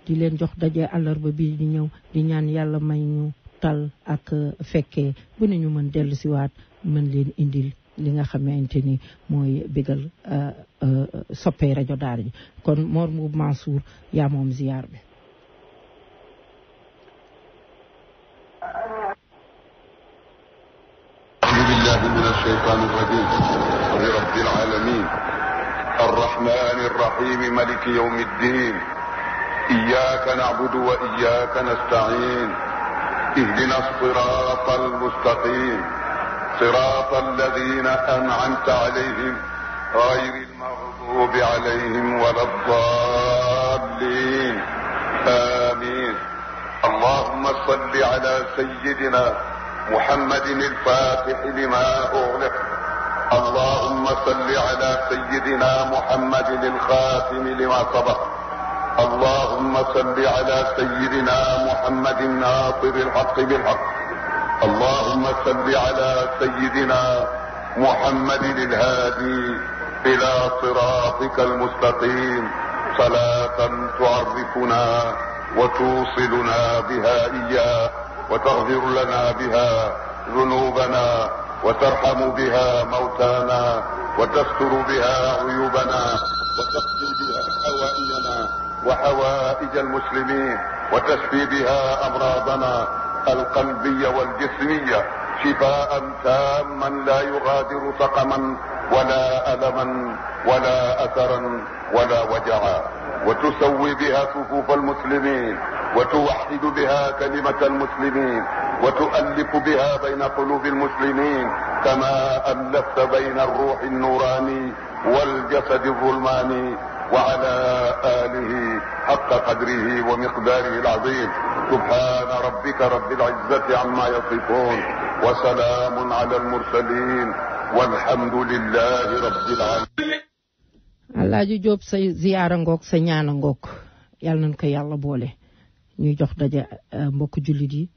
di leen jox daje àllarba bi di ñëw di ñaan yàlla may ñu tal ak fekkee bu ne ñu mën dellu siwaat mën leen indil li nga xamante ni mooy bégal euh, euh, soppee rajo daara ji kon Mor Mbuub Mansour yaa moom ziyaar bi بالله من الشيطان الرجيم لرب العالمين الرحمن الرحيم ملك يوم الدين إياك نعبد وإياك نستعين اهدنا الصراط المستقيم صراط الذين أنعمت عليهم غير المغضوب عليهم ولا الضالين آمين اللهم صل على سيدنا محمد الفاتح لما أغلق اللهم صل على سيدنا محمد الخاتم لما سبق اللهم صل على سيدنا محمد الناصر الحق بالحق اللهم صل على سيدنا محمد الهادي إلى صراطك المستقيم صلاة تعرفنا وتوصلنا بها إياه وتغفر لنا بها ذنوبنا وترحم بها موتانا وتستر بها عيوبنا وتقضي بها حوائجنا وحوائج المسلمين وتشفي بها امراضنا القلبيه والجسميه شفاء تاما لا يغادر سقما ولا الما ولا اثرا ولا وجعا وتسوي بها صفوف المسلمين وتوحد بها كلمة المسلمين وتؤلف بها بين قلوب المسلمين كما ألفت بين الروح النوراني والجسد الظلماني وعلى آله حق قدره ومقداره العظيم سبحان ربك رب العزة عما يصفون وسلام على المرسلين والحمد لله رب العالمين Alaaji Jóob sa ziyaara ngoog sa ñaana ngoog yàlla nañ ko yàlla boole ñuy jox daje euh, mbokku jullit yi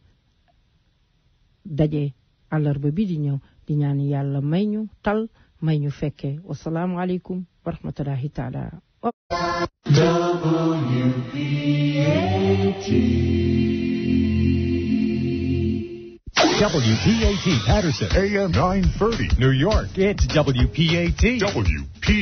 daje àllarba bi di ñëw di ñaan yàlla may ñu tal may ñu fekkee wasalaamualeykum wa rahmatulahi taala WPAT Patterson. AM 930. New York. It's WPAT. WPAT.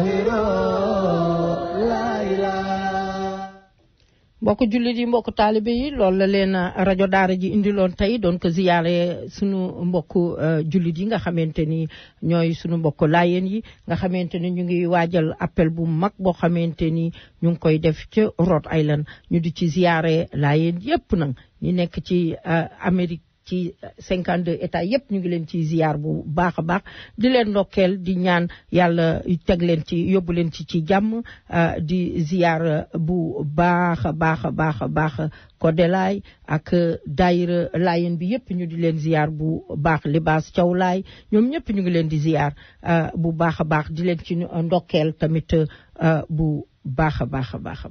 mbokk jullit yi mbokk taalibe yi loolu la leen uh, rajo daara ji indiloon tey doon ko ziyaare sunu mbokk uh, jullit yi nga xamante ni ñooy sunu mbokk laayeen yi nga xamante ni ñu ngi waajal appel bu mag boo xamante ni ñu ngi koy def ci Rhode Island ñu di ci ziyaare laayeen yépp nag ñi nekk ci uh, Amérique ci de états yépp ñu ngi leen ci ziar bu baax a baax di leen ndokkeel di ñaan yàlla teg leen ci yóbbu leen ci ci jàmm euh, di ziar bu baax a baax a baax a baax kodelaay ak daayira laayen bi yépp ñu di leen ziar bu baax libaas caw laay ñoom ñépp ñu ngi leen di ziar euh, bu baax a baax di leen ci ndokkeel tamit euh, bu baax a baax a baax a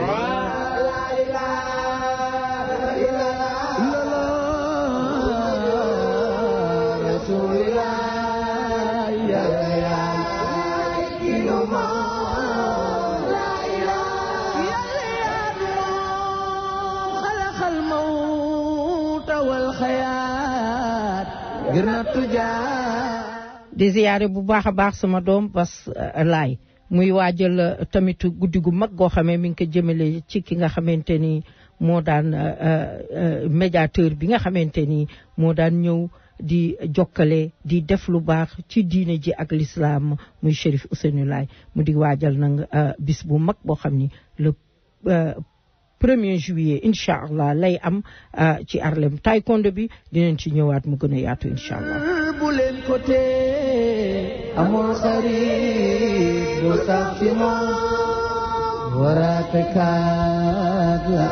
baax di ziyaare bu baax a baax sama doom bas uh, laay muy waajal uh, tamit guddi gu mag goo xamee mi ngi ko jëmale ci ki nga xamante ni moo daan uh, médiateur bi nga xamante ni moo daan ñëw di jokkale di def lu baax ci diine ji ak lislaam muy Chérif Ousseynou Laye mu di waajal nag bis bu mag boo xam ni premier juillet incha allah lay am euh, ci Harlem bi dinañ ci ñëwaat mu gën a yaatu incha allah. bu leen ko tee amoo xarit bu sax waraatekaat la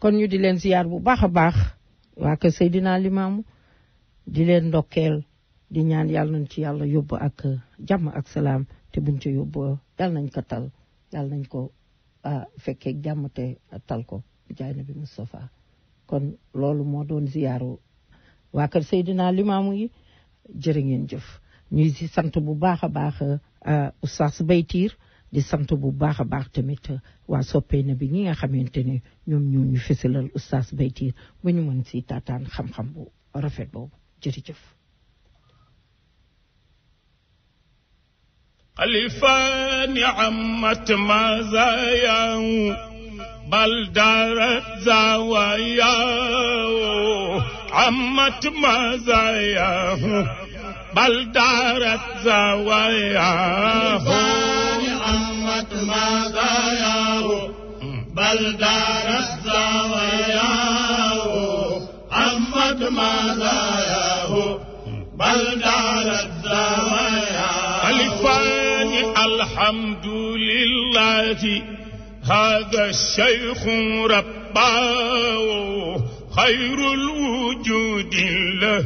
kon ñu di leen ziyaar bu baax a baax waa kër Seydina Limaamu di leen ndokkeel di ñaan yàlla nañ ci yàlla yóbbu ak uh, jàmm ak salaam te buñ ci yóbbu uh, yàlla nañ ko tal yàlla nañ ko uh, fekkee jàmm te tal ko jaay na bi kon loolu moo doon ziyaaru waa kër Seydina Limaamu yi jërë ngeen jëf ñuy si sant bu baax a baax oustaz Baytiir di sant bu baax a baax tamit waa soppee na bi ñi nga xamante ne ñoom ñoo ñu fësalal oustaz Baytiir ba ñu mën si taataan xam-xam bu rafet boobu jërëjëf. alifani amat mazayaw bal darat bal darat zawayaw مزاياه بل دار الزواياه عمت مزاياه بل دار الزواياه الفان الحمد لله هذا الشيخ رباه خير الوجود له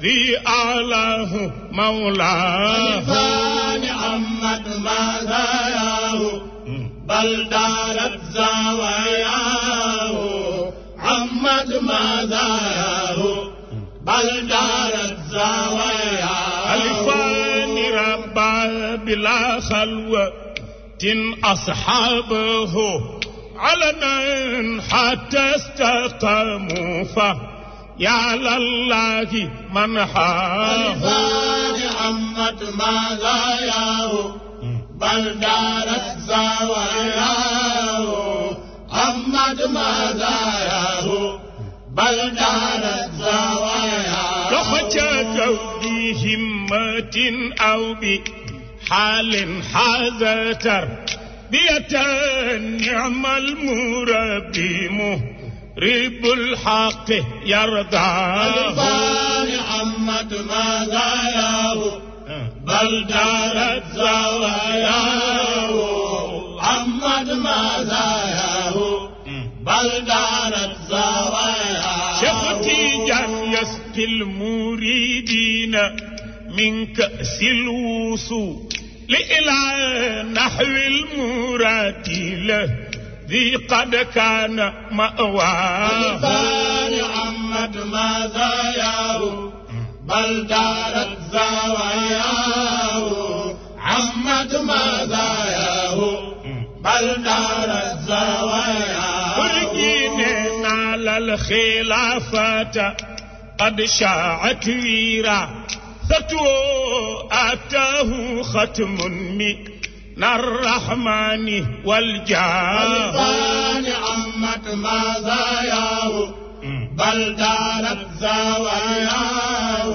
ذي أعلاه مولاه محمد مزاياه بل دارت زواياه عمد مزاياه بل دارت زواياه ألفان ربا بلا خلوة تن أصحابه علنا حتى استقاموا فهم يا لله من حاه عمت مزاياه بل دارت زواياه عمت مزاياه بل دارت زواياه لخجا بهمة أو بحال حذتر بيتا نعم المربي مه ريب الحق يرضاه البان عمت مزاياه بل دارت زواياه عمت مزاياه بل دارت زواياه شيخ تيجان يسقي المريدين من كأس الوصول لإلى نحو المراد له ذي قد كان مأواه لسان محمد ماذا يروا بل دارت زواياه محمد ماذا يروا بل دارت زواياه ولكن نال الخلافة قد شاعت ويرا فتو أتاه ختم مئ للرحمن والجاه عمت مزاياه بل دارت زواياه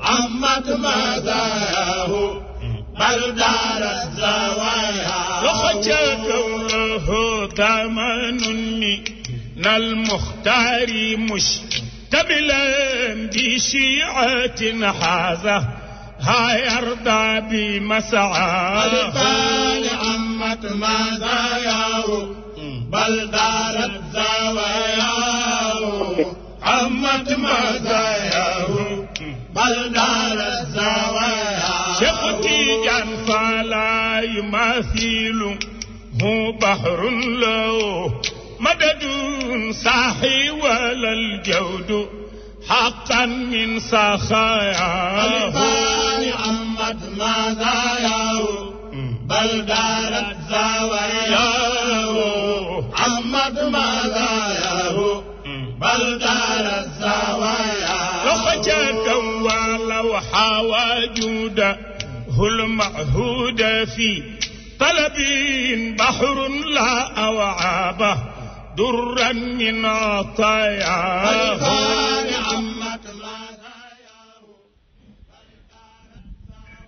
عمت مزاياه بل دارت زواياه لخجاكم له ثمن من المختار مشتبلا بشيعة حازه هاي أرضى بمسعى بال عمت مزاياه بل دارت زواياه عمت مزاياه بل دارت زواياه شفتي جان فلا يماثل هو بحر له مدد صاحي ولا الجود حقا من سخاياه عمت مزاياه بل دارت زواياه عمت مزاياه بل دارت زواياه لخجاكم ولو حوى جودا المعهود في طلب بحر لا أوعابه درا من عطاياه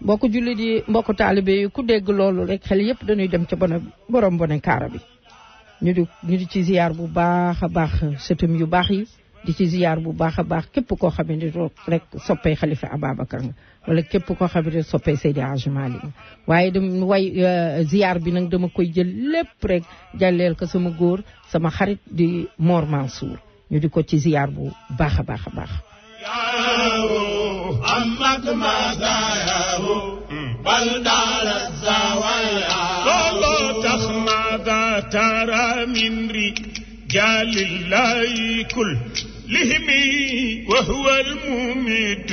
mbokku jullit yi mbokku taalibe ku dégg loolu rek xel yépp dañuy dem ca bone borom bone kaara bi ñu di di ci ziyaar bu baax a baax sëtëm yu baax yi di ci ziyaar bu baax a baax képp koo xam ne rek soppee xalifa Ababacar nga wala képp koo xam ne soppee Seydi Hadji waaye dam way euh, ziyaar bi nag dama koy jël lépp rek jàlleel ko sama góor sama xarit di Mor Mansour ñu di ko ci ziyaar bu baax a baax a baax looloo tax maada tara min rijaalillahi kul lihimi wa huwa almumid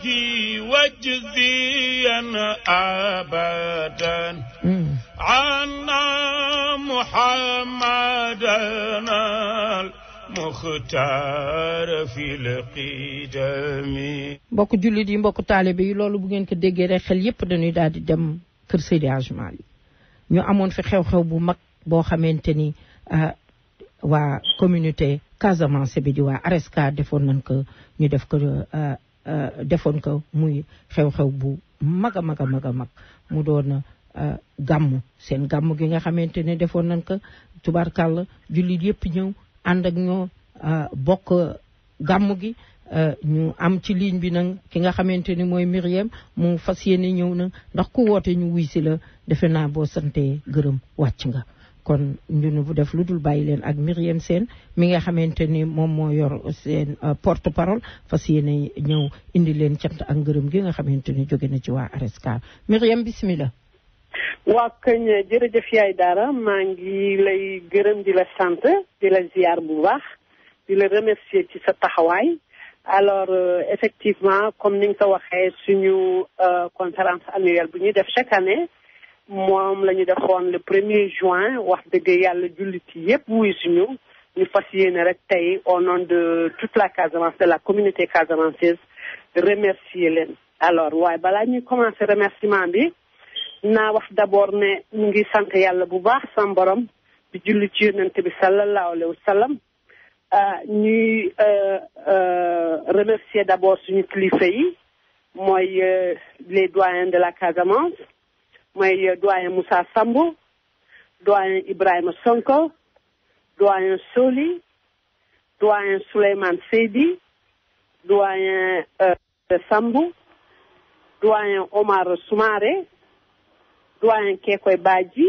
وفي وجزيا أبدا عنا محمدنا المختار في القدم mbokk jullit yi mbokk taalibe bi loolu bu ngeen ko déggee rek xel yépp dañuy daal di dem kër Seydi Hadji Malick ñu amoon fi xew-xew bu mag boo xamante ni ah, waa communauté Casamance bi di waa Areska defoon nañ ko ñu def ko ah, Euh, defoon ko muy xew-xew bu mag a mag a mag a mag mu doon euh, gàmm seen gàmm gi nga xamante ne defoon nañ ko tubaarkàlla jullit yëpp ñëw ànd ak ñoo euh, bokk gàmm gi ñu am ci ligne bi nag ki nga xamante ni mooy Myriam mu fas yéene ñëw na ndax ku woote ñu wuy si la defe naa boo sante gërëm wàcc nga kon ñun bu def lu dul bàyyi leen ak Myriam seen mi nga xamante ni moom moo yor seen euh, porte parole fas yéene ñëw indi leen cant ak ngërëm gi nga xamante ni jóge na ci waa Arescar Myriam bismillah waa kañ jërëjëf yaay Dara maa ngi lay gërëm di la sant di la ziar bu baax di la remercier ci sa taxawaay alors euh, effectivement comme ni nga ko waxee suñu euh, conférence annuelle bu ñuy def chaque année moom la ñu defoon le premier juin wax dëgg yàlla jullit yépp wuy suñu ñu fas yéene rek tey au nom de toute la Casamance de la communauté casamançaise remercier leen. alors waaye balaa ñuy commencer remerciement bi naa wax d'abord ne mu ngi sant yàlla bu baax sam borom di julli ci yonent bi sallallahu alayhi wa sallam ah, ñuy euh, euh, remercier d'abord suñu kilifa yi mooy euh, les doyens de la Casamance. mooy doyen Moussa Sambo doyen Ibrahima Sonko doyen Soli doyen Souleymane Seydi doyen euh, Sambu doyen Omar Soumaré doyen Kekoy Badji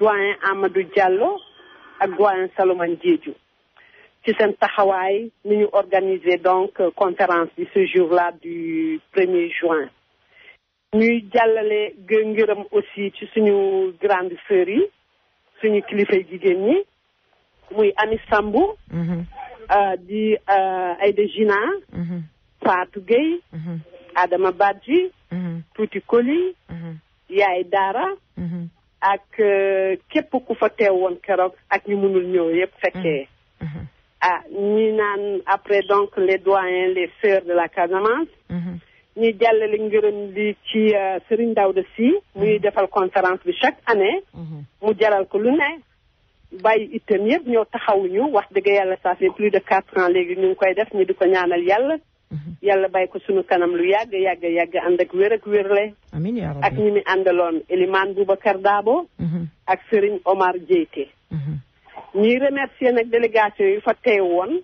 doyen Amadou Diallo ak doyen Salomon Diédhiou ci seen taxawaay ni ñu organiser donc euh, conférence bi ce jour-là du premier juin ñuy jàllale ngërëm aussi ci suñu grande sœur yi suñu kilifay jigéen ñi muy Ami Samb mm-hmm. euh, di euh, Aïda Gina mm-hmm. Fatou Gueye mm-hmm. Adama Badji Tuuti Koli Yaay Daara ak euh, képp ku fa teew woon keroog ak ñu mënul ñëw yépp fekkee ah ñi naan après donc les doyens les sœurs de la Casamance ñuy jàllale ngërëm li ci euh, Serigne Daouda Sy muy mhm. defal conférence bi chaque année mhm. mu jaral ko lu ne bàyyi itam yëpp ñoo taxawuñu wax dëgg yàlla ça fait plus de quatre ans léegi ñu ngi koy def ñu di ko ñaanal yàlla mhm. yàlla bàyyi ko suñu kanam lu yàgg yàgg yàgg ànd ak wér ak wérle amiin yaa ak ñi mi àndaloon Elimane Boubacar Dabo ak Serigne Omar Diété ñuy remercier nag délégation yi fa teew woon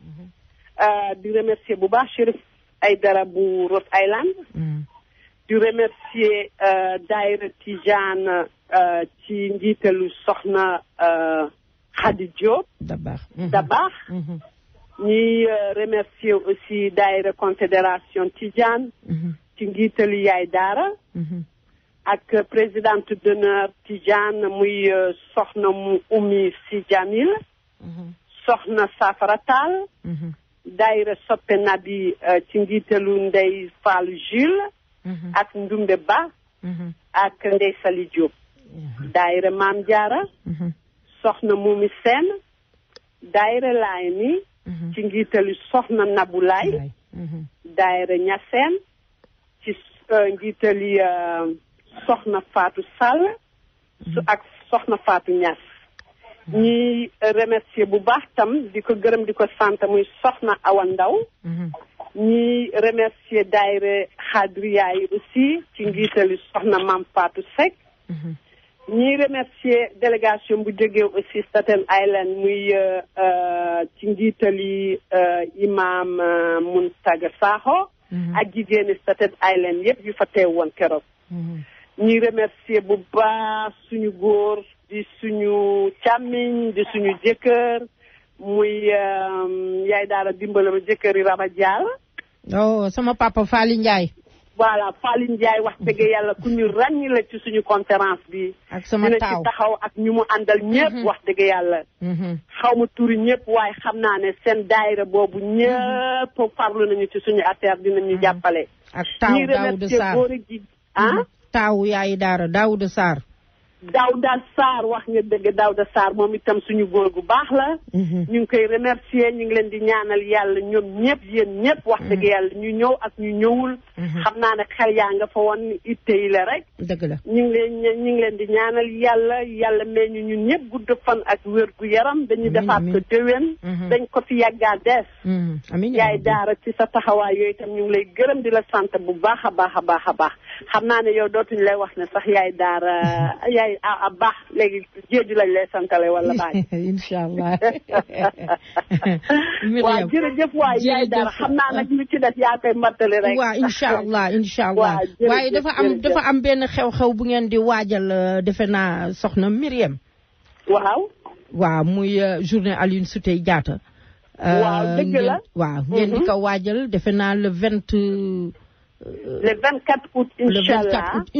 euh, di remercier bu baax Chérif ay darabu Rhode Island. Mm. di remercier euh, daayira Tijaan euh, ci njiitalu soxna euh, Khady Diop. Dabaax mm-hmm. Dabaax. Mm-hmm. ñuy remercier aussi daayira confédération Tijaan. Mm-hmm. ci njiitalu Yaay Daara. ak présidente d'honneur Tijaan muy soxna mu Oumy Sy Djamil. soxna Safara daayira soppe nabi bi euh, ci njiitalu Ndey Fall Jules mhm. ak Ndumbe Ba mhm. ak Ndey Sali Diop mhm. daayira Maam Jaara soxna Mumi Seen daayira laay ni ci njiitalu soxna Nabu Laay daayira Ñaseen ci euh, njiitali euh, soxna Faatu Sall su ak soxna Faatu Ñas ñuy remercier bu baax tam di ko gërëm di ko sant muy soxna awal Ndaw mhm. ñuy remercier daayre xaadriyaa yi aussi ci ngiitali soxna Maam Fatou Seck mhm. ñuy remercier délégation bu jógee aussi Staten Island muy euh, euh, ci ngiitali euh, imaam Muntaga Sakho mhm. ak jigéeni Staten Island yépp yu fa teewoon keroog ñuy remercier bu baax suñu góor di suñu càmmiñ di suñu jëkkër muy euh, yaay daara dimbale ma jëkkër yi Rama Diallo. oh sama papa Faly Ndiaye. voilà Faly Ndiaye wax dëgg yàlla ku ñu ràññi ci suñu conférence bi. ak sama taaw dina ak ñu mu àndal ñëpp mm-hmm. wax dëgg yàlla. Mm-hmm. xaw ma turi ñëpp waaye xam naa ne seen daayira boobu ñëpp mm-hmm. farlu nañu ci suñu affaire dinañu jàppale. ak taaw Daouda Sarr ñi remercié góor ah? yaay daara Daouda Sarr. Daouda Sarr wax nga dëgg daaw da Sarr moom itam suñu góor gu baax la. Mhm. ñu ngi koy remercier ñu ngi leen di ñaanal yàlla ñoom ñëpp yéen ñëpp. wax dëgg mhm. yàlla ñu ñëw ak ñu ñëwul. Mhm. xam naa ne xel yaa nga fa woon itte yi la rek. dëgg la ñu ngi leen ñu ngi leen di ñaanal yàlla yàlla mee ñu ñun ñëpp gudd fan ak wér gu yaram. dañu defaat ko dëwen dañ ko fi yàggaa des. yaay daara ci sa taxawaay yooyu itam ñu ngi lay gërëm di la sant bu baax a baax a baax a baax xam naa ne yow dootuñu lay wax ne sax yaay daara ay a baax léegi jéeju lañ lay santale wala baañ incha allah waaw jërëjëf waay yaay dara xam dafa am dafa am benn xew-xew bu ngeen di waajal euh, defe naa soxna Myriam waaw muy euh, journée Alioune Sitoé Diatta euh, waaw dëgg la mm-hmm. waajal defe naa le vingt le vingt quatre août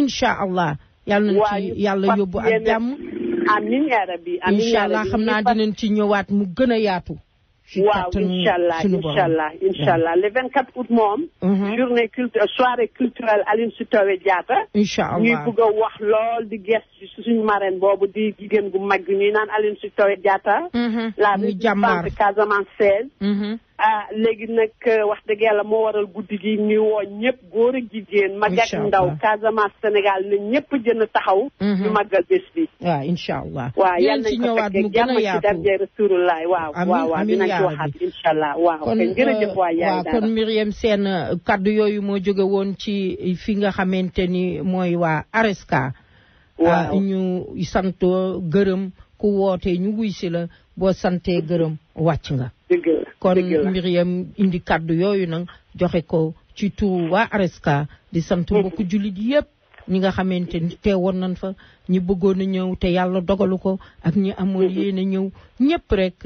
incha allah yàlla nañ yàlla yóbbu ak jàmm amiin yaa rabbi amiin allah xam naa dinañ ci ñëwaat mu gën a yaatu waaw incha allah incha allah incha allah le moom. Mhm. journée culture soirée culturelle Aline Sitoé Diatta. incha allah ñuy bëgg wax lool di gëstu si suñu marraine boobu di jigéen gu mag ñuy naan Aline Sitoé Diatta. Mhm. la résistante Casamance 16. ah léegi nag euh, wax dëgg yàlla moo waral guddi gi ñu woo ñëpp góor ak jigéen mag ak ndaw Casamance Sénégal na ñëpp jën taxaw ñu mhm. màggal bés bi waaw incha allah waaw yal nañ ko fekkee jàmm ci darje rasulullah waaw kon jërëjëf waay yaay euh, yooyu moo jóge woon ci fi nga xamante ni mooy waa Areska waaw ah, ñu santoo gërëm ku woote ñu wuy si la boo santee gërëm wàcc nga kon Myriam indi kàddu yooyu nag joxe ko ci turu waa Areska di sant mbokku jullit yëpp ñi nga xamante ni teewoon nañ fa ñi bëggoon a ñëw te yàlla dogalu ko ak ñi amoon yéen a ñëw ñëpp rek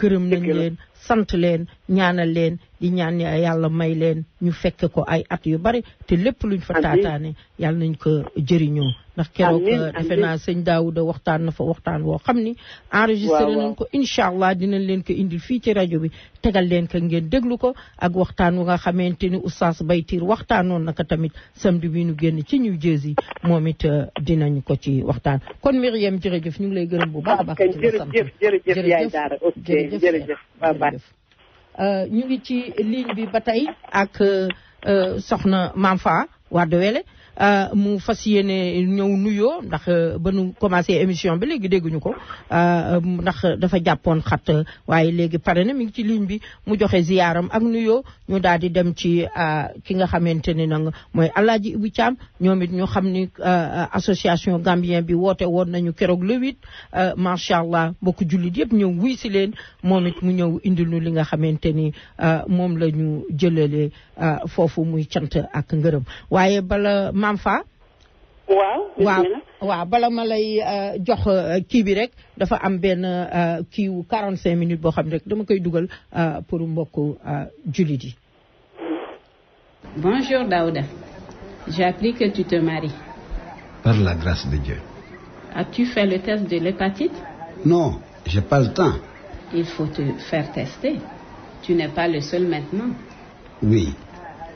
gërëm nañ leen sant leen ñaana leen di ñaan yàlla may leen ñu fekk ko ay at yu bari te lépp luñ fa taataane yàlla nañ ko jëriñoo ndax keroog euh, defe naa sëñ Daouda waxtaan na waxtaan woo xam ni enregistré nañ ko incha allah dinañ leen ko indil fii ci rajo bi tegal leen ko ngeen déglu ko ak waxtaan wu nga xamante ni oustaz waxtaan waxtaanoon naka tamit samedi bi nu génn ci New Jersey moom it euh, dinañ ko ci waxtaan kon Myriam jërëjëf ñu ngi lay gërëm bu baax a baax jërëjëf jërëjëf yaay Daara jërëjëf jërëjëf euh, ñu ngi ci ligne bi ba tey ak soxna Mamfa Wade Wele Euh, mu fas yéene ñëw nuyoo ndax euh, ba nu commencé émission bi léegi dégguñu ko euh, ndax dafa jàppoon xat waaye léegi pare na mi ngi ci ligne bi mu joxe ziyaaram ak nuyoo ñu daal di dem ci ki nga xamante ni nag mooy Alaaji Ibu Caam ñoom it ñu xam ni association Gambien bi woote woon nañu keroog le huit macha allah mbokku jullit yëpp ñëw wuy si leen moom it mu ñëw indil nu li nga xamante ni moom la ñu jëlalee Euh, foofu muy cant ak ngërëm waaye bala maam fa waaw waaw bala ma lay euh, jox euh, kii bi rek dafa am benn kiw quarante cinq minutes boo xam ne rek dama koy dugal pour mbokku jullit yi bonjour Daouda j'ai appris que tu te maries par la grâce de Dieu as-tu fait le test de l'hépatite non j'ai pas le temps il faut te faire tester tu n'es pas le seul maintenant oui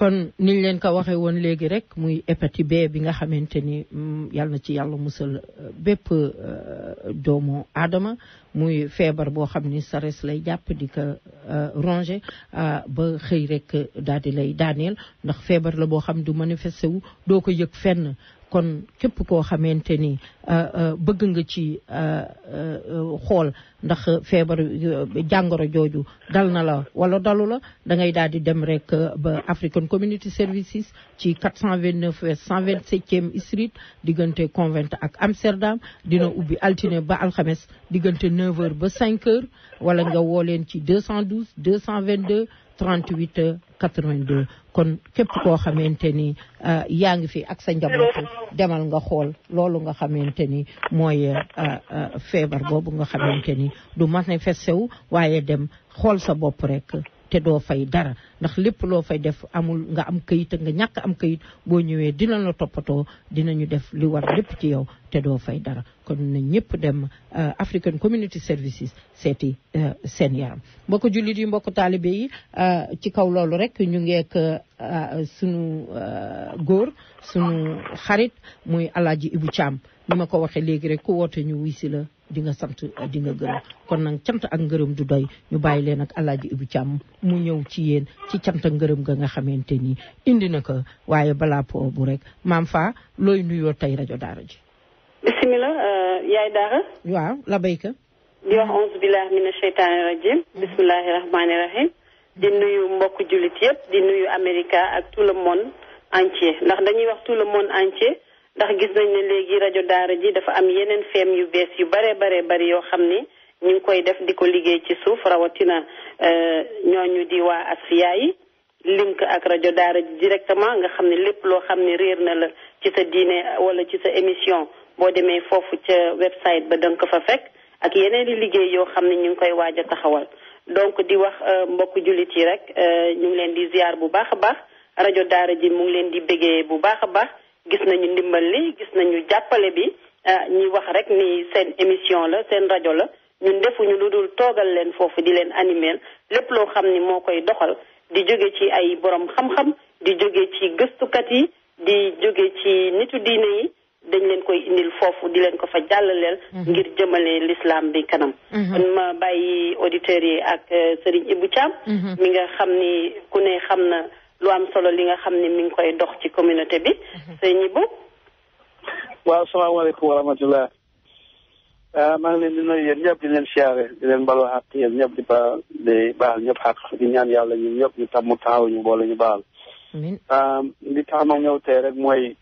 kon niñ leen ko waxee woon léegi rek muy hépatite B bi nga xamante ni mm, yàlla na ci yàlla musal euh, bépp euh, doomu aadama muy feebar boo xam ni sares lay jàpp di ko euh, rongé ba xëy rek daal di lay daaneel ndax feebar la boo xam du manifesté wu doo ko yëg fenn kon képp koo xamante ni euh, euh, bëgg nga ci euh, xool ndax feebar jàngoro jooju dal na la wala dalu la da ngay daal di dem rek ba African Community Services ci 429 cent 127e Street diggante Convent ak Amsterdam dina ubbi altine ba alxames diggante 9h ba 5h wala nga woo leen ci 212 222 38 82 kon képp koo xamante ni euh, yaa ngi fi ak sa njaboot demal nga xool loolu nga xamante ni mooy euh, euh, feebar boobu nga xamante ni du manifesté wu waaye dem xool sa bopp rekk te doo fay dara ndax lépp loo fay def amul nga am kayit nga ñàkk am kayit boo ñëwee dina la toppatoo dinañu def li war lépp ci yow te doo fay dara kon na ñëpp dem euh, African Community Services seeti euh, seen yaram ko jullit yi mbokk taalibe yi euh, ci kaw loolu rek ñu ngeek sunu góor sunu xarit muy alaaji Ibu Caam ni ma ko waxee léegi rek ku woote ñu wuy si la di nga sant di nga gërëm kon nag cant ak ngërëm du doy ñu bàyyi leen ak ji Ibu Càmm mu ñëw ci yéen ci cant ak ngërëm ga nga xamante ni indi na ko waaye balaa boobu rek maam fa looy nuyoo tey rajo daara ji bisimilah euh, yaay daara waaw la béyka di wax onze billahi mina sheytaani rajim mhm. bismillahi rahmaani rahim di nuyu mbokk jullit yëpp di nuyu Amérique ak tout le monde entier ndax dañuy wax tout le monde entier ndax gis nañ ne léegi rajo daara ji dafa am yeneen feem yu bees yu bare bare bari yoo xam ni ñu ngi koy def di ko liggéey ci suuf rawatina euh, ñooñu di waa ak yi link ak rajo daara ji directement nga xam ne lépp loo xam ne réer na la ci sa diine wala ci sa émission boo demee foofu ca website ba danga ko fa fekk ak yeneen i liggéey yoo xam ne ñu ngi koy waaj a taxawal donc di wax euh, mbokk jullit yi rek euh, ñu ngi leen di ziar bu baax a baax rajo daara ji mu ngi leen di bégee bu baax a baax gis nañu ndimbal li gis nañu jàppale bi ah, ñi wax rek ni seen émission la seen rajo la ñun defuñu lu dul toogal leen foofu di leen animeel lépp loo xam ni moo koy doxal di jóge ci ay boroom xam-xam di jóge ci gëstukat yi di jóge ci nitu diine yi dañ leen koy indil foofu di leen ko fa jàllaleel mhm. ngir jëmale lislaam bi kanam mhm. kon ma bàyyi auditeurs yi ak euh, Serigne Ibou Thiam mhm. mi nga xam ni ku ne xam na lu am solo li nga xam ne mu ngi koy dox ci communauté bi mhm. sëñ Ibou waaw salaamaaleykum wa rahmatullah ah maa ngi leen di nuyu yéen ñëpp di leen siyaare di leen balu xaq yéen ñëpp di ba di baal ñëpp xaq di ñaan yàlla ñu ñëpp ñu tam mu taaw ñu boole ñu baal ah, li tax ma ñëw tey rek mooy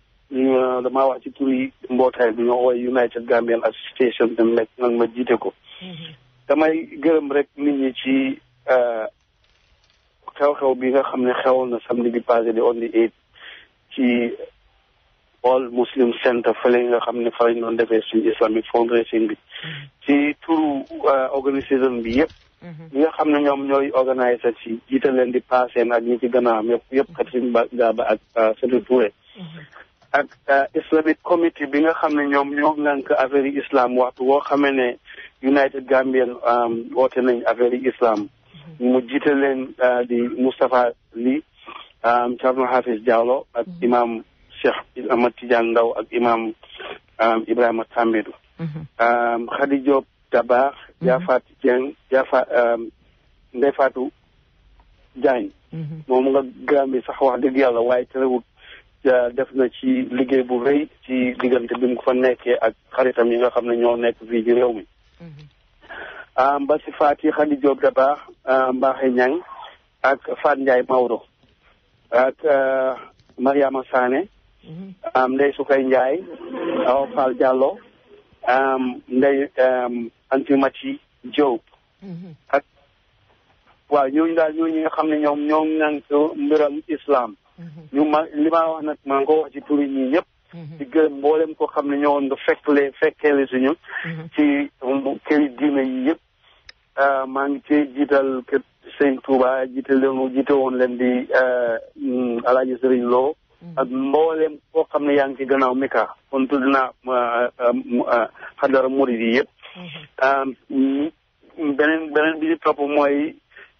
dama wax ci tur yi mbootaay bi ñoo wooy United Gambian Association dem nekk nag ma jiite ko mhm. damay gërëm rek nit ñi ci ah, xew-xew bi nga xam ne xewoon na samedi bi passé di on the eight ci all muslim center fële nga xam ne fa lañ doon defee suñu islamic fundraising bi ci turu euh, organisation bi yëpp mhm. ñi nga xam ne ñoom ñooy organiser ci jiital leen di passé ak ñi ci gannaawam yëpp yëpp ba Gaaba ak euh, Sédhiou Touré mhm. ak euh, islamic committee bi nga xam ne ñoom ñoo ngànk affaire yi islam waxtu woo xam ne United Gambian um, woote nañ affaire yi islam mu jiite leen euh, di Moustapha Li euh, Thierno Hafiz Diallo ak mm-hmm. imam Cheikh Ahmad Tidiane Ndaw ak imam euh, Ibrahima Tambédou mm-hmm. Khady Diop Dabakh mm-hmm. Diafat Dieng Diafa Ndeye Fatou Diagne moom nga Gambie sax wax dëgg yàlla waaye terewut def na ci liggéey bu rëy ci diggante bi mu fa nekkee ak xaritam yi nga xam ne ñoo nekk fii ci réew mi mba si Faty Khady Diop da baax Mbaxe Ñang ak Fat Ndiaye Maodo ak euh, Mariama Sané mhm. Ndey Sukay Ndiaye Awa Fall Diallo Ndey Antimati Diop mhm. ak waaw ñooñu daal ñooñu nga xam ne ñoom ñoo ngank mbiram islam mhm. ñu ma li ma wax nag maa ngi ko wax ci turi ñii ñëpp mboolem ko xam ne ñoo nga fekkle fekkele suñu ci um, këri diine yi yëpp Euh, maa ngi ci jiital kër Sëñ Touba jiite leen jiite woon leen di euh, mm, Alaaji Sëriñ loo mm. ak mboolem koo xam ne yaa ngi ci gannaaw Mika kon tudd naa euh, xadara murid yi yëpp mm-hmm. beneen beneen bi di topp mooy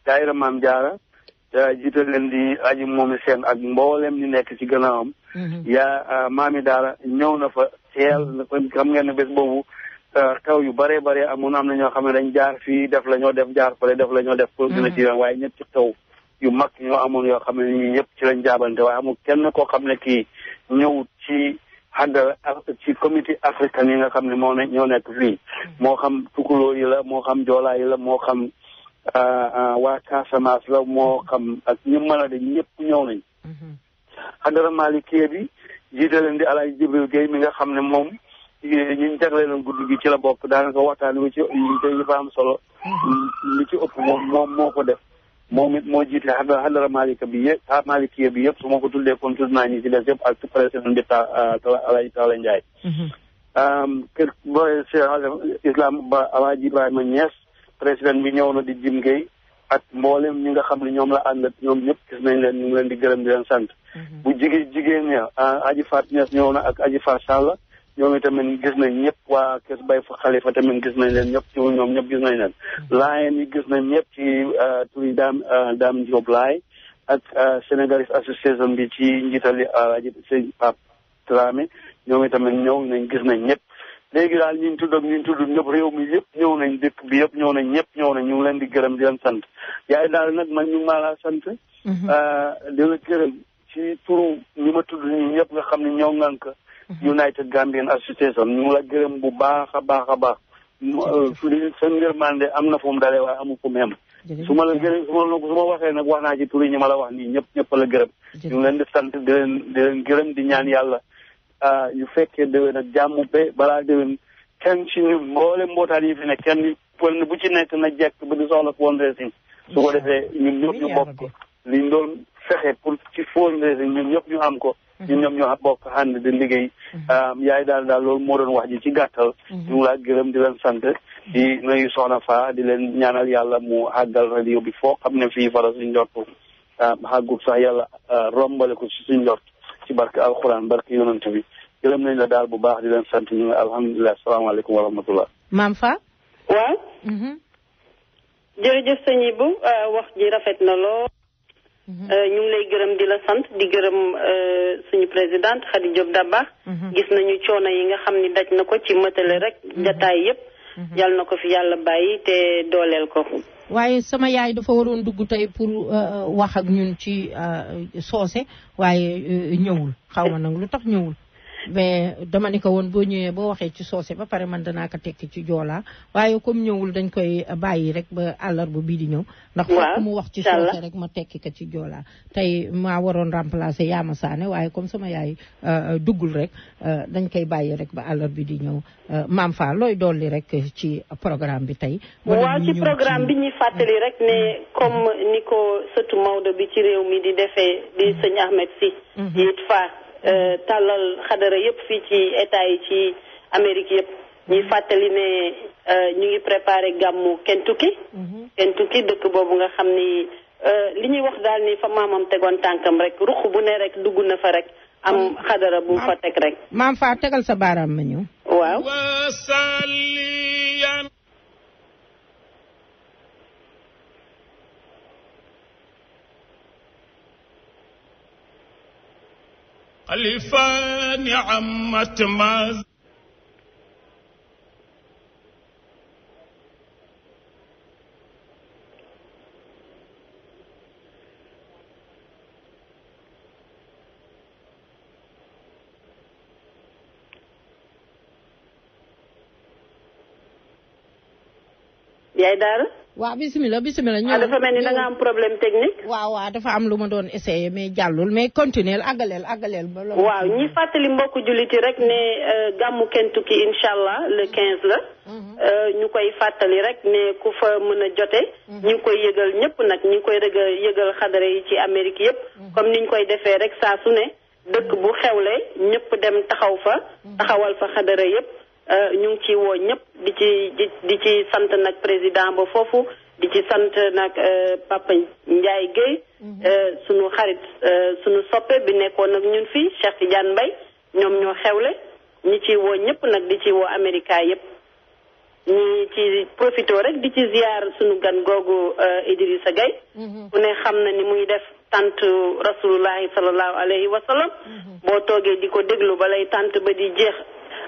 daayira Maam Jaara jiital leen di aji moomi seen ak mboolem ñu nekk ci gannaawam mm-hmm. yaa maami daara ñëw na fa teel mm-hmm. xam ngeen ne bés boobu xew yu bëree bëri amoon am na ñoo xam ne dañ jaar fii def la ñoo def jaar fële def la ñoo def pour gën a ci yoon waaye ñëpp ci xew yu mag ñoo amoon yoo xam ne ñi ñëpp ci lañ jaabante waaye amul kenn koo xam ne ki ñëw ci xaddala ci comité africain yi nga xam ne moo ne ñoo nekk fii mm-hmm. moo xam tukuloo yi la moo xam joolaa yi la moo xam ah, ah, waa Casamance la moo mm-hmm. xam ak ñu mën a de ñëpp ñëw nañ xaddara mm-hmm. Malick bi jiite leen di Alaaji Jibril Guèye mi nga xam ne moom ñu ñu jagleeloon guddi gi ci la bokk daanaka waxtaan wi ci yi fa am solo. Mhm. lu ci ëpp moom moom moo ko def. moom it moo jiite xadara Maalika bi yëpp xadara Maalikiya bi yëpp su ma ko tuddee kon tudd naa ñu ci des yëpp ak président bi ta euh, Alaaji Taala Njaay. Mhm. kër Islam ba Alaaji Ibrahima Niass président bi ñëw na di Jim Guèye ak mboolem ñi nga xam ne ñoom la àndat ñoom ñëpp gis nañ leen ñu ngi leen di gërëm di leen sant. Mhm. bu jigéen jigéen ña ah, Aji Faat Niass ñëw na ak Aji Faat ñoom itamit gis nañ ñëpp waa kër bay fa xalifa tamit gis nañ leen ñëpp ci ñoom ñëpp gis nañ leen hmm. laayeen yi gis nañ ñëpp ci euh, turi daam euh, daam Diop laay ak euh, Sénégalais association bi ci njiitali Alaaji Sëñ Pape Dramé ñoom itamit ñëw nañ gis nañ ñëpp léegi daal ñu ngi tudd ak tudd ñëpp réew mi yëpp ñëw nañ dëkk yëpp ñëw nañ ñëpp ñëw nañ ñu ngi leen di gërëm di leen sant yaay daal nag man ñu maa laa sant hmm. di la gërëm ci turu ñi ma tudd ñi ñëpp nga xam ne ñoo ngan Mm-hmm. United Gambian Association ñu ngi la gërëm bu baax a baax a baax. Euh, seen ngërmande am na fu mu dalee waaye amu fu mu yem. su ma la gërëm su ma la waxee nag wax naa ci turi ñu ma la wax nii ñëpp ñëpp la gërëm. ñu leen di sant di gërëm di ñaan yàlla. ñu euh, fekkee déwén ak jàmm be balaa déwén kenn ci ñun mboole mbootaay yi fi ne kenn pël bu ci nekk na jekk ba di soxla fundraising. su ko defee ñun ñëpp ñu bokk li ñu doon fexe pour ci fundraising ñun ñëpp ñu am ko. ñun ñoom ñoo bokk ànd di liggéey mhm. um, yaay daal daal loolu moo doon wax ji ci gàttal mhm. ñu ngi laa gërëm di leen sant mhm. di nuyu a fa di leen ñaanal yàlla mu àggal radio bi foo xam ne fii fara suñ njort um, àggul sax yàlla uh, rombale ko si suñ njort ci barke alxuraan barke yonent bi gërëm nañ la daal bu baax di leen sant ñu alhamdulilah salaamaaleykum wa rahmatullah maam fa waaw jërëjëf sëñ Ibou uh, wax ji rafet na lool Mm-hmm. Euh, ñu ngi lay gërëm di la sant di gërëm euh, suñu présidente Khady Diop Dabakh mm-hmm. gis nañu coono yi nga xam ni daj na ko ci mëtale rek mm-hmm. jataay yépp yàlla na ko fi yàlla bàyyi te dooleel ko waaye sama yaay dafa waroon dugg tey pour euh, wax ak ñun ci soose waaye ñëwul xaw ma nag lu tax ñëwul mais dama ne ko woon boo ñëwee boo waxee ci soose ba pare man danaa ko tekki ci joolaa waaye comme ñëwul dañ koy bàyyi rek ba àllarba bii di ñëw ndax fokk mu wax ci soose rek ma tekki ko ci joolaa tey maa waroon remplacer Yaama Saane waaye comme sama yaay euh, euh, duggul rek euh, dañ koy bàyyi rek ba àllarba bi di ñëw maam fa looy dolli rek ci programme bi tey waaw ci programme bi ñuy fàttali rek ne mm-hmm. comme ni ko sëtu Maodo bi ci réew mi di defee di mm-hmm. sëñ Ahmed si yit fa Euh, tàllal xadara yëpp fii ci état yi ci Amérique yëpp ñuy mhm. fàttali ne euh, ñu ngi préparé gàmmu Kentucky mhm. Kentucky dëkk boobu nga xam ni euh, li ñuy wax daal ni fa maamam tegoon tànkam rek ruq bu ne rek dugg na fa rek am xadara bu fa teg rek maam fa tegal sa baaraam ma ñëw waaw ألفان عمت ما yaay daara waaw bisimilah bisimilah. ñëw ah, dafa mel ni da am problème technique. waaw waaw dafa am lu ma doon essayé mais jàllul mais continuer àggaleel àggaleel ba. waaw ñi fàttali mbokku jullit yi rek ne euh, gàmmu kenn tukki incha allah le 15 la. Mhm. Euh, ñu koy fàttali rek ne ku fa mën a jote. Mhm. ñu koy yëgal ñëpp nag ñu ngi koy rëgg yëgal xadara yi ci Amérique yëpp. Mhm. comme niñ koy defee rek saa su ne dëkk bu xewle ñëpp dem taxaw fa. taxawal fa xadara yëpp. Euh, ñu ngi ci woo ñëpp di ci di ci sant nag président ba foofu di ci sant nag euh, Papa Ndiaye Guèye mhm. euh, suñu xarit suñu soppe bi nekkoon nag ñun fii Cheikh Tidiane Mbaye ñoom ñoo xewle ñu ci woo ñëpp nag di ci woo Américain yëpp ñi ci profité rek di ci ziar suñu gan googu Idrissa Gueye mhm. ku ne xam na ni muy def tant rasulullahi sallallahu alayhi mhm. boo toogee di ko déglu balay tant ba di jeex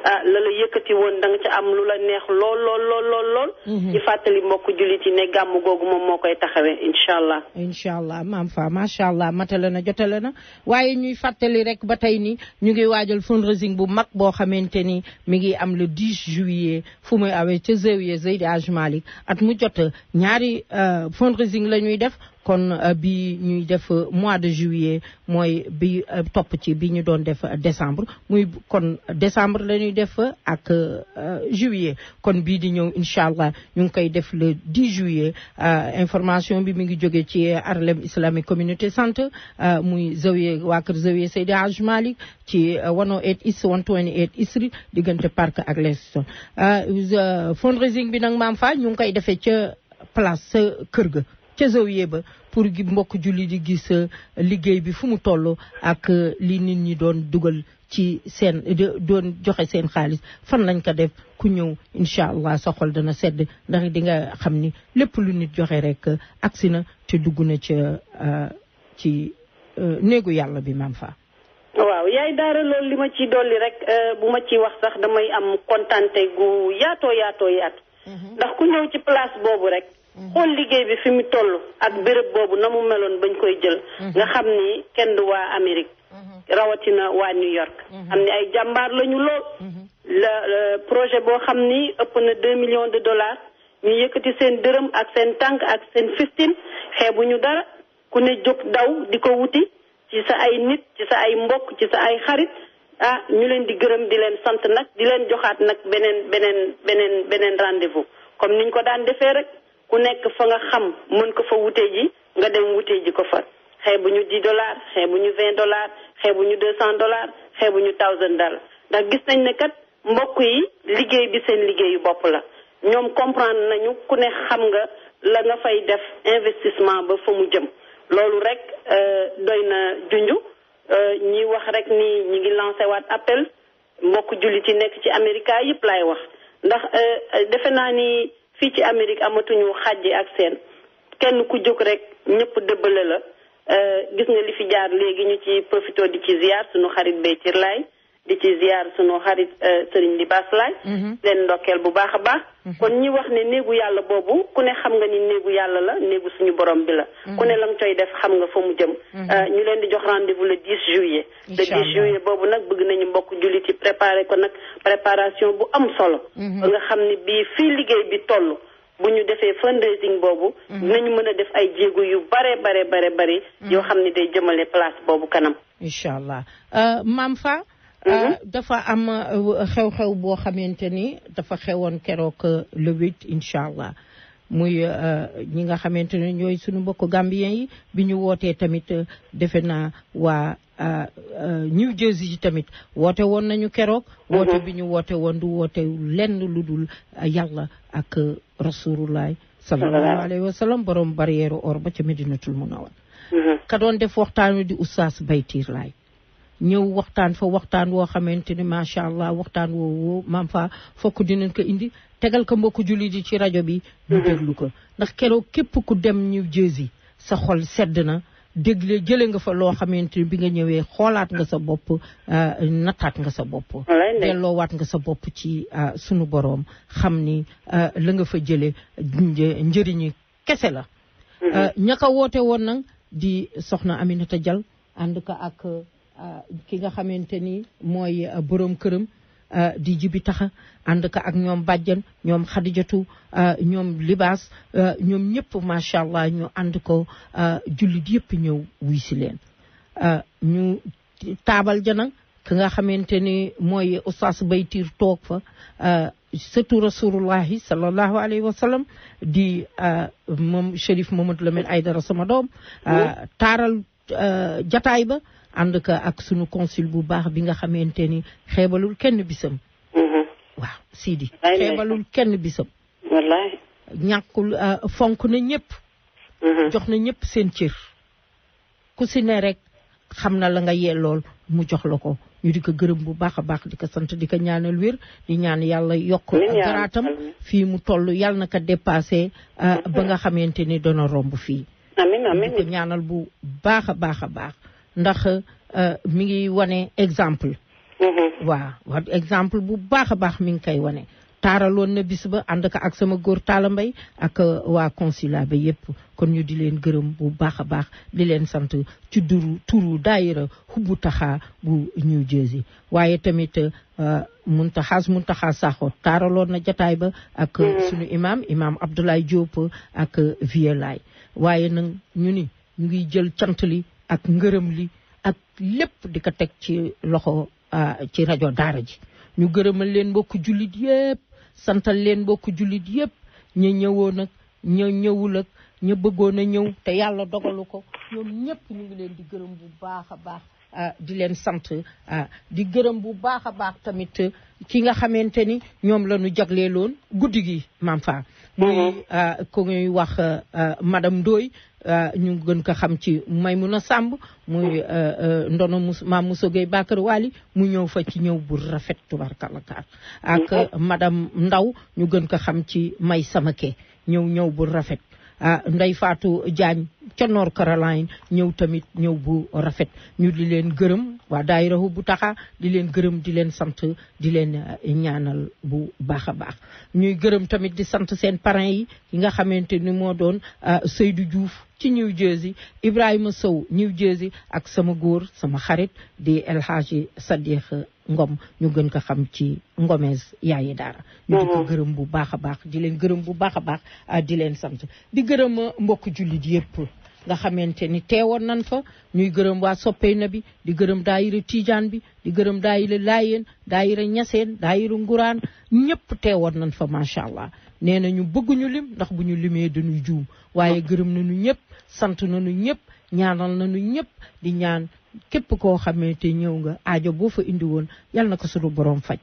ah la yëkkati woon da ca am lu la neex lool lool lool lool lool. Mhm. fàttali mbokk jullit yi ne gàmm googu moom moo koy taxawee incha allah. incha allah maam fa macha allah matale na jotale na waaye ñuy fàttali rek ba tey nii ñu ngi waajal fundraising bu mag boo xamante ni mi ngi am le 10 juillet fu muy awee ca Zawiya Seydi Hadj Malick at mu jot ñaari euh, fundraising la ñuy def. kon euh, bi ñuy def euh, mois de juillet mooy bi euh, topp ci bi ñu doon def décembre muy kon décembre la ñuy def ak juillet kon bii di ñëw incha allah ñu ngi koy def le 10 juillet information bi mi ngi jóge ci Harlem Islamic Community Center muy zawiye waa kër zawiye Seydi Hadj Malick ci 108 East 128 East Street diggante parc ak Lexington fundraising bi nag maam fa ñu ngi koy defee ca place kër ga ca zawiya ba pour mbokk julli di gis euh, liggéey bi fu mu toll ak euh, li nit ñi doon dugal ci seen doon joxe seen xaalis fan lañ ko def ku ñëw incha allah sa xol dana sedd ndax di nga xam ni lépp lu nit joxe rek euh, agsi na te dugg na ca ci néegu yàlla bi maam fa waaw yaay daara loolu li ma ci dolli rek bu ma ci wax sax damay am kontante gu yaatoo yaatoo yaatu mhm. ndax ku ñëw ci place boobu rek xool liggéey bi fi mu toll ak béréb boobu na mu meloon bañ koy jël mhm. nga xam ni kenn du waa Amérique mhm. rawatina waa New York mhm. am ni ay jàmbaar lañu lool la projet boo xam ni ëpp na deux millions de dollars ñu yëkkati seen dërëm ak seen tànk ak seen bu ñu dara ku ne jóg daw di ko wuti ci sa ay nit ci sa ay mbokk ci sa ay xarit ah ñu leen di gërëm di leen sant nag di leen joxaat nag beneen beneen beneen beneen rendez-vous comme niñ ko daan defee rek ku nekk fa nga xam mën ko fa wute ji nga dem wute ji ko fa bu ñu dix xee bu ñu vingt dollars xeebu ñu deux cent xee bu ñu thousand dollars ndax gis nañ ne kat mbokk yi liggéey bi seen liggéeyu bopp la ñoom comprendre nañu ku ne xam nga la nga fay def investissement ba fa mu jëm loolu rek euh, doy na junju euh, ñi wax rek ni ñi ngi lancé waat appel mbokk jullit yi nekk ci Amérique yëpp laay wax ndax euh, defe naa ni fii ci Amérique amatuñu xàjji ak seen kenn ku jóg rek ñëpp dëbbale la euh, gis nga li fi jaar léegi ñu ci profito di ci ziar suñu xarit Béthio Laye di ci ziar sunu xarit euh, sëriñ di Baslaay mhm. leen ndokkeel bu baax a baax mhm. kon ñi wax ne néegu yàlla boobu ku ne xam nga ni néegu yàlla la néegu suñu borom bi la mhm. ku ne la nga def xam nga fa mu jëm euh, ñu leen di jox rendez-vous le 10 juillet boobu nag bëgg nañu mbokk jullit yi préparé ko nag préparation bu am solo nga xam ne bii fii liggéey bi toll bu ñu defee fundraising boobu nañu mën a def ay jéego yu bare bare bare bare yoo xam ne day jëmale place boobu kanam Euh, mm-hmm. dafa am euh, xew-xew boo xamante ni dafa xewoon keroog euh, le huit incha allah muy ñi nga xamante ne ñooy suñu mbokku gambien yi bi ñu wootee tamit defe naa waa New Jersey yi tamit woote woon nañu keroog mm-hmm. woote bi ñu woote woon du woote lenn lu dul yàlla ak rasulullah sallallahu alayhi wa sallam borom barrière or ba ca Medinatul Munawwar mm-hmm. ka doon def waxtaanu di oustaz Baytiir Laay ñëw waxtaan fa waxtaan woo xamante ni macha allah waxtaan woo maam fa fokk dinañ ko indi tegal ko mbokku jullit yi ci rajo bi. ñu mhm. déglu ko ndax keroog képp ku dem ñu jéesi sa xol sedd na. dégle jële nga fa loo xamante ni bi nga ñëwee xoolaat nga sa bopp euh, nattaat nga sa bopp delloowaat nga sa bopp ci euh, sunu boroom xam ni euh, la nga fa jële njëriñi kese la mhm. ña ko woote woon nag di soxna Aminata Dial ànd ko ak Euh, ki nga xamante ni mooy euh, borom këram euh, di jibi taxa ànd ka ak ñoom bàjjan ñoom xadijatu ñoom libaas ñoom ñëpp macha allah ñu ànd ko jullit yëpp ñëw wuy leen ñu taabal jana ki nga xamante ni mooy oustaz baytiir toog fa sëtu rasulullahi sallallahu alayhi wa sallam di moom Chérif Mamadou Lamine Aydara sama doom taaral jataay ba ànd ko ak sunu consul bu baax bi nga xamante ni xeebalul kenn bisam. Mhm. waaw Sidi. xeebalul kenn bisam. wallaay. ñàkkul euh, fonk na ñépp mhm. jox na ñëpp seen cër. ku si ne rek xam na la nga yellool mu jox la ko ñu di ko gërëm bu baax a baax di ko sant di ko ñaanal wér di ñaan yàlla yokk garaatam fii mu toll yàlla na ko dépassé euh, ba nga xamante ni dana romb fii. di ko ñaanal bu baax a baax a baax. ndax euh, mi ngi wane exemple. Mm-hmm. waaw wax exemple bu baax a baax mi ngi koy wane. taaraloon na bis ba ànd ko ak sama góor Talla Mbaye ak euh, waa consulat ba yépp kon ñu di leen gërëm bu baax a baax di leen sant ci duru turu daayira xubbu taxaa bu New Jersey waaye tamit muntaxaas euh, muntaxaas saxo taaraloon na jataay ba ak mm-hmm. sunu imam imam Abdoulaye Diop ak vielaay waaye nag ñu ni ñu ngi jël cant li ak ngërëm li ak lépp di ko teg ci loxo euh, ci rajo daara ji ñu gërëmal leen mbokku jullit yëpp santal leen mbokku jullit yëpp ña ñëwoon ak ña ñëwul ak ña bëggoon a ñëw te yàlla dogalu ko ñoom ñëpp ñu ngi leen di gërëm bu baax a baax euh, di leen sant euh, di gërëm bu baax a baax tamit ki nga xamante ni ñoom la ñu loon guddi gi maam fa mm-hmm. muy ku ñuy wax madam doy Euh, ñu gën ko xam ci may Maymuna Samb muy euh, euh, ndono mus maam Moussa Gueye Bakar Wali mu ñëw fa ci ñëw bu rafet tubarkalakaar ak mm-hmm. madame Ndaw ñu gën ko xam ci may sama kee ñëw ñëw bu rafet ah Ndey Faatu Jaañ ca North Caroline ñëw tamit ñëw bu rafet ñu di leen gërëm waa daayira bu taxa di leen gërëm di leen sant di leen eh, ñaanal bu baax a baax ñuy gërëm tamit di sant seen parents yi yi nga xamante ni moo doon eh, Seydou Diouf ci New Jersey Ibrahima Sow New Jersey ak sama góor sama xarit di El Hadji Sadiq Ngom ñu gën ko xam ci Ngomes yaayi daara ñu di ko mm-hmm. gërëm bu baax a baax di leen gërëm bu baax a baax eh, di leen sant di gërëm mbokk jullit yëpp nga xamante ni teewoon nan fa ñuy gërëm waa soppey na bi di gërëm daayira tiijaan bi di gërëm daayira laayeen daayira ñaseen daa daayira nguraan ñëpp teewoon nan fa macha allah nee na ñu bëgguñu lim ndax bu ñu limee dañuy juum waaye gërëm nañu ñëpp sant nañu ñëpp ñaanal nañu ñëpp di ñaan képp koo xamante ñëw nga aajo boo fa indi woon yal na ko suñu boroom faj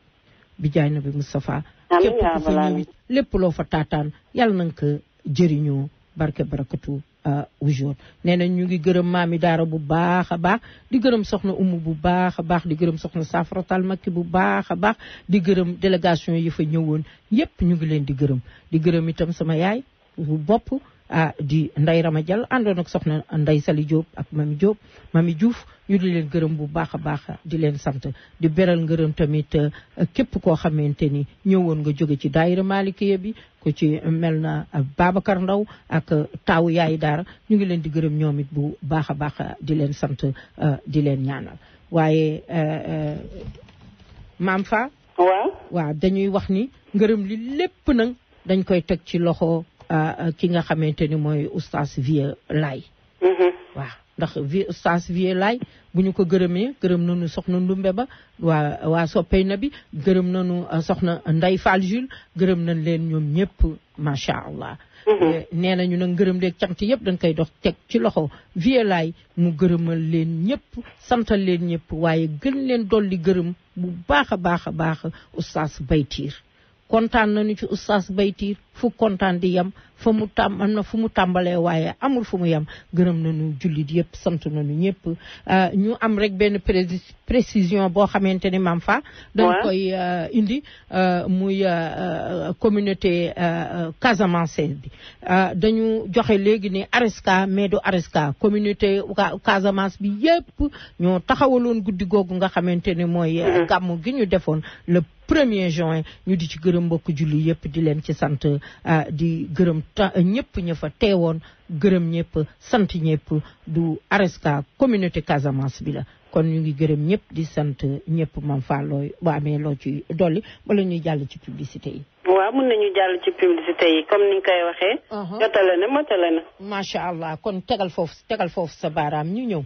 bi jaay na bi Moustapha képp ku fa ñëwit lépp loo fa taataan yal na nga ko jëriñoo barke barakatu au jour nee nañ ñu ngi gërëm maami daara bu baax a baax di gërëm soxna umu bu baax a baax di gërëm soxna safratal makki bu baax a baax di gërëm délégation yi fa ñëwoon yépp ñu ngi leen di gërëm di gërëm itam sama yaay bu bopp Ah, di Ndeye Rama jal àndoon ak soxna Ndeye Sali Diop ak Mami jóob Mami juuf ñu di leen gërëm bu baax a baax di leen sant di beral ngërëm tamit eh, képp koo xamante ni ñëwoon nga jóge ci daayira Malikiya bi ku ci mel na Babacar Ndaw ak eh, taawu yaay daara ñu ngi leen di gërëm ñoom it bu baax a baax di leen sant eh, di leen ñaanal waaye maam fa waaw dañuy wax ni ngërëm li lépp nag dañ koy teg ci loxo Euh, euh, ki nga xamante ni mooy oustaz Vieux lay mm-hmm. waaw ndax vie oustaz Vieux Laye bu ñu ko gërëmee gërëm nañu soxna Ndumbe ba waa waa soppey na bi gërëm nañu euh, soxna Ndey Fall Jules gërëm nañ leen ñoom ñëpp macha allah mm-hmm. eh, nee nañu nag gërëm leeg cant yëpp dañ koy dox teg ci loxo Vieux lay mu gërëmal leen ñëpp santal leen ñëpp waaye gën leen dolli gërëm bu baax a baax a baax oustaz Baytiir kontaan nañu ci oustaz Baytiir fu kontaan di yem fa mu tàm am na fu mu tàmbalee waaye amul fu mu yem gërëm nañu jullit yëpp sant nañu ñëpp euh, ñu am rek benn précision boo xamante ni maam fa dañ koy euh, indi euh, muy communauté Casamance bi dañu joxe léegi ni Areska mais du Areska communauté Casamance bi yëpp ñoo taxawaloon guddi googu nga xamante ne mooy mm-hmm. gàmmu gi ñu defoon le premier juin ñu di ci gërëm mbokk julli yëpp di leen ci sant di gërëm ñëpp ña fa woon gërëm ñëpp sant ñëpp du Areska communauté Casamance bi la kon ñu ngi gërëm ñëpp di sant ñëpp Mame Fall looy ba amee loo ci dolli bala ñuy jàll ci publicité yi waaw mën nañu jàll ci publicité yi comme ni nga koy waxee uh-huh. jotale na motale na macha allah kon tegal foofu tegal foofu sa baaraam ñu ñëw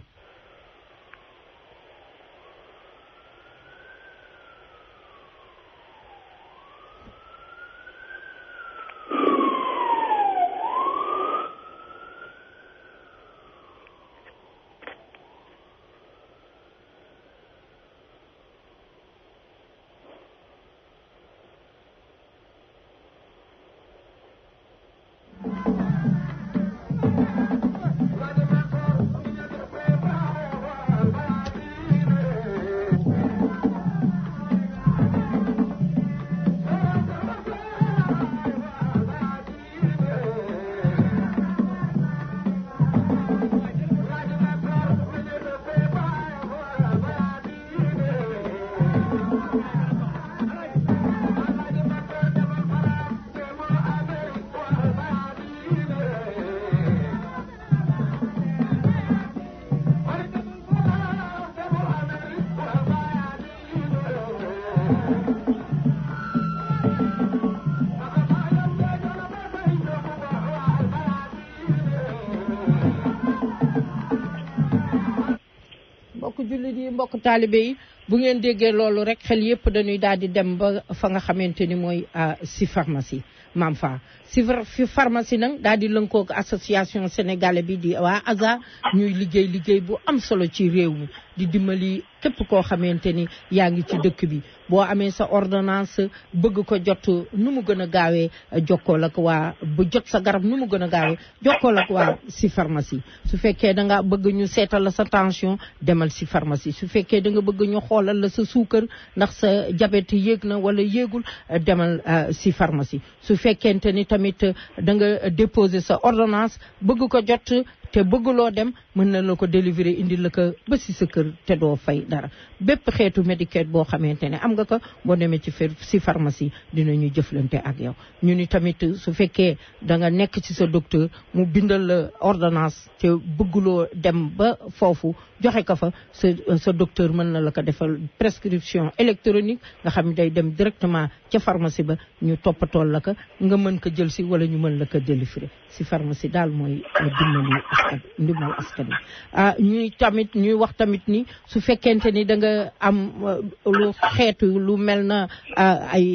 mbokk taalibe yi bu ngeen déggee loolu rek xel yépp dañuy daal di dem ba fa nga xamante ni mooy ah, si pharmacie maam fa si fi pharmacie nag daal di lënkoog association sénégalais bi di waa ASA ñuy liggéey liggéey bu am solo ci réew mi di dimbali képp koo xamante ni yaa ngi ci dëkk bi boo amee sa ordonnance bëgg ko jot nu mu gën a gaawee jokkool ak waa bu jot sa garab nu mu gën a gaawee jokkool ak waa si pharmacie su fekkee da nga bëgg ñu seetal sa tension demal si pharmacie su fekkee da nga bëgg ñu xoolal la sa suukar ndax sa diabète yéeg na wala yéegul demal euh, si pharmacie su fekkente ni tamit euh, da nga déposer sa ordonnance bëgg ko jot te bëgguloo dem mën na la ko délivrer indi la ko ba si sa kër te doo fay dara bépp xeetu médicament boo xamante ne am nga nga ko boo demee ci si pharmacie dinañu jëflante ak yow ñu ni tamit su fekkee da nga nekk ci sa docteur mu bindal la ordonnance ca bëgguloo dem ba foofu joxe ko fa sa sa docteur mën na la ko defal prescription électronique nga xam ne day dem directement ca pharmacie ba ñu toppatool la ko nga mën ko jël si wala ñu mën la ko délivrer si pharmacie daal mooy dimbali askan ndimbal askan ah, tamit ñuy wax tamit ni su fekkente ni da am euh, lu xeetu lu mel na euh, ay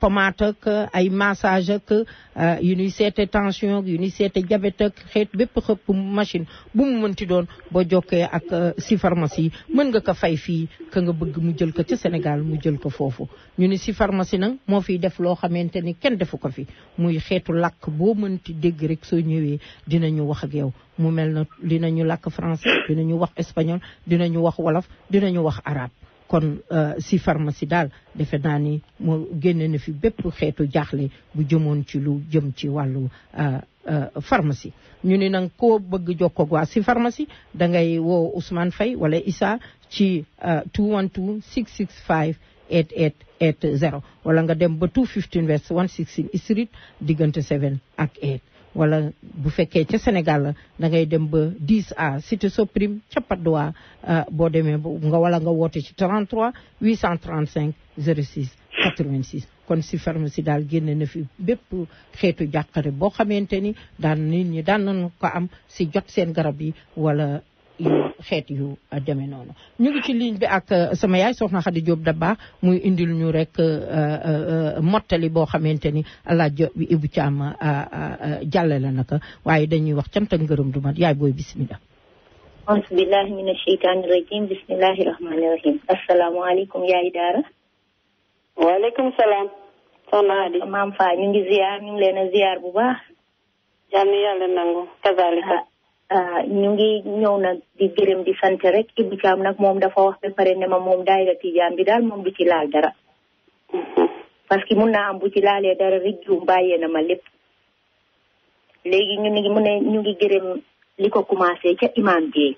pomat ak ay massage ak euh, yu ñuy seete tension yu ñuy seete diabète ak xeet bépp xëpp machine bu mu mënti doon boo jokkee ak euh, si pharmacie mën nga ko fay fii ka nga bëgg mu jël ko ca Sénégal mu jël ko foofu ñu ni si pharmacie nag moo fiy def loo xamante ni kenn defu ko fi muy xeetu lakk boo mënti dégg rek soo ñëwee dinañu wax ak yow mu mel na dinañu lakk français dinañu wax espagnol dinañu wax wolof dinañu wax arabe kon euh, si pharmacie daal defe naa ni moo génne na fi bépp xeetu jaaxle bu jëmoon ci lu jëm ci wàllu euh, euh, pharmacie ñu ni nag ko bëgg jokkoog waa si pharmacie da ngay woo Ousmane Faye wala Issa ci 212 665 zero wala nga dem ba 215 West 116 Street diggante seven ak 8 wala bu fekkee ca Sénégal la da ngay dem ba 10 à cité Soprim ca Patte d'Oie euh, boo demee nga wala nga woote ci 33 835 06 86 kon si ferme si daal génne na fi bépp xeetu jàqare boo xamante ni daan nit ñi daan nañu ko am si jot seen garab yi wala yu xeet yu demee noonu ñu ngi ci ligne bi ak euh, sama yaay soxna Xadi Jóob da baax muy indil ñu rek euh, euh, mottali boo xamante ni laaj bi Ibu Caam jàllale na waaye dañuy wax cant ak ngërëm du mat yaay booy bismillah auzu billahi min asheytaani rajim bismillahi rahmaani rahim asalaamaaleykum yaay daara waaleykum salaam soxna Xadi maam fa ñu ngi ziyaar ñu leen a ziyaar bu baax jàmm yàlla nangu kazalika ah, ñu ngi ñëw na di gërëm di sant rek Ibou Thiam nag moom dafa wax ba pare ne ma moom daayira tijaan bi daal moom du ci laal dara parce que mun naa am bu ci laalee dara rek juum bàyyee na ma lépp léegi ñu ngi mu ne ñu ngi gërëm li ko commencé ca imaam Dieye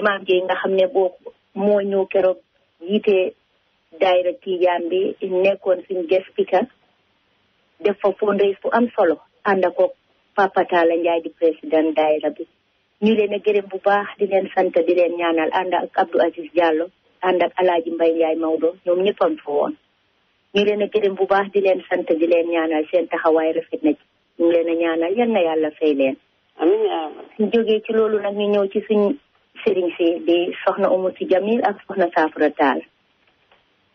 imaam Dieye nga xam ne boo moo ñëw keroog jiite daayira tijaan bi nekkoon suñu guest speaker def fa fundraise bu am solo ànd ak Papa Talla Ndiaye di président daayira bi ñu leen a gërëm bu baax di leen sant di leen ñaanal ànd ak Abdou Aziz jàllo ànd ak Alaaji Mbay Ndiaye Maodo ñoom ñëppam fa woon ñu leen a gërëm bu baax di leen sant di leen ñaanal seen taxawaay rafet na ñu leen a ñaanal yal na yàlla fay leen amiin yaa suñ ci loolu nag ñu ñëw ci suñ sëriñ si di soxna Umu si Jamil ak soxna Saafara Taal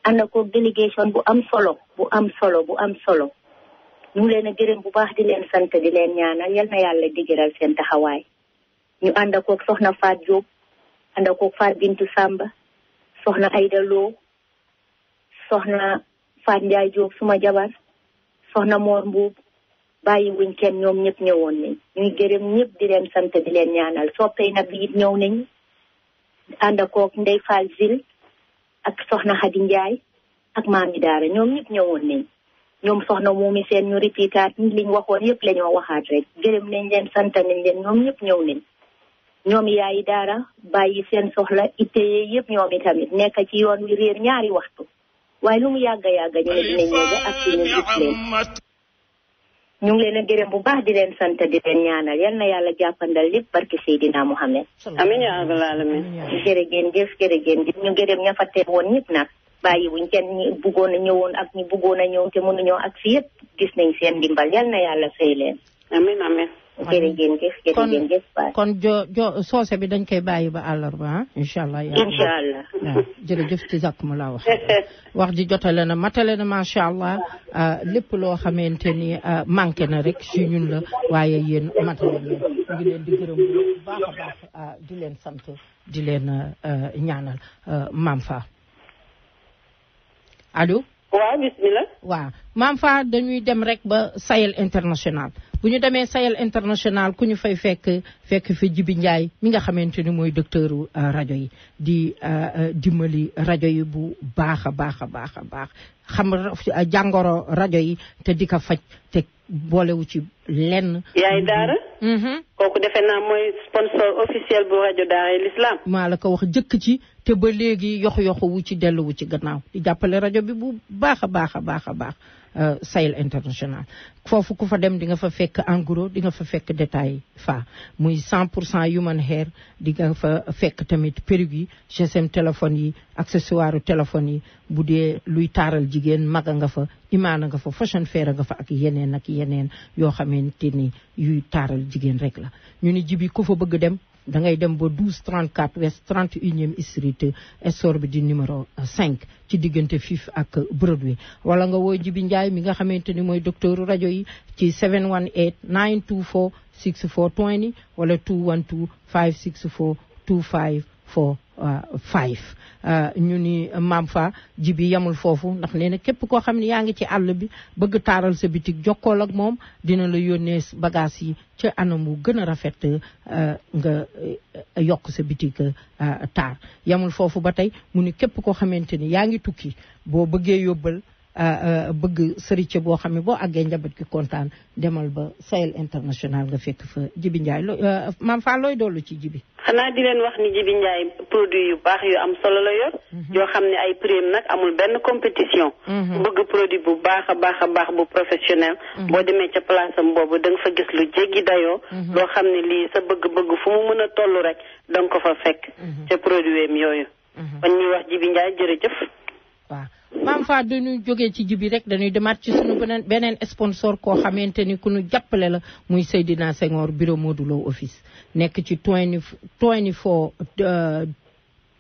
ànd ko délégation bu am solo bu am solo bu am solo ñu leen a gërëm bu baax di leen sant di leen ñaanal yal na yàlla digëral seen taxawaay ñu ànd ak koog soxna Faat Diop ànd ak koog Faat Bintu Samba soxna Ayda Lo soxna Faat Ndiaye Diop suma jabar soxna Mor Mbuub bàyyi wuñ kenn ñoom ñëpp ñëwoon nañ ñuy gërëm ñëpp di leen sant di leen ñaanal soppey na bi it ñëw nañ ànd ak kook Ndey Fall Zil ak soxna Xadi Ndiaye ak maami daara ñoom ñëpp ñëwoon nañ ñoom soxna Momy Sène ñu ripitaat liñ waxoon yëpp lañoo waxaat rek gërëm nañ leen santa nañ leen ñoom ñëpp ñëw nañ ñoom yaayi daara bàyyi seen soxla itteyee yëpp ñoom itamit nekk ci yoon wi réer ñaari waxtu waaye lu mu yàgga yàgga ñu ne dinañ ñëw ak si ñu leen ñu ngi leen a gërëm bu baax di leen sant di leen ñaanal yal na yàlla jàppandal lépp barke Seydina Muhammad amiin yaa rabbal alamin jërëgeen jëf jërëgeen jëf ñu gërëm ña fa teewoon ñëpp nag bàyyi wuñ kenn ñi buggoon a ak ñi buggoon a ñëw te mënuñoo ak si yëpp gis nañ seen ndimbal yal na yàlla fay leen. kon jo jo soose bi dañ koy bàyyi ba àllarba ah incha allah. incha allah ci zàkk mu laa wax. wax ji jotale na matale na macha allah ah, lépp loo xamante ni ah, manqué na rek si ñun la waaye yéen matale ngeen di gërëm a ah, di leen sant di leen ñaanal maam fa allo. waaw bisimilah. waaw maam fa dañuy dem rek ba Sahel international bu ñu demee Sahel international ku ñu fay fekk fekk fi Jibi Ndiaye mi nga xamante ni mooy docteuru euh, rajo yi di euh, euh, dimbali rajo yi bu baax a baax a baax baax xam jàngoro rajo yi te di a faj boolewu ci lenn. yaay Daara. Mm-hmm. kooku defe naa mooy sponsor officiel bu rajo Daara l'islam. maa la ko wax jëkk ci te ba léegi yox yoxu ci delluwu ci gannaaw di jàppale rajo bi bu baax a baax a baax a baax. Euh, Sahel international foofu ku fa dem di nga fa fekk en di nga fa fekk détail fa muy 100 pour cent human hair di nga fa fekk tamit perruque yi GSM téléphone yi accessoire téléphone yi bu dee luy taaral jigéen maga nga fa imaana nga fa fashion fair nga fa ak yeneen ak yeneen yoo xamante ni yuy taaral jigéen rek la ñu ni jibi ku fa bëgg dem da ngay dem ba 12 34 west 31e street essor bi di numéro cinq ci diggante Fifth ak Broadway wala nga woo Jibi Ndiaye mi nga xamante ni mooy docteur rajo yi ci 718 924 6420 wala six 212 564 25 four uh, five uh, ñu ni uh, maam fa ji bi yemul foofu ndax nee na képp koo xam ne yaa ngi ci àll bi bëgg taaral sa bitig jokkool ak moom dina la yónnee bagaas yi ci anam wu gën a rafet nga yokk sa bitig taar yamul foofu ba tey mu ni képp koo xamante ni yaa ngi tukki boo bëggee yóbbal bëgg sëriñ boo xam ne boo àggee njaboot gi kontaan demal ba Sahel International nga fekk fa Jibi Ndiaye loo euh, maam Fall looy dollu ci Jibi. xanaa di leen wax ni Jibi Ndiaye produit yu baax yu am solo la yor. Mhm. yoo xam ne ay prix nag amul benn compétition. Mhm. bëgg produit bu baax a baax a baax bu professionnel. Mhm. boo demee ca place am boobu da nga fa gis lu jéggi dayoo. loo xam ne lii sa bëgg-bëgg fu mu mën a toll rek da nga ko fa fekk. ca produit yooyu. kon ñuy wax Jibi baax maam fa dañuy jógee ci jibi rek dañuy demat ci suñu beneen beneen sponsor koo xamante ni ku jàppale la muy Seydina Senghor bureau Modou Lo office nekk ci twenty twenty four euh,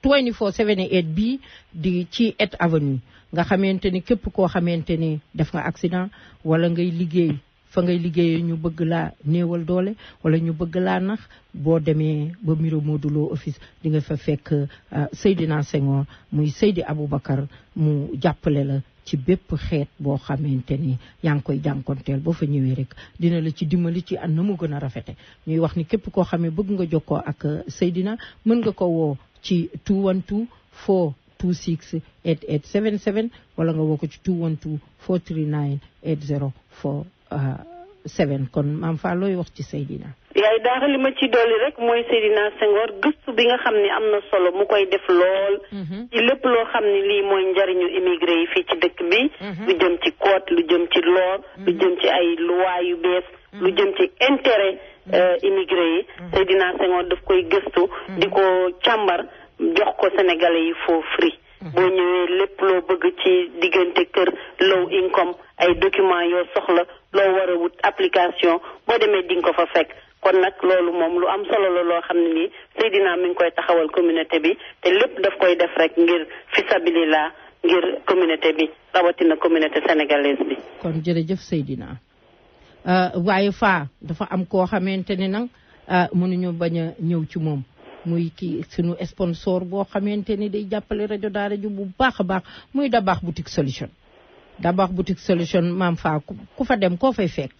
twenty four seventy eight bi di ci et avenue nga xamante ni képp koo xamante ni def nga accident wala ngay liggéey fa ngay liggéeyee ñu bëgg laa néewal doole wala ñu bëgg laa nax boo demee ba miro Modou Lo office di nga fa fekk euh, Seydina Senghor muy Seydi abu Aboubacar mu jàppale la ci bépp xeet boo xamante ni yaa ngi koy jànkonteel boo fa ñëwee rek dina la ci dimbali ci an na mu gën a rafete ñuy wax ni képp koo xamee bëgg nga jokkoo ak euh, Seydina mën nga ko woo ci 212 426 8877 wala nga woo ko ci 212 439 80 4 Euh, Seven kon maam fa looy wax ci Seydina. yaay daara li ma ci dolli rek mooy Seydina Senghor gëstu bi nga xam ne am na solo mu koy def lool. Mhm. lépp loo xam ne lii mooy njariñu immigré yi fii ci dëkk bi. Mhm. lu jëm ci code lu jëm ci loi. lu mhm. jëm ci ay loi yu bees. lu jëm ci intérêt euh, immigré yi. Seydina Senghor daf koy gëstu. di ko càmbar jox ko sénégalais yi foofu fri boo ñëwee lépp loo bëgg ci diggante kër low income ay documents yoo soxla loo war a wut application boo demee di ko fa fekk kon nag loolu moom lu am solo la loo xam ni nii Seydina mi koy taxawal communauté bi te lépp daf koy def rek ngir fisabilillah ngir communauté bi rawatina communauté sénégalaise bi. kon jërëjëf Seydina euh, waaye fa dafa am koo xamante ne nag euh, mënuñu bañ a ñëw ci moom. muy kii sunu sponsor boo xamante ni day jàppale rajo daal ju bu baax a baax muy Dabakh Boutique Solution baax Boutique Solution maam faa ku fa dem koo fay fekk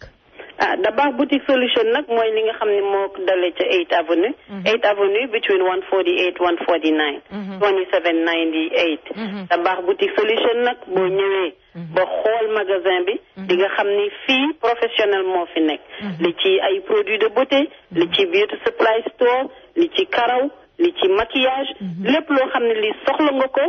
ah Dabakh boutique solution nag mooy li nga xam ne moo dalee ca 8 avenue. 8 mhm. avenue between 148 149. 27 98. Dabakh boutique solution nag boo ñëwee. Mhm. ba xool magasin bi. Mhm. di nga xam ni fii professionnel moo fi nekk. li ci ay produits de beauté. li ci beauty supply store li ci karaw. li ci maquillage. lépp loo xam ne li soxla nga ko.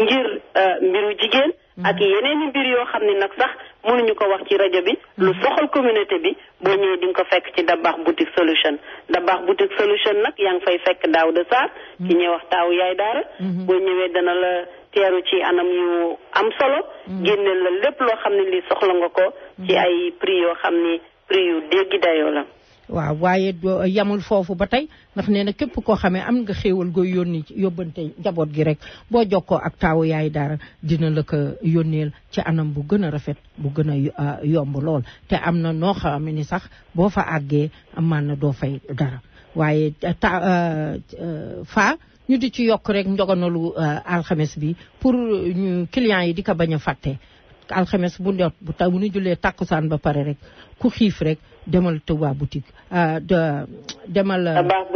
ngir euh, mbiru jigéen. Mm-hmm. ak yeneen i mbir yoo xam ne nag sax mënuñu ko wax ci rajo bi mm-hmm. lu soxal communauté bi boo ñëwee di nga ko fekk ci Dabakh Boutique Solution Dabakh Boutique Solution nag yaa ngi fay fekk daaw de Sarr mm-hmm. ci ñuy wax taawu yaay daara boo ñëwee dana la teeru ci anam yu am solo génneel la lépp loo xam ne lii soxla nga ko ci ay prix yoo xam ni prix yu déggi dayoo la waaw waaye yamul foofu ba tey ndax nee na képp koo xamee am nga xéewal gooy yónni yóbbante njaboot gi rek boo jokkoo ak taawu yaay dara dina la ko yónneel ci anam bu gën a rafet bu gën a ah, yomb lool te am na noo xam ni sax boo fa àggee man na doo fay dara waaye ta ah, fa ñu di ci yokk rek njoganalu ah, alxames bi pour ñu clients yi di ko bañ a fàtte alxames bu ndot bu taw bu ñu jullee tàkkusaan ba pare rek ku xiif rek demal Touba boutique euh, demal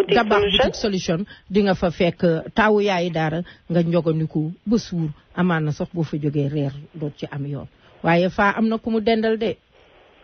Dabakh euh, boutique solution di nga fa fekk euh, taawu yaayu daara nga njoganiku ba suur amaan na sax boo fa jógee reer doot ci am yoon waaye faa am na ku dendal de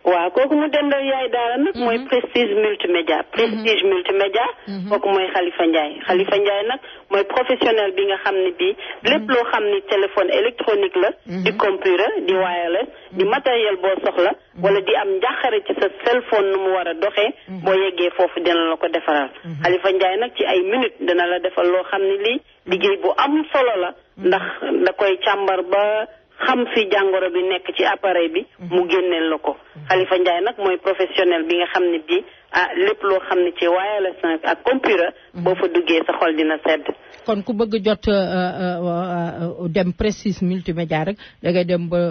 waaw kooku mu dem dal yaay daara nag mooy mhm. prestige multimédia mhm. prestige multimédia mhm. kooku mooy Khalifa Ndiaye Khalifa Ndiaye nag mooy professionnel bi nga xam ne bii lépp loo xam ni téléphone électronique la di computer di wireless di matériel boo soxla wala di am njàqare ci sa cellphone nu mu war a doxe boo yeggee foofu dina la ko defaral Khalifa Ndiaye nag ci ay minutes dina la defal loo xam ne lii liggéey bu am solo la ndax da koy càmbar ba xam fi jàngoro bi nekk ci appareil bi mhm. mu génneel la ko mhm. Khalifa Ndiaye nag mooy professionnel bi nga xam ne bii ah lépp loo xam ne ci wireless ak computer mhm. boo fa duggee sa xol dina sedd kon ku bëgg jot euh, euh, euh, dem précise multimédia rek da ngay dem ba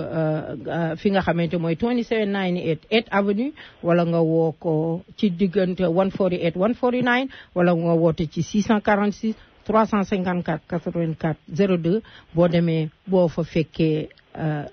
fi nga xamante mooy 2798 8 avenue wala nga woo ko ci diggante 148 149 wala nga woote ci 646 cent 354 84 02 boo demee boo fa fekkee euh,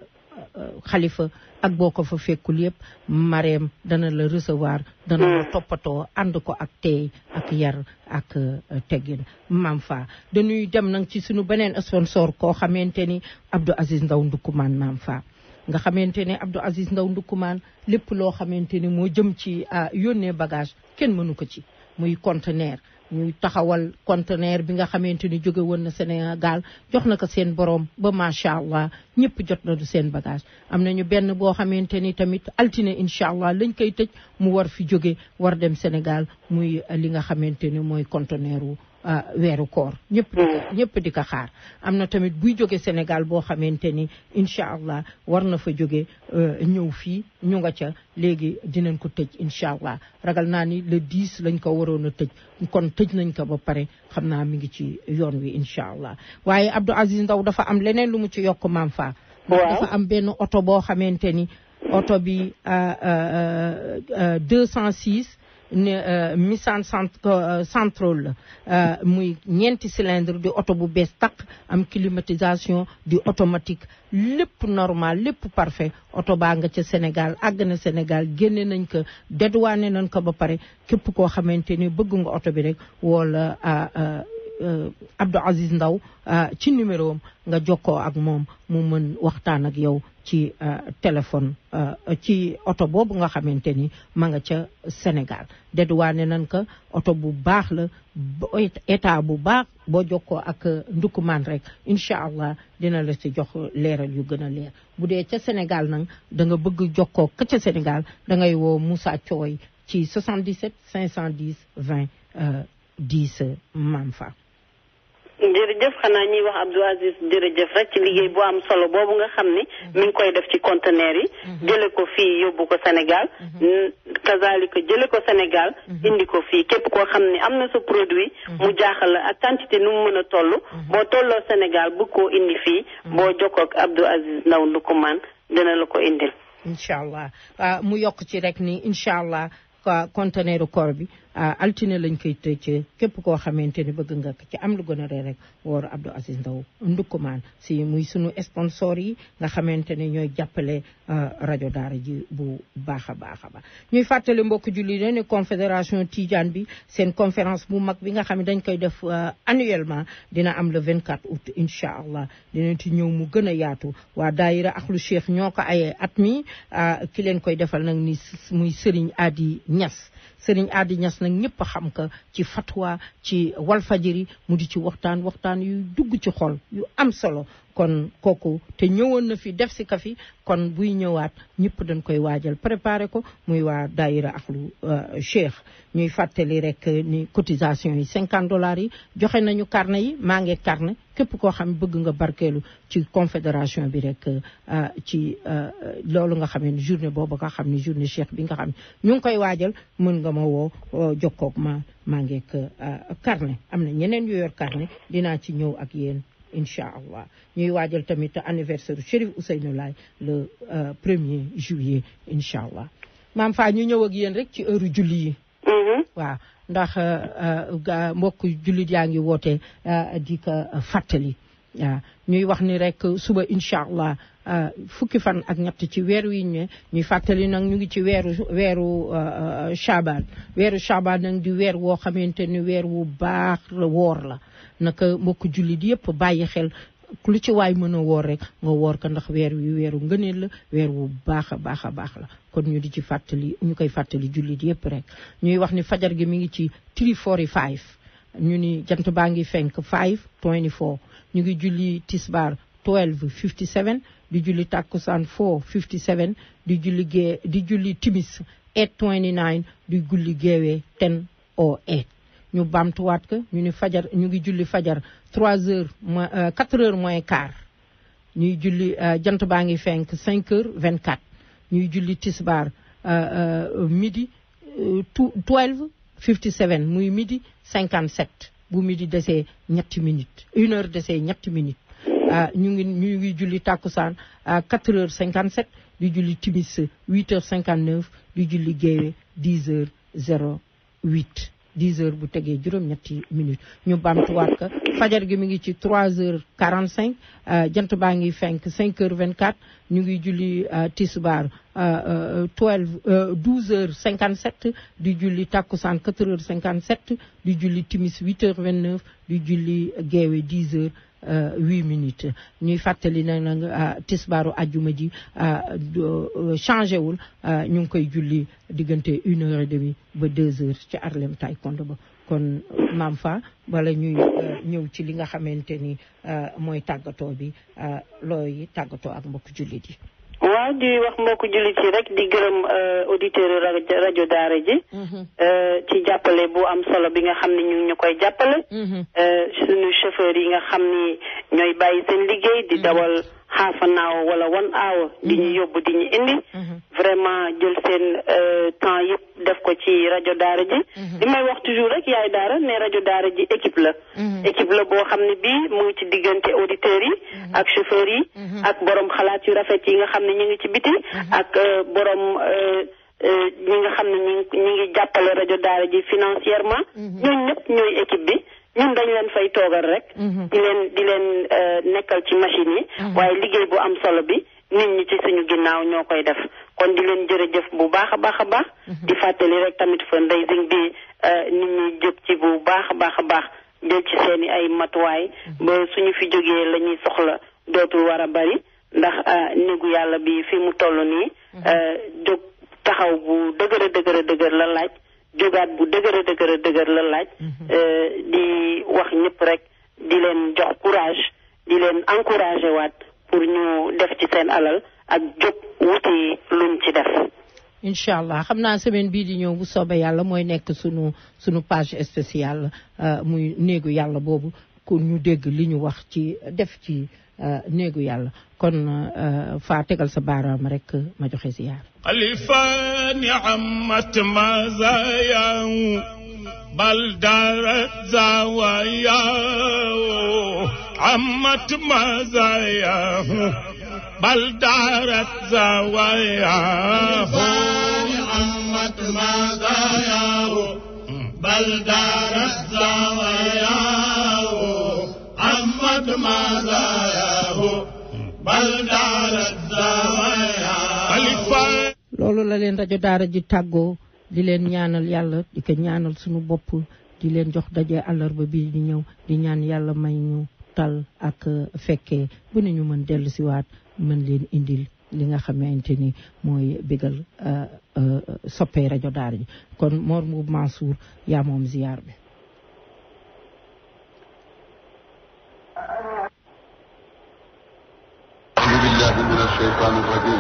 euh, xalifa ak boo ko fa fekkul yëpp mareem dana la recevoir dana la hmm. toppatoo ànd ko ak tey ak yar ak euh, teggin maam fa dañuy dem nag ci suñu beneen sponsor koo xamante ni Abdou Aziz Ndaw Ndukumaan maam fa nga xamante ne Abdou Aziz Ndaw Ndukumaan lépp loo xamante ni moo jëm ci yónnee bagage kenn mënu ko ci muy conteneur ñuy taxawal conteneur bi nga xamante ni jóge woon na Sénégal jox na ko seen borom ba macha allah ñëpp jot na du seen bagage am nañu benn boo xamante ni tamit altine incha allah lañ koy tëj mu war fi jóge war dem Sénégal muy li nga xamante ni mooy conteneur wu Euh, weeru koor ñëpp mm. ñëpp di ko xaar am na tamit buy jóge Sénégal boo xamante ni incha allah war na fa jóge euh, ñëw fii ñu nga ca léegi dinañ ko tëj incha allah ragal naa ni le 10 lañ ko waroon a tëj kon tëj nañ ko ba pare xam naa mi ngi ci yoon wi incha allah waaye Abdou Aziz Ndaw dafa am leneen lu mu ci yokk maam faa dafa am benn oto boo xamante ni oto bi 206 euh, Euh, Nissan Sentrol euh, euh, muy ñeenti cylindre di oto bu bees tàq am kilimatisation di automatique lépp normal lépp parfait oto baa nga ca Sénégal àgg na Sénégal génne nañ ko dédouané nañ ko ba pare képp koo xamante ni bëgg nga oto bi rek wala Euh, Abdou Aziz Ndaw euh, ci numéro am nga jokkoo ak moom mu mën waxtaan ak yow ci euh, téléphone ci oto boobu nga xamante ni ma nga ca Sénégal dédduwaane nan ko oto bu baax la état bu baax boo jokkoo ak ndukkumaan rek incha allah dina la si jox leeral yu gën a leer bu dee ca Sénégal nag da nga bëgg jokkoo ka ca Sénégal da ngay woo Moussa Thioy ci 77 510 20 jërëjëf xanaa ñuy wax Abdou Aziz jërëjëf rek ci liggéey bu am solo boobu nga xam ni mhm. mi ngi koy def ci conteneur yi mhm. jële ko fii yóbbu ko Sénégal mhm. kazalika jële ko Sénégal indi ko fii képp koo xam ni am na sa produit mu jaaxal la ak quantité nu mu mën a toll boo tolloo Sénégal bëgg ko indi fii boo jokkoo ak Abdou Aziz Ndaw Ndukumaan dina la ko indil incha allah ah, mu yokk ci rek ni incha allah conteneur koor bi Euh, altine lañ koy tëj képp koo xamante ne bëgg nga ci am lu gën a ree rek woor Abdou Aziz Ndaw ndukkumaan si muy sunu sponsor yi nga xamante ne ñooy jàppale euh, rajo daara ji bu baax a baax a baax ñuy fàttali mbokk julli ne confédération Tidiane bi seen conférence bu mag bi nga xam ne dañ koy def euh, annuellement dina am le 24 août incha allah dinañ ci ñëw mu gën a yaatu waa daayira lu Cheikh ñoo ko ayee at mi ki leen koy defal nag ni muy Serigne Adi Niass Serigne Adi Niass nag ñëpp xam ka ci fatwa ci Walfajiri mu di ci waxtaan waxtaan yu dugg ci xol yu am solo kon kooku te ñëwoon na fi def si ka fi kon buy ñëwaat ñëpp dañ koy waajal préparé ko muy waa daayira ak lu euh, cheikh ñuy fàttali rek ni cotisation yi 50 dollars yi joxe nañu carnet yi maa ngi carnet képp koo xam bëgg nga barkeelu ci confédération bi rek euh, ci euh, loolu nga xam ne journée boobu nga xam ni journée cheikh bi nga xam ne ñu ngi koy waajal mun nga ma woo jokkoog ma maa ngi carnet am na ñeneen yu yor dinaa ci ñëw ak yéen incha allah ñuy waajal tamit anniversaire Chérif Ousseynou Laye le euh, premier juillet incha allah maam fa ñu ñëw ak yéen rek ci heure julli yi mm-hmm. waaw ndax euh, euh, mbokk jullit yaa ngi woote di ko fàttali waaw ñuy wax ni rek suba incha allah fukki fan ak ñett ci weer wi ñu ñuy fàttali nag ñu ngi ci weeru weeru Shaban weeru Shaban nag di weer woo xamante ni weer wu baax la woor la naka mbokk jullit yëpp bàyyi xel lu ci waay mën woor rek nga woor ko ndax weer wi weeru ngëneel la weer wu baax a baax a baax la kon ñu di ci fàttali ñu koy fàttali jullit yëpp rek ñuy wax ni fajar gi mi ngi ci 345 ñu ni jant baa ngi fenk 5 24 ñu ngi julli tisbaar 12 57 di julli takkusaan 4 57 di julli gee di julli timis 8 29 di julli geewee ñu baamtuwaat ko ñu ni fajar ñu ngi julli fajar 3 heures moins 4 euh, heures moins quart ñuy julli euh, jant baa ngi fenk 5 heures 24 ñuy julli tisbaar euh, midi tout 12 57 muy midi 57 bu midi desee ñetti minutes une heure desee ñetti minutes ñu ngi ñu ngi julli tàkkusaan 4 heures 57 di julli timis 8 heures 59 di julli géewe 10 heures 08 10 heures bu tegee juróom-ñetti minutes ñu bamtuwaat ko fajar gi mi ngi ci 3 heures 45 euh, jant baa ngi fenk 5 heures 24 ñu ngi julli euh, tisbaar 12 euh, 12 heures 57 di julli takkusaan 4 heures 57 di julli timis 8 heures 29 di julli geewe 10 heures. Euh, huit minutes ñuy fàttali nag nag euh, tisbaaru ajjuma ji euh, changé wul ñu ngi koy julli diggante une heure et ba deux heures ci Harlem Taekwondo ba kon maam fa bala ñuy ñëw ci li nga xamante ni mooy tàggatoo bi looy tàggatoo ak mbokk jullit yi waaw di wax mbokku jullit yi rek di gërëm euh, auditeur rajo daara ji mhm. euh, ci jàppale bu am solo bi nga xam ne ñu ñu koy jàppale mhm. euh, suñu chauffeur yi nga xam ni ñooy bàyyi seen liggéey di mhm. dawal half an hour wala one hour di ñu mhm. yóbbu di ñu indi mhm. vraiment jël seen euh, temps yëpp def ko ci rajo daara ji mhm. li may wax toujours rek yaay daara ne rajo daara ji équipe la équipe la boo xam ne bii mu ci diggante auditeurs yi ak chauffeurs yi ak borom xalaat yu rafet yi nga xam ne ñu ngi ci biti ak euh, borom euh, ñi nga xam ne ñu ngi jàppale rajo daara ji financièrement ñooñu ñëpp ñooy équipe bi ñun dañ leen fay toogal rek. Mhm. di leen di leen euh, nekkal ci machine yi. Mhm. waaye liggéey bu am solo bi nit ñi ci suñu ginnaaw ñoo koy def kon di leen jërëjëf bu baax a baax a baax. Mhm. di fàttali rek tamit fundraising bi euh, nit ñi jëp ci bu baax a baax a baax jël ci seen i ay matuwaay ba suñu fi jógee lañuy soxla dootul war a bari ndax euh, néegu yàlla bi fi mu toll nii. jóg taxaw bu dëgër dëgër dëgër la laaj. jógaat bu dëgër dëgër dëgër la laaj mhm. euh, di wax ñëpp rek di leen jox courage di leen encouragé pour ñu def ci seen alal ak jóg wuti luñ ci def incha allah xam naa semaine bii di ñëw bu soobee yàlla mooy nekk sunu sunu page spéciale euh, muy néegu yàlla boobu kon ñu dégg li ñu wax ci def ci Euh, néegu yàlla kon euh, faa tegal sa baaraam ma joxe bal dara zawayaw loolu la leen rajo daara ji tàggoo di leen ñaanal yàlla di ko ñaanal sunu bopp di leen jox daje àllarba bi di ñëw di ñaan yàlla may ñu tal ak fekkee bu ne ñu mën dellu si waat mën leen indil li nga xamante ni mooy bégal euh, euh, soppee rajo daara ji kon Mor Mbuub Mansour yaa moom ziyaar bi أعوذ بالله من الشيطان الرجيم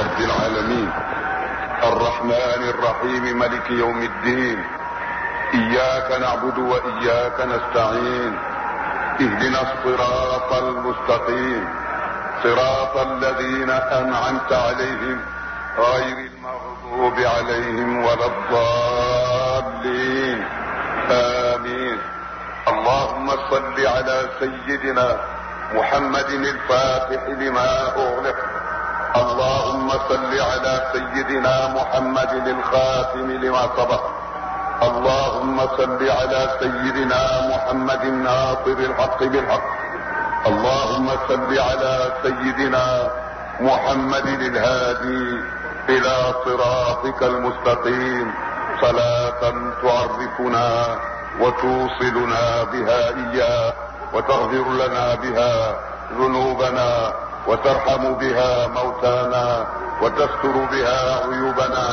رب العالمين الرحمن الرحيم ملك يوم الدين إياك نعبد وإياك نستعين اهدنا الصراط المستقيم صراط الذين أنعمت عليهم غير المغضوب عليهم ولا الضالين آه اللهم صل على سيدنا محمد الفاتح لما أغلق اللهم صل على سيدنا محمد الخاتم لما سبق اللهم صل على سيدنا محمد الناصر الحق بالحق اللهم صل على سيدنا محمد الهادي إلى صراطك المستقيم صلاة تعرفنا وتوصلنا بها إياه وتغفر لنا بها ذنوبنا وترحم بها موتانا وتستر بها عيوبنا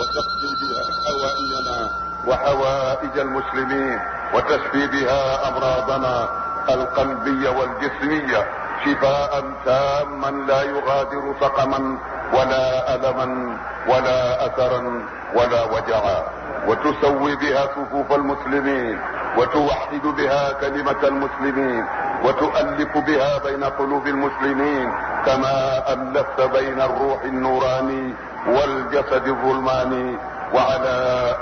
وتقضي بها حوائجنا وحوائج المسلمين وتشفي بها أمراضنا القلبية والجسمية شفاء تاما لا يغادر سقما ولا ألما ولا أثرا ولا وجعا وتسوي بها صفوف المسلمين وتوحد بها كلمة المسلمين وتؤلف بها بين قلوب المسلمين كما ألفت بين الروح النوراني والجسد الظلماني وعلى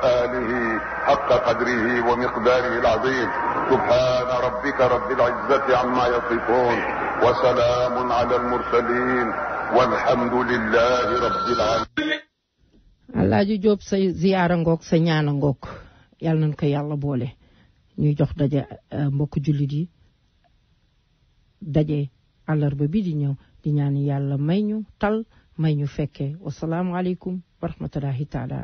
آله حق قدره ومقداره العظيم سبحان ربك رب العزة عما يصفون وسلام على المرسلين والحمد لله alhamdulilahi rabbil alamin alaaji sa ziyaara ngoog sa ñaana ngoog yàlla nañ ko yàlla boole ñuy jox daje euh, mbokku jullit yi daje àllarba bi di ñëw di ñaan yàlla may ñu tal may ñu fekkee wasalaamualeykum wa rahmatullahi taala